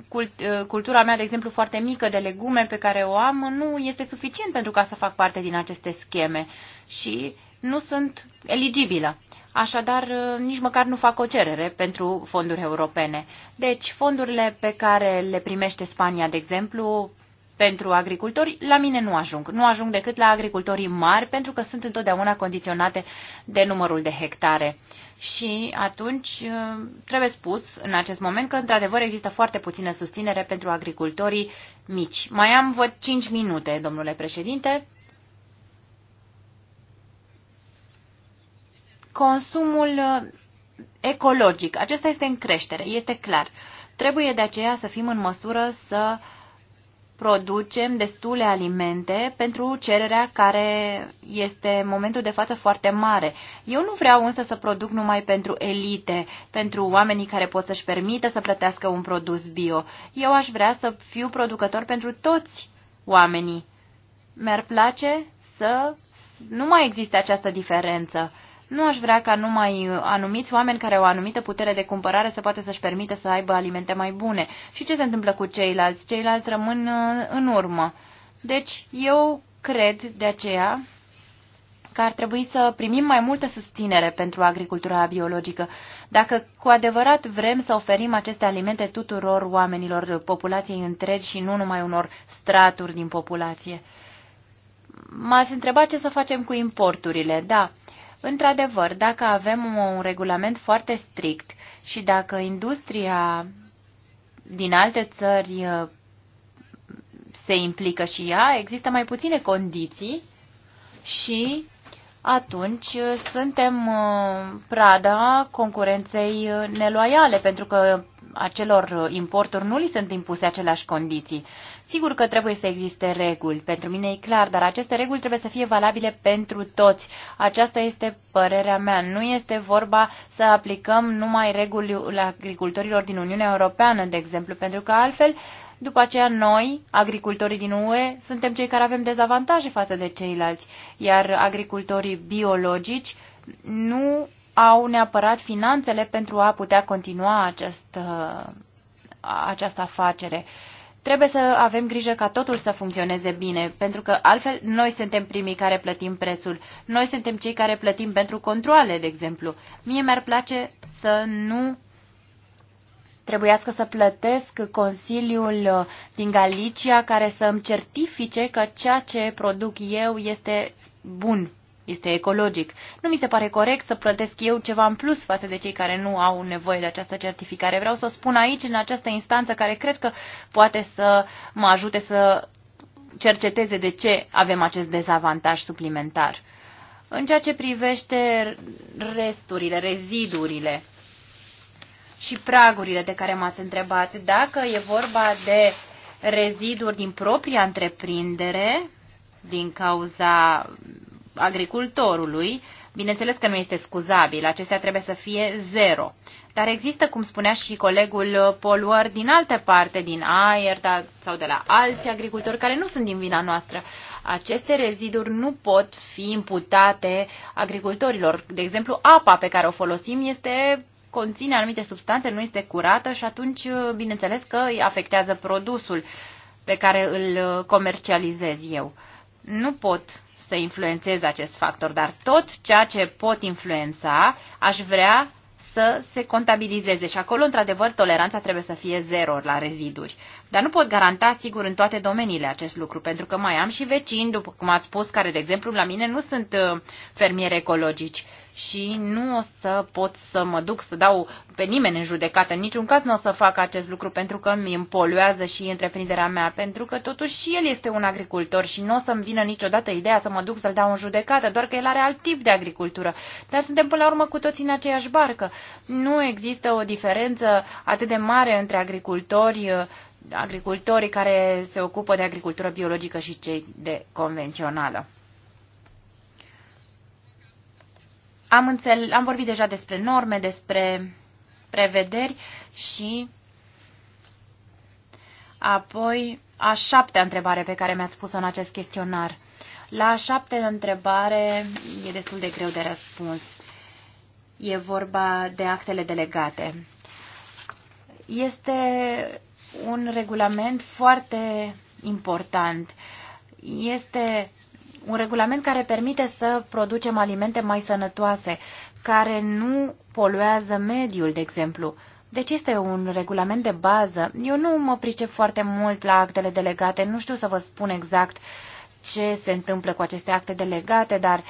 cult cultura mea, de exemplu, foarte mică de legume pe care o am, nu este suficient pentru ca să fac parte din aceste scheme și nu sunt eligibilă. Așadar, uh, nici măcar nu fac o cerere pentru fonduri europene. Deci, fondurile pe care le primește Spania, de exemplu, pentru agricultori, la mine nu ajung. Nu ajung decât la agricultorii mari, pentru că sunt întotdeauna condiționate de numărul de hectare. Și atunci uh, trebuie spus în acest moment că, într-adevăr, există foarte puțină susținere pentru agricultorii mici. Mai am, văd, 5 minute, domnule președinte. consumul uh, ecologic. Acesta este în creștere, este clar. Trebuie de aceea să fim în măsură să producem destule alimente pentru cererea care este în momentul de față foarte mare. Eu nu vreau însă să produc numai pentru elite, pentru oamenii care pot să-și permită să plătească un produs bio. Eu aș vrea să fiu producător pentru toți oamenii. Mi-ar place să nu mai există această diferență nu aș vrea ca numai uh, anumiți oameni care au o anumită putere de cumpărare să poată să-și permită să aibă alimente mai bune. Și ce se întâmplă cu ceilalți? Ceilalți rămân uh, în urmă. Deci eu cred de aceea că ar trebui să primim mai multă susținere pentru agricultura biologică. Dacă cu adevărat vrem să oferim aceste alimente tuturor oamenilor, populației întregi și nu numai unor straturi din populație. M-ați întrebat ce să facem cu importurile. Da, Într-adevăr, dacă avem un regulament foarte strict și dacă industria din alte țări uh, se implică și ea, există mai puține condiții și atunci uh, suntem uh, prada concurenței neloiale, pentru că acelor importuri nu li sunt impuse aceleași condiții. Sigur că trebuie să existe reguli, pentru mine e clar, dar aceste reguli trebuie să fie valabile pentru toți. Aceasta este părerea mea. Nu este vorba să aplicăm numai reguli la agricultorilor din Uniunea Europeană, de exemplu, pentru că altfel după aceea noi, agricultorii din UE, suntem cei care avem dezavantaje față de ceilalți, iar agricultorii biologici nu au neapărat finanțele pentru a putea continua această, această afacere. Trebuie să avem grijă ca totul să funcționeze bine, pentru că altfel noi suntem primii care plătim prețul. Noi suntem cei care plătim pentru controle, de exemplu. Mie mi-ar place să nu trebuiască să plătesc Consiliul din Galicia care să îmi certifice că ceea ce produc eu este bun este ecologic. Nu mi se pare corect să plătesc eu ceva în plus față de cei care nu au nevoie de această certificare. Vreau să o spun aici, în această instanță care cred că poate să mă ajute să cerceteze de ce avem acest dezavantaj suplimentar. În ceea ce privește resturile, rezidurile și pragurile de care m-ați întrebat, dacă e vorba de reziduri din propria întreprindere, din cauza agricultorului. Bineînțeles că nu este scuzabil, acestea trebuie să fie zero. Dar există, cum spunea și colegul, poluări din alte parte, din aer da, sau de la alți agricultori care nu sunt din vina noastră. Aceste reziduri nu pot fi imputate agricultorilor. De exemplu, apa pe care o folosim este conține anumite substanțe, nu este curată și atunci, bineînțeles că îi afectează produsul pe care îl comercializez eu. Nu pot să influențez acest factor, dar tot ceea ce pot influența, aș vrea să se contabilizeze și acolo, într-adevăr, toleranța trebuie să fie zero la reziduri. Dar nu pot garanta, sigur, în toate domeniile acest lucru, pentru că mai am și vecini, după cum ați spus, care, de exemplu, la mine nu sunt uh, fermieri ecologici și nu o să pot să mă duc să dau pe nimeni în judecată. În niciun caz nu o să fac acest lucru pentru că mi îmi poluează și întreprinderea mea, pentru că totuși și el este un agricultor și nu o să-mi vină niciodată ideea să mă duc să-l dau în judecată, doar că el are alt tip de agricultură. Dar suntem până la urmă cu toții în aceeași barcă. Nu există o diferență atât de mare între agricultori agricultorii care se ocupă de agricultură biologică și cei de convențională. Am, înțel, am vorbit deja despre norme, despre prevederi și apoi a șaptea întrebare pe care mi-ați spus-o în acest chestionar. La a șaptea întrebare e destul de greu de răspuns. E vorba de actele delegate. Este un regulament foarte important. Este un regulament care permite să producem alimente mai sănătoase, care nu poluează mediul, de exemplu. Deci este un regulament de bază. Eu nu mă pricep foarte mult la actele delegate, nu știu să vă spun exact ce se întâmplă cu aceste acte delegate, dar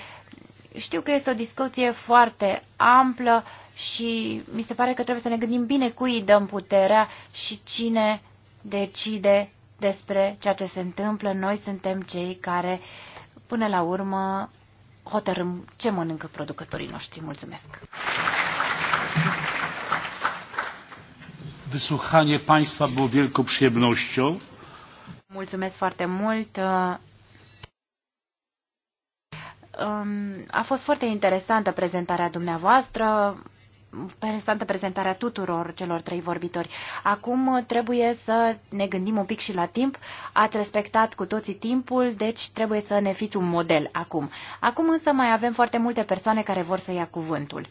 știu că este o discuție foarte amplă și mi se pare că trebuie să ne gândim bine cui îi dăm puterea și cine decide despre ceea ce se întâmplă. Noi suntem cei care până la urmă hotărâm ce mănâncă producătorii noștri. Mulțumesc! Wysłuchanie Państwa było wielką przyjemnością. Mulțumesc foarte mult. A fost foarte interesantă prezentarea dumneavoastră interesantă prezentarea tuturor celor trei vorbitori. Acum trebuie să ne gândim un pic și la timp. Ați respectat cu toții timpul, deci trebuie să ne fiți un model acum. Acum însă mai avem foarte multe persoane care vor să ia cuvântul.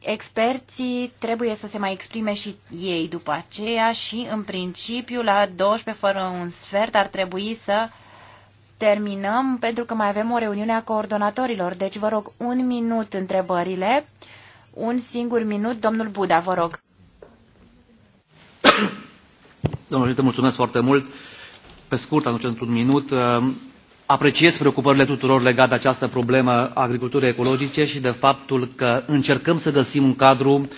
Experții trebuie să se mai exprime și ei după aceea și, în principiu, la 12 fără un sfert ar trebui să terminăm pentru că mai avem o reuniune a coordonatorilor. Deci vă rog un minut întrebările un singur minut. Domnul Buda, vă rog. Domnule președinte, mulțumesc foarte mult. Pe scurt, atunci într-un minut, uh, apreciez preocupările tuturor legate de această problemă a agriculturii ecologice și de faptul că încercăm să găsim un cadru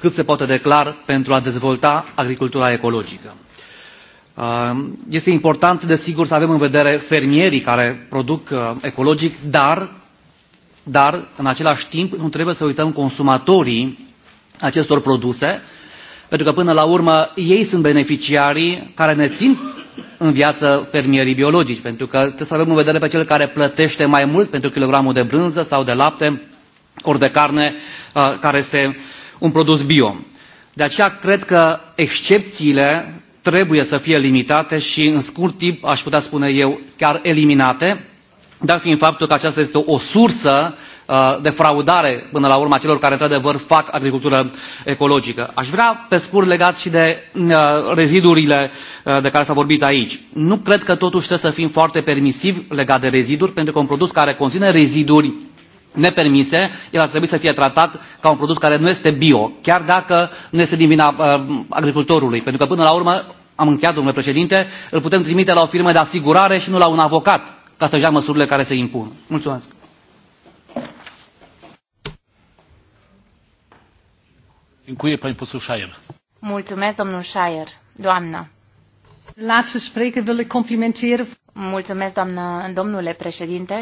cât se poate de clar pentru a dezvolta agricultura ecologică. Uh, este important, desigur, să avem în vedere fermierii care produc uh, ecologic, dar dar în același timp nu trebuie să uităm consumatorii acestor produse, pentru că până la urmă ei sunt beneficiarii care ne țin în viață fermierii biologici, pentru că trebuie să avem în vedere pe cel care plătește mai mult pentru kilogramul de brânză sau de lapte, ori de carne, uh, care este un produs bio. De aceea cred că excepțiile trebuie să fie limitate și în scurt timp, aș putea spune eu, chiar eliminate, dat fiind faptul că aceasta este o sursă uh, de fraudare până la urmă a celor care într adevăr fac agricultură ecologică. Aș vrea pe scurt legat și de uh, rezidurile uh, de care s-a vorbit aici. Nu cred că totuși trebuie să fim foarte permisivi legat de reziduri, pentru că un produs care conține reziduri nepermise, el ar trebui să fie tratat ca un produs care nu este bio, chiar dacă nu este din vina agricultorului, pentru că până la urmă am încheiat, domnule președinte, îl putem trimite la o firmă de asigurare și nu la un avocat ca să-și ia măsurile care se impun. Mulțumesc! Mulțumesc, domnul Shire. Doamna. Laatste spreker vă ik complimenteren. Mulțumesc, doamna, domnule președinte.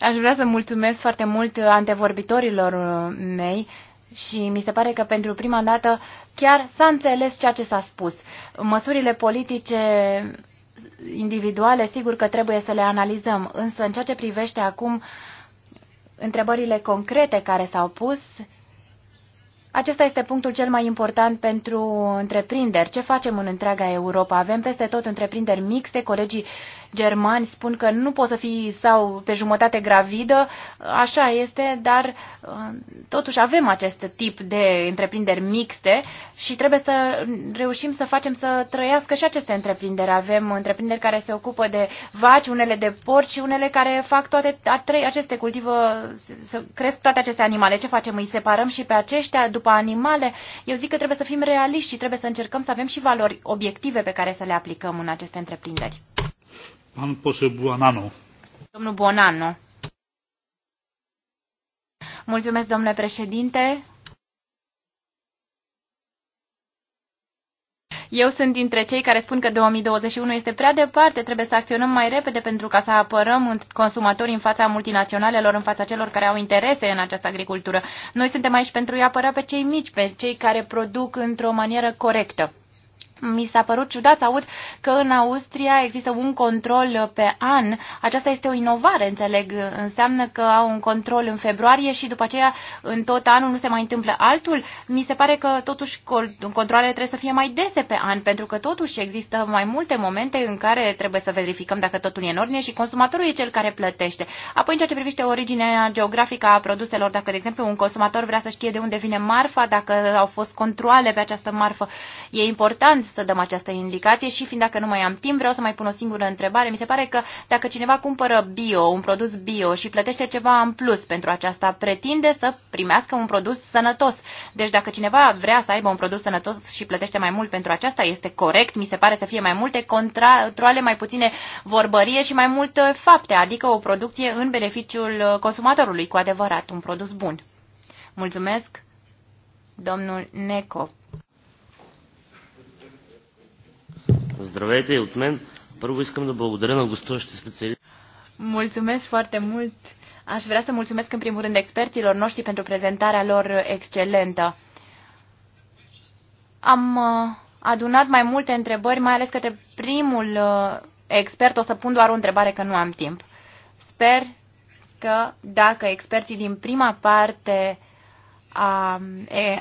Aș vrea să mulțumesc foarte mult antevorbitorilor mei și mi se pare că pentru prima dată chiar s-a înțeles ceea ce s-a spus. Măsurile politice individuale, sigur că trebuie să le analizăm, însă în ceea ce privește acum întrebările concrete care s-au pus, acesta este punctul cel mai important pentru întreprinderi. Ce facem în întreaga Europa? Avem peste tot întreprinderi mixte, colegii germani spun că nu poți să fii sau pe jumătate gravidă, așa este, dar uh, totuși avem acest tip de întreprinderi mixte și trebuie să reușim să facem să trăiască și aceste întreprinderi. Avem întreprinderi care se ocupă de vaci, unele de porci și unele care fac toate aceste cultivă, să cresc toate aceste animale. Ce facem? Îi separăm și pe aceștia după animale? Eu zic că trebuie să fim realiști și trebuie să încercăm să avem și valori obiective pe care să le aplicăm în aceste întreprinderi. Pan poseł Domnul Mulțumesc, domnule președinte. Eu sunt dintre cei care spun că 2021 este prea departe, trebuie să acționăm mai repede pentru ca să apărăm consumatorii în fața multinaționalelor, în fața celor care au interese în această agricultură. Noi suntem aici pentru a apăra pe cei mici, pe cei care produc într-o manieră corectă. Mi s-a părut ciudat să aud că în Austria există un control pe an. Aceasta este o inovare, înțeleg. Înseamnă că au un control în februarie și după aceea în tot anul nu se mai întâmplă altul. Mi se pare că totuși controlele trebuie să fie mai dese pe an, pentru că totuși există mai multe momente în care trebuie să verificăm dacă totul e în ordine și consumatorul e cel care plătește. Apoi, în ceea ce privește originea geografică a produselor, dacă, de exemplu, un consumator vrea să știe de unde vine marfa, dacă au fost controle pe această marfă, e important să dăm această indicație și fiind dacă nu mai am timp, vreau să mai pun o singură întrebare. Mi se pare că dacă cineva cumpără bio, un produs bio și plătește ceva în plus pentru aceasta, pretinde să primească un produs sănătos. Deci dacă cineva vrea să aibă un produs sănătos și plătește mai mult pentru aceasta, este corect. Mi se pare să fie mai multe controle, mai puține vorbărie și mai multe uh, fapte, adică o producție în beneficiul uh, consumatorului, cu adevărat, un produs bun. Mulțumesc, domnul Necop. Здравейте от мен. Първо искам да благодаря на гостуващите специалисти. Mulțumesc foarte mult. Aș vrea să mulțumesc în primul rând experților noștri pentru prezentarea lor excelentă. Am uh, adunat mai multe întrebări, mai ales către primul uh, expert. O să pun doar o întrebare că nu am timp. Sper că dacă experții din prima parte a,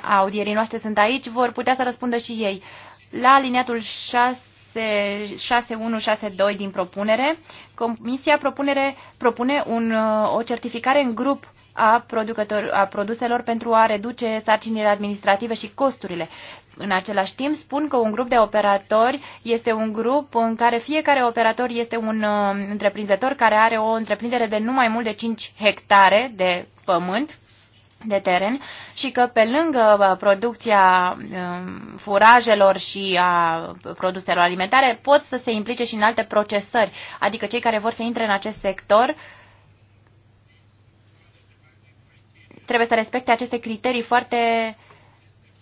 a audierii noastre sunt aici, vor putea să răspundă și ei. La aliniatul 6 6162 din propunere, Comisia propunere, propune un, uh, o certificare în grup a, producător, a produselor pentru a reduce sarcinile administrative și costurile. În același timp, spun că un grup de operatori este un grup în care fiecare operator este un uh, întreprinzător care are o întreprindere de nu mai mult de 5 hectare de pământ de teren și că pe lângă producția um, furajelor și a produselor alimentare pot să se implice și în alte procesări, adică cei care vor să intre în acest sector trebuie să respecte aceste criterii foarte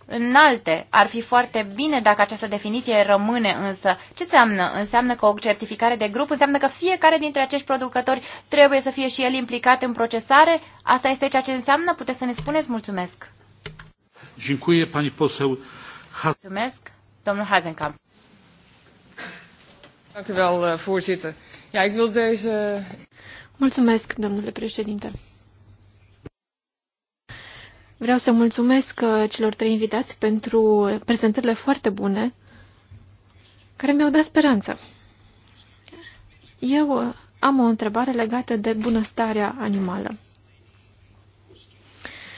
înalte. Ar fi foarte bine dacă această definiție rămâne însă. Ce înseamnă? Înseamnă că o certificare de grup înseamnă că fiecare dintre acești producători trebuie să fie și el implicat în procesare? Asta este ceea ce înseamnă? Puteți să ne spuneți? Mulțumesc! Dziękuję, pani poseł. Mulțumesc, domnul Hazenkamp. Dank u wel, eh, voorzitter. Ja, ik wil deze... Mulțumesc, domnule președinte. Vreau să mulțumesc uh, celor trei invitați pentru prezentările foarte bune care mi-au dat speranță. Eu uh, am o întrebare legată de bunăstarea animală.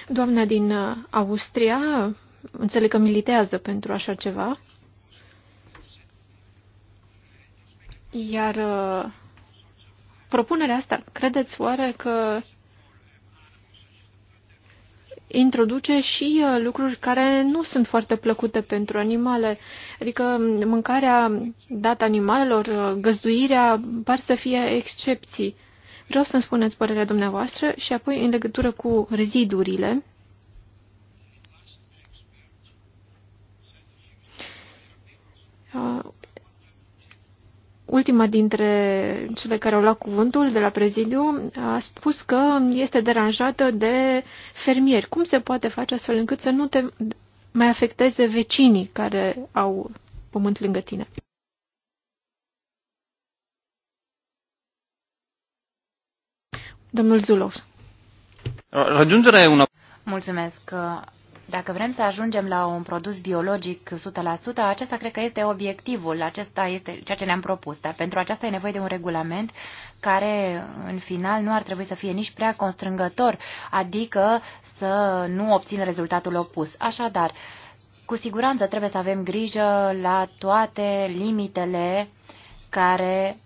Doamna din uh, Austria, înțeleg că militează pentru așa ceva, iar propunerea asta, credeți oare că introduce și uh, lucruri care nu sunt foarte plăcute pentru animale. Adică mâncarea dată animalelor, uh, găzduirea, par să fie excepții. Vreau să-mi spuneți părerea dumneavoastră și apoi în legătură cu rezidurile. Uh, Ultima dintre cele care au luat cuvântul de la prezidiu a spus că este deranjată de fermieri. Cum se poate face astfel încât să nu te mai afecteze vecinii care au pământ lângă tine? Domnul Zulov. Rajungerea e una... Mulțumesc. Dacă vrem să ajungem la un produs biologic 100%, acesta cred că este obiectivul, acesta este ceea ce ne-am propus, dar pentru aceasta e nevoie de un regulament care în final nu ar trebui să fie nici prea constrângător, adică să nu obțină rezultatul opus. Așadar, cu siguranță trebuie să avem grijă la toate limitele care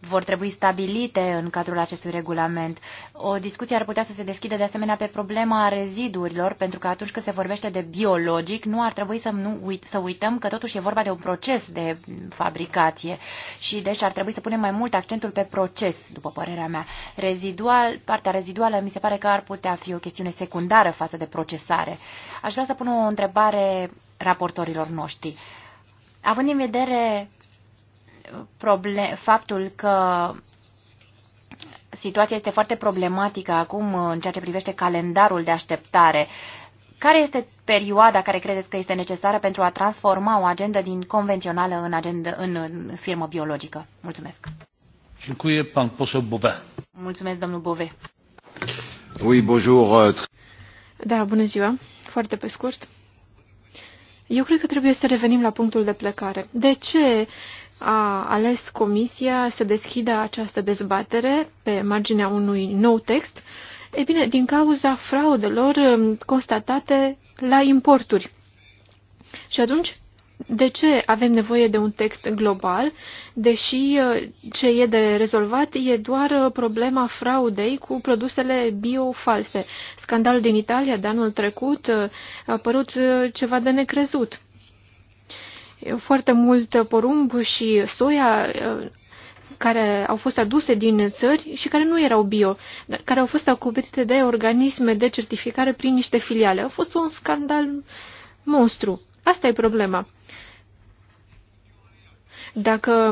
vor trebui stabilite în cadrul acestui regulament. O discuție ar putea să se deschidă de asemenea pe problema rezidurilor, pentru că atunci când se vorbește de biologic, nu ar trebui să, nu uit, să uităm că totuși e vorba de un proces de fabricație și deci ar trebui să punem mai mult accentul pe proces, după părerea mea. Rezidual, partea reziduală mi se pare că ar putea fi o chestiune secundară față de procesare. Aș vrea să pun o întrebare raportorilor noștri. Având în vedere problem, faptul că situația este foarte problematică acum uh, în ceea ce privește calendarul de așteptare. Care este perioada care credeți că este necesară pentru a transforma o agendă din convențională în, agenda, în firmă biologică? Mulțumesc. Mulțumesc, domnul Bove. Oui, bonjour. Euh, da, bună ziua. Foarte pe scurt. Eu cred că trebuie să revenim la punctul de plecare. De ce a ales Comisia să deschidă această dezbatere pe marginea unui nou text, e bine, din cauza fraudelor um, constatate la importuri. Și atunci, de ce avem nevoie de un text global, deși uh, ce e de rezolvat e doar uh, problema fraudei cu produsele biofalse? Scandalul din Italia de anul trecut uh, a apărut ceva de necrezut foarte mult porumb și soia uh, care au fost aduse din țări și care nu erau bio, dar care au fost acoperite de organisme de certificare prin niște filiale. A fost un scandal monstru. Asta e problema. Dacă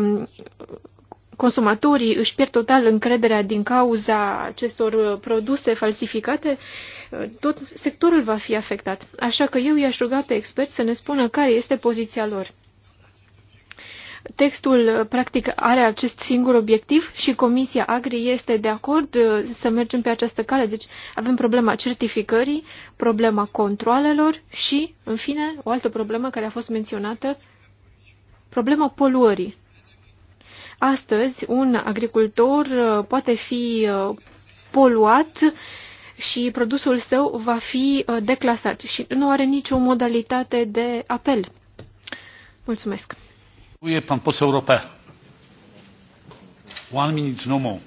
consumatorii își pierd total încrederea din cauza acestor produse falsificate, uh, tot sectorul va fi afectat. Așa că eu i-aș ruga pe experți să ne spună care este poziția lor. Textul, practic, are acest singur obiectiv și Comisia Agri este de acord uh, să mergem pe această cale. Deci avem problema certificării, problema controalelor și, în fine, o altă problemă care a fost menționată, problema poluării. Astăzi, un agricultor uh, poate fi uh, poluat și produsul său va fi declasat și nu are nicio modalitate de apel. Mulțumesc! Uie, pan poseł Rope. One minute, no more.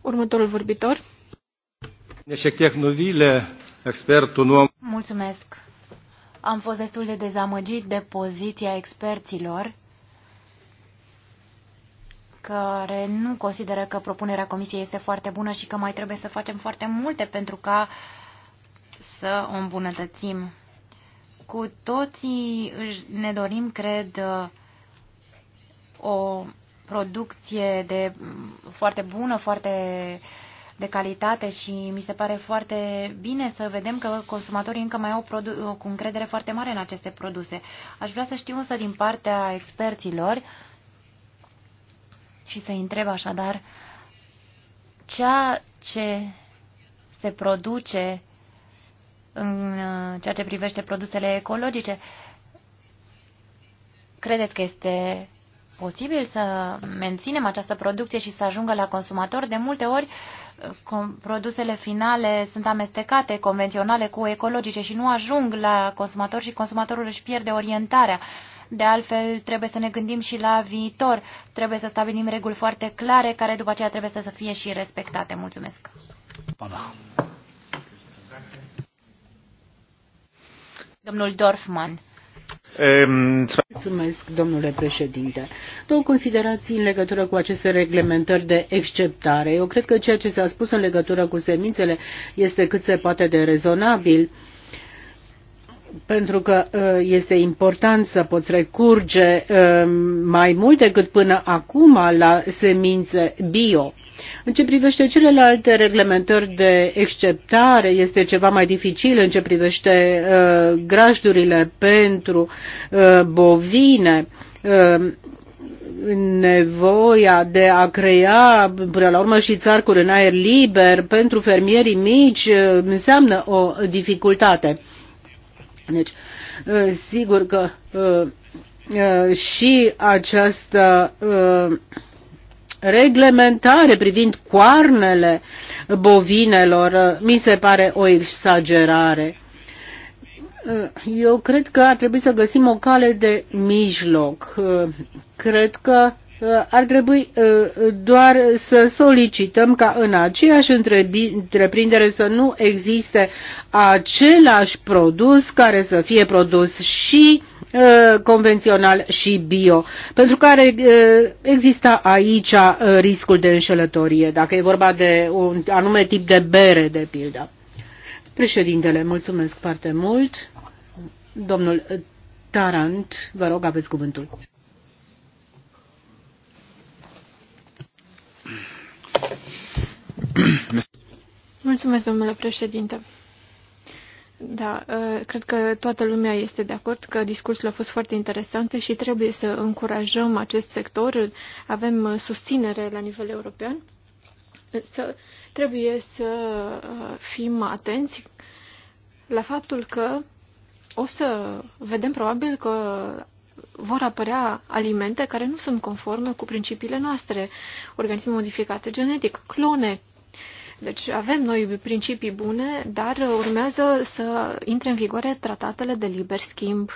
Următorul vorbitor. Mulțumesc. Am fost destul de dezamăgit de poziția experților care nu consideră că propunerea Comisiei este foarte bună și că mai trebuie să facem foarte multe pentru ca să o îmbunătățim. Cu toții ne dorim, cred, o producție de foarte bună, foarte de calitate și mi se pare foarte bine să vedem că consumatorii încă mai au cu încredere foarte mare în aceste produse. Aș vrea să știu însă din partea experților și să-i întreb așadar ceea ce se produce în uh, ceea ce privește produsele ecologice. Credeți că este posibil să menținem această producție și să ajungă la consumator? De multe ori, uh, produsele finale sunt amestecate convenționale cu ecologice și nu ajung la consumator și consumatorul își pierde orientarea. De altfel, trebuie să ne gândim și la viitor. Trebuie să stabilim reguli foarte clare, care după aceea trebuie să fie și respectate. Mulțumesc! Domnul Dorfman. Mulțumesc, domnule președinte. Două considerații în legătură cu aceste reglementări de exceptare. Eu cred că ceea ce s-a spus în legătură cu semințele este cât se poate de rezonabil pentru că ă, este important să poți recurge ă, mai mult decât până acum la semințe bio. În ce privește celelalte reglementări de exceptare, este ceva mai dificil în ce privește uh, grajdurile pentru uh, bovine. Uh, nevoia de a crea până la urmă și țarcuri în aer liber pentru fermierii mici uh, înseamnă o dificultate. Deci, uh, sigur că uh, și această reglementare privind coarnele bovinelor mi se pare o exagerare. Eu cred că ar trebui să găsim o cale de mijloc. Cred că uh, ar trebui uh, doar să solicităm ca în aceeași întreprindere să nu existe același produs care să fie produs și Uh, convențional și bio, pentru care uh, exista aici uh, riscul de înșelătorie, dacă e vorba de un anume tip de bere, de pildă. Președintele, mulțumesc foarte mult. Domnul Tarant, vă rog, aveți cuvântul. Mulțumesc, domnule președinte. Da, ă, cred că toată lumea este de acord că discursul a fost foarte interesant și trebuie să încurajăm acest sector. Avem ă, susținere la nivel european, însă trebuie să ă, fim atenți la faptul că o să vedem probabil că vor apărea alimente care nu sunt conforme cu principiile noastre. Organisme modificate genetic, clone, deci avem noi principii bune, dar urmează să intre în vigoare tratatele de liber schimb.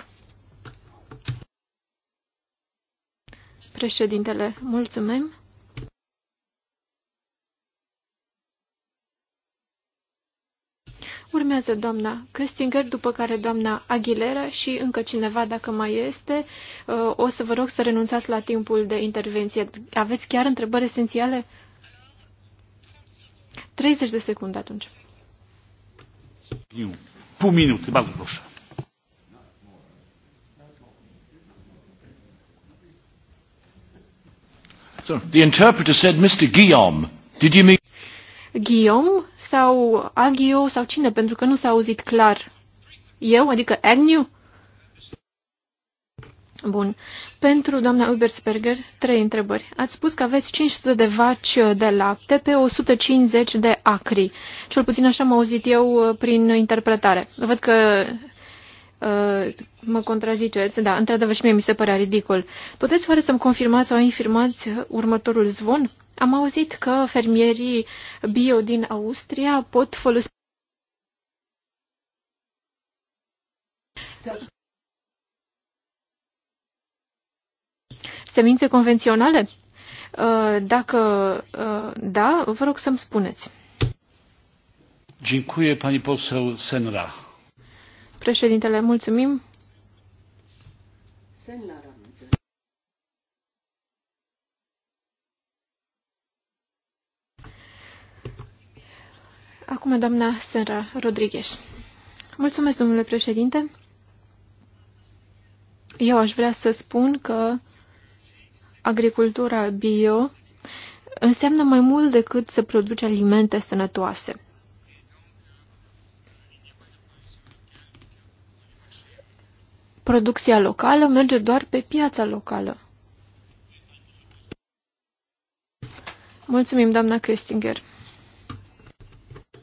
Președintele, mulțumim. Urmează doamna Căstinger, după care doamna Aguilera și încă cineva, dacă mai este. Uh, o să vă rog să renunțați la timpul de intervenție. Aveți chiar întrebări esențiale? 30 de secunde atunci. Pół minuty, bardzo proszę. So, the interpreter said, Mr. Guillaume, did you mean... Guillaume sau Agio sau cine, pentru că nu s-a auzit clar. Eu, adică Agnew? Bun. Pentru doamna Ubersperger, trei întrebări. Ați spus că aveți 500 de vaci uh, de lapte pe 150 de acri. Cel puțin așa am auzit eu uh, prin interpretare. Văd că uh, mă contraziceți, da, într-adevăr și mie mi se părea ridicol. Puteți fără să-mi confirmați sau infirmați uh, următorul zvon? Am auzit că fermierii bio din Austria pot folosi semințe convenționale? Uh, dacă uh, da, vă rog să-mi spuneți. Dziękuję pani poseł Senra. Președintele, mulțumim. Senra. Acum doamna Senra Rodriguez. Mulțumesc, domnule președinte. Eu aș vrea să spun că agricultura bio înseamnă mai mult decât să produci alimente sănătoase. Producția locală merge doar pe piața locală. Mulțumim, doamna Köstinger.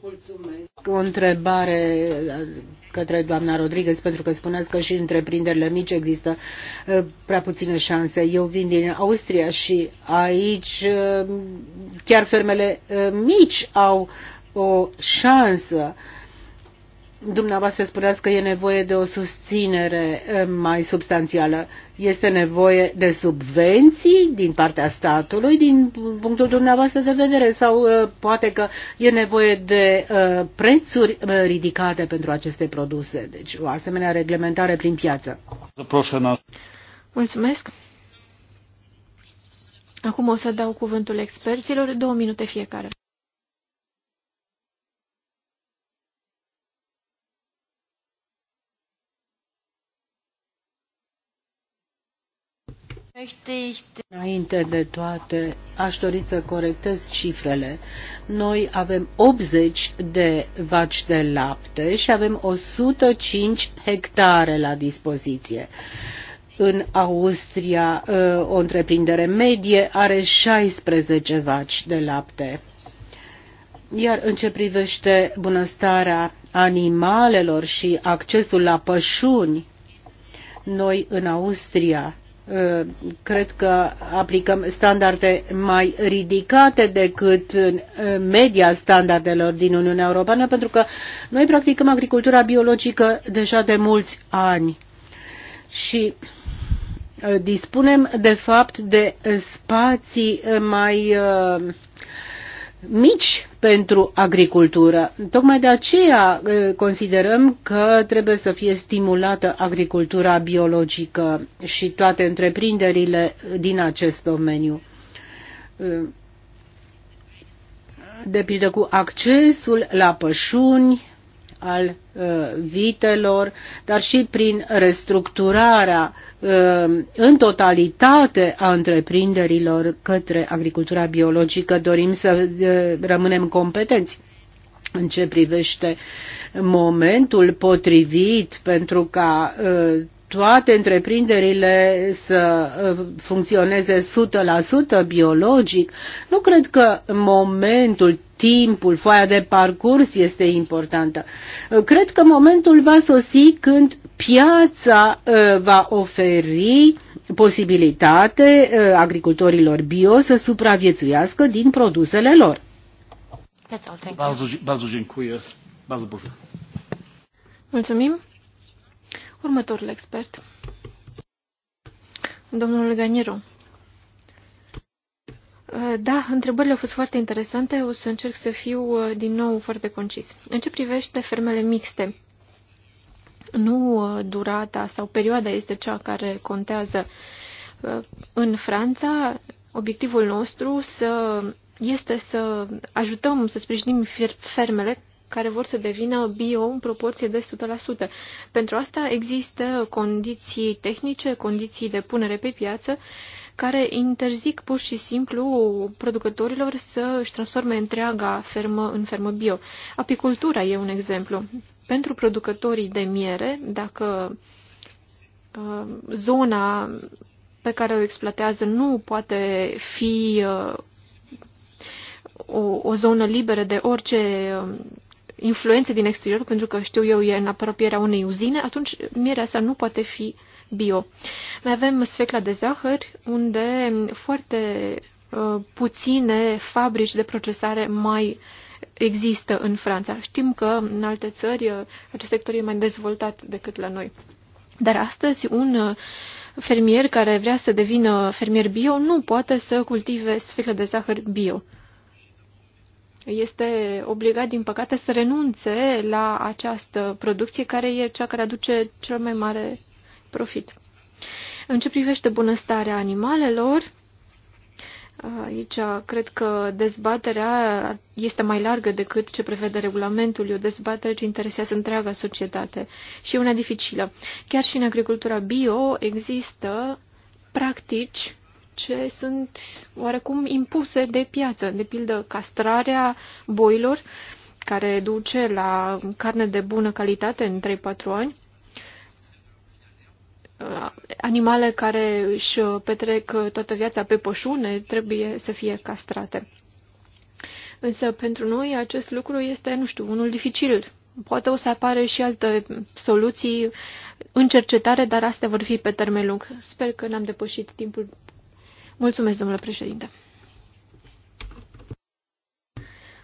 Mulțumesc. O întrebare către doamna Rodriguez, pentru că spuneați că și întreprinderile mici există uh, prea puține șanse. Eu vin din Austria și aici uh, chiar fermele uh, mici au o șansă Dumneavoastră spuneați că e nevoie de o susținere eh, mai substanțială. Este nevoie de subvenții din partea statului, din punctul dumneavoastră de vedere, sau eh, poate că e nevoie de eh, prețuri ridicate pentru aceste produse. Deci o asemenea reglementare prin piață. Mulțumesc. Acum o să dau cuvântul experților, două minute fiecare. Înainte de toate, aș dori să corectez cifrele. Noi avem 80 de vaci de lapte și avem 105 hectare la dispoziție. În Austria, ă, o întreprindere medie are 16 vaci de lapte. Iar în ce privește bunăstarea animalelor și accesul la pășuni, noi în Austria Eh, cred că aplicăm standarde mai ridicate decât eh, media standardelor din Uniunea Europeană, pentru că noi practicăm agricultura biologică deja de mulți ani și eh, dispunem, de fapt, de spații mai mici pentru agricultură. Tocmai de aceea considerăm că trebuie să fie stimulată agricultura biologică și toate întreprinderile din acest domeniu. De pildă cu accesul la pășuni, al uh, vitelor, dar și prin restructurarea uh, în totalitate a întreprinderilor către agricultura biologică dorim să uh, rămânem competenți în ce privește momentul potrivit pentru ca toate întreprinderile să funcționeze 100% biologic, nu cred că momentul timpul, foaia de parcurs este importantă. Uh, cred că momentul va sosi când piața uh, va oferi posibilitate uh, agricultorilor bio să supraviețuiască din produsele lor. Mulțumim. Următorul expert. Domnul Ganiru. Uh, da, întrebările au fost foarte interesante. O să încerc să fiu uh, din nou foarte concis. În ce privește fermele mixte, nu uh, durata sau perioada este cea care contează. În Franța, obiectivul nostru să, este să ajutăm, să sprijinim fermele care vor să devină bio în proporție de 100%. Pentru asta există condiții tehnice, condiții de punere pe piață care interzic pur și simplu producătorilor să își transforme întreaga fermă în fermă bio. Apicultura e un exemplu. Pentru producătorii de miere, dacă uh, zona pe care o exploatează nu poate fi uh, o, o zonă liberă de orice uh, influențe din exterior, pentru că știu eu e în apropierea unei uzine, atunci mierea asta nu poate fi uh, bio. Mai avem sfecla de zahăr, unde foarte ă, puține fabrici de procesare mai există în Franța. Știm că în alte țări ă, acest sector e mai dezvoltat decât la noi. Dar astăzi un ă, fermier care vrea să devină fermier bio nu poate să cultive sfeclă de zahăr bio. Este obligat, din păcate, să renunțe la această producție care e cea care aduce cel mai mare profit. În ce privește bunăstarea animalelor, aici cred că dezbaterea este mai largă decât ce prevede regulamentul. E o dezbatere ce interesează întreaga societate și e una dificilă. Chiar și în agricultura bio există practici ce sunt oarecum impuse de piață, de pildă castrarea boilor, care duce la carne de bună calitate în 3-4 ani, Uh, animale care își uh, petrec uh, toată viața pe pășune trebuie să fie castrate. Însă pentru noi acest lucru este, nu știu, unul dificil. Poate o să apare și alte soluții în cercetare, dar astea vor fi pe termen lung. Sper că n-am depășit timpul. Mulțumesc, domnule președinte.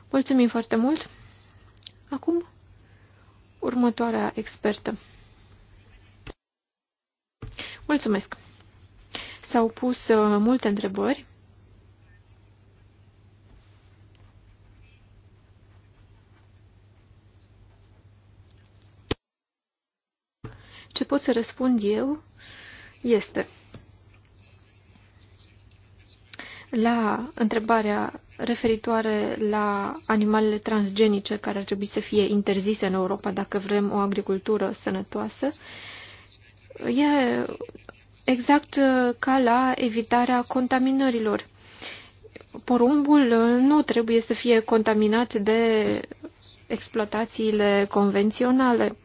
Mulțumim foarte mult. Acum, următoarea expertă. Mulțumesc! S-au pus uh, multe întrebări. Ce pot să răspund eu este la întrebarea referitoare la animalele transgenice care ar trebui să fie interzise în Europa dacă vrem o agricultură sănătoasă. Uh, E exact uh, ca la evitarea contaminărilor. Porumbul uh, nu trebuie să fie contaminat de exploatațiile convenționale.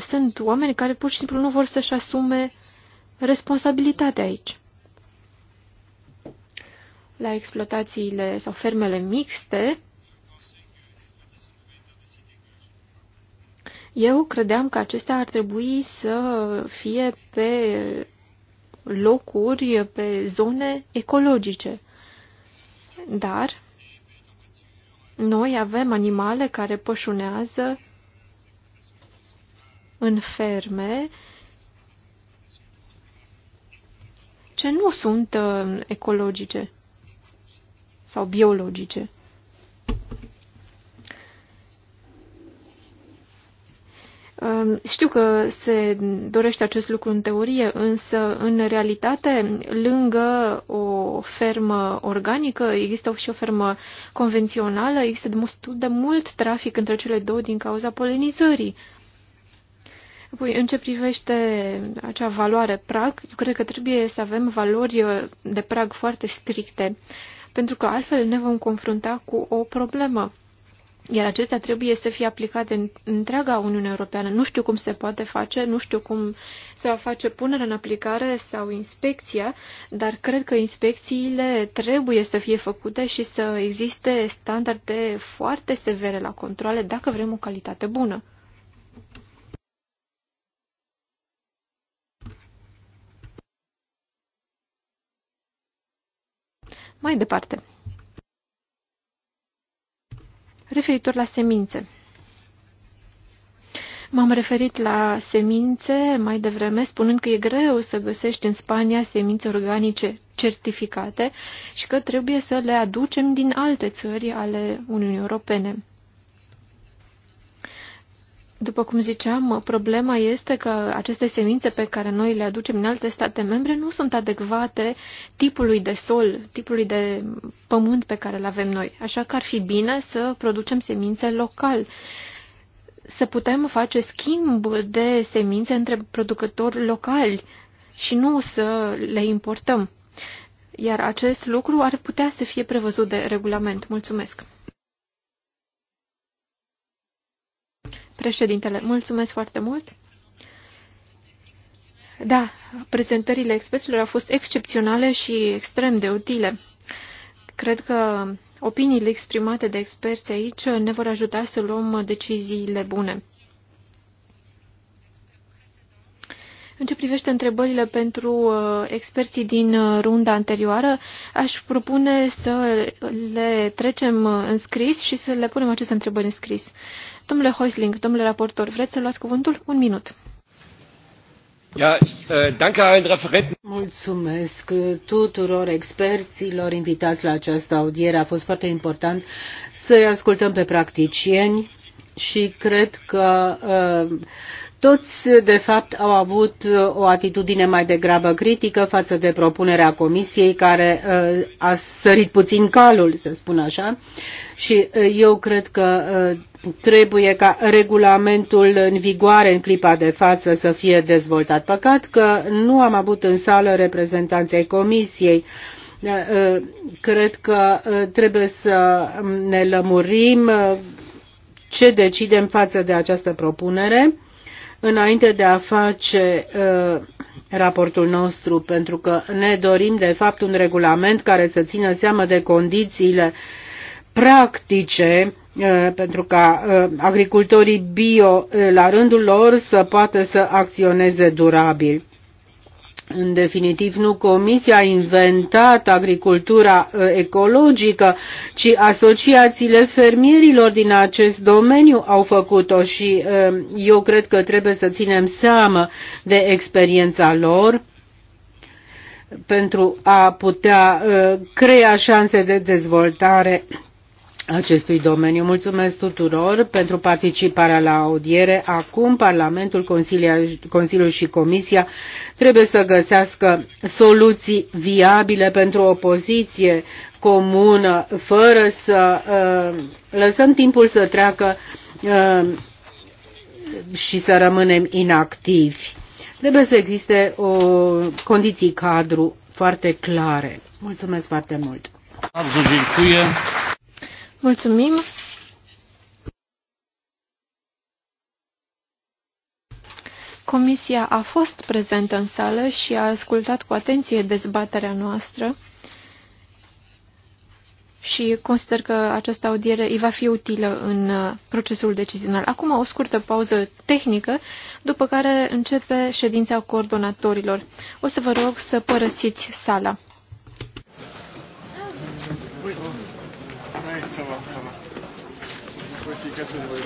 Sunt oameni care pur și simplu nu vor să-și asume responsabilitatea aici. La exploatațiile sau fermele mixte, Eu credeam că acestea ar trebui să fie pe locuri, pe zone ecologice. Dar noi avem animale care pășunează în ferme ce nu sunt uh, ecologice sau biologice. Știu că se dorește acest lucru în teorie, însă în realitate, lângă o fermă organică, există și o fermă convențională, există destul de mult trafic între cele două din cauza polenizării. Apoi, în ce privește acea valoare prag, eu cred că trebuie să avem valori de prag foarte stricte, pentru că altfel ne vom confrunta cu o problemă iar acestea trebuie să fie aplicate în întreaga Uniune Europeană. Nu știu cum se poate face, nu știu cum se va face punerea în aplicare sau inspecția, dar cred că inspecțiile trebuie să fie făcute și să existe standarde foarte severe la controle dacă vrem o calitate bună. Mai departe, Referitor la semințe. M-am referit la semințe mai devreme, spunând că e greu să găsești în Spania semințe organice certificate și că trebuie să le aducem din alte țări ale Uniunii Europene. După cum ziceam, problema este că aceste semințe pe care noi le aducem în alte state membre nu sunt adecvate tipului de sol, tipului de pământ pe care îl avem noi. Așa că ar fi bine să producem semințe local, să putem face schimb de semințe între producători locali și nu să le importăm. Iar acest lucru ar putea să fie prevăzut de regulament. Mulțumesc! Președintele, mulțumesc foarte mult. Da, prezentările experților au fost excepționale și extrem de utile. Cred că opiniile exprimate de experți aici ne vor ajuta să luăm deciziile bune. În ce privește întrebările pentru uh, experții din uh, runda anterioară, aș propune să le trecem uh, în scris și să le punem aceste întrebări în scris. Domnule Hoisling, domnule raportor, vreți să luați cuvântul? Un minut. Ja, äh, danke allen Referenten. Mulțumesc tuturor experților invitați la această audiere. A fost foarte important să-i ascultăm pe practicieni și cred că uh, toți, de fapt, au avut uh, o atitudine mai degrabă critică față de propunerea comisiei, care uh, a sărit puțin calul, să spun așa, și uh, eu cred că trebuie ca regulamentul în vigoare în clipa de față să fie dezvoltat. Păcat că nu am avut în sală reprezentanței comisiei. Cred că trebuie să ne lămurim ce decidem față de această propunere înainte de a face uh, raportul nostru, pentru că ne dorim, de fapt, un regulament care să țină seama de condițiile practice uh, pentru ca uh, agricultorii bio uh, la rândul lor să poată să acționeze durabil. În definitiv, nu Comisia a inventat agricultura uh, ecologică, ci asociațiile fermierilor din acest domeniu au făcut-o și uh, eu cred că trebuie să ținem seamă de experiența lor pentru a putea uh, crea șanse de dezvoltare acestui domeniu. Mulțumesc tuturor pentru participarea la audiere. Acum Parlamentul, Consiliul și Comisia trebuie să găsească soluții viabile pentru o poziție comună, fără să uh, lăsăm timpul să treacă uh, și să rămânem inactivi. Trebuie să existe o condiții cadru foarte clare. Mulțumesc foarte mult! Mulțumim! Comisia a fost prezentă în sală și a ascultat cu atenție dezbaterea noastră și consider că această audiere îi va fi utilă în uh, procesul decizional. Acum o scurtă pauză tehnică, după care începe ședința coordonatorilor. O să vă rog să părăsiți sala. Teşekkür ederim.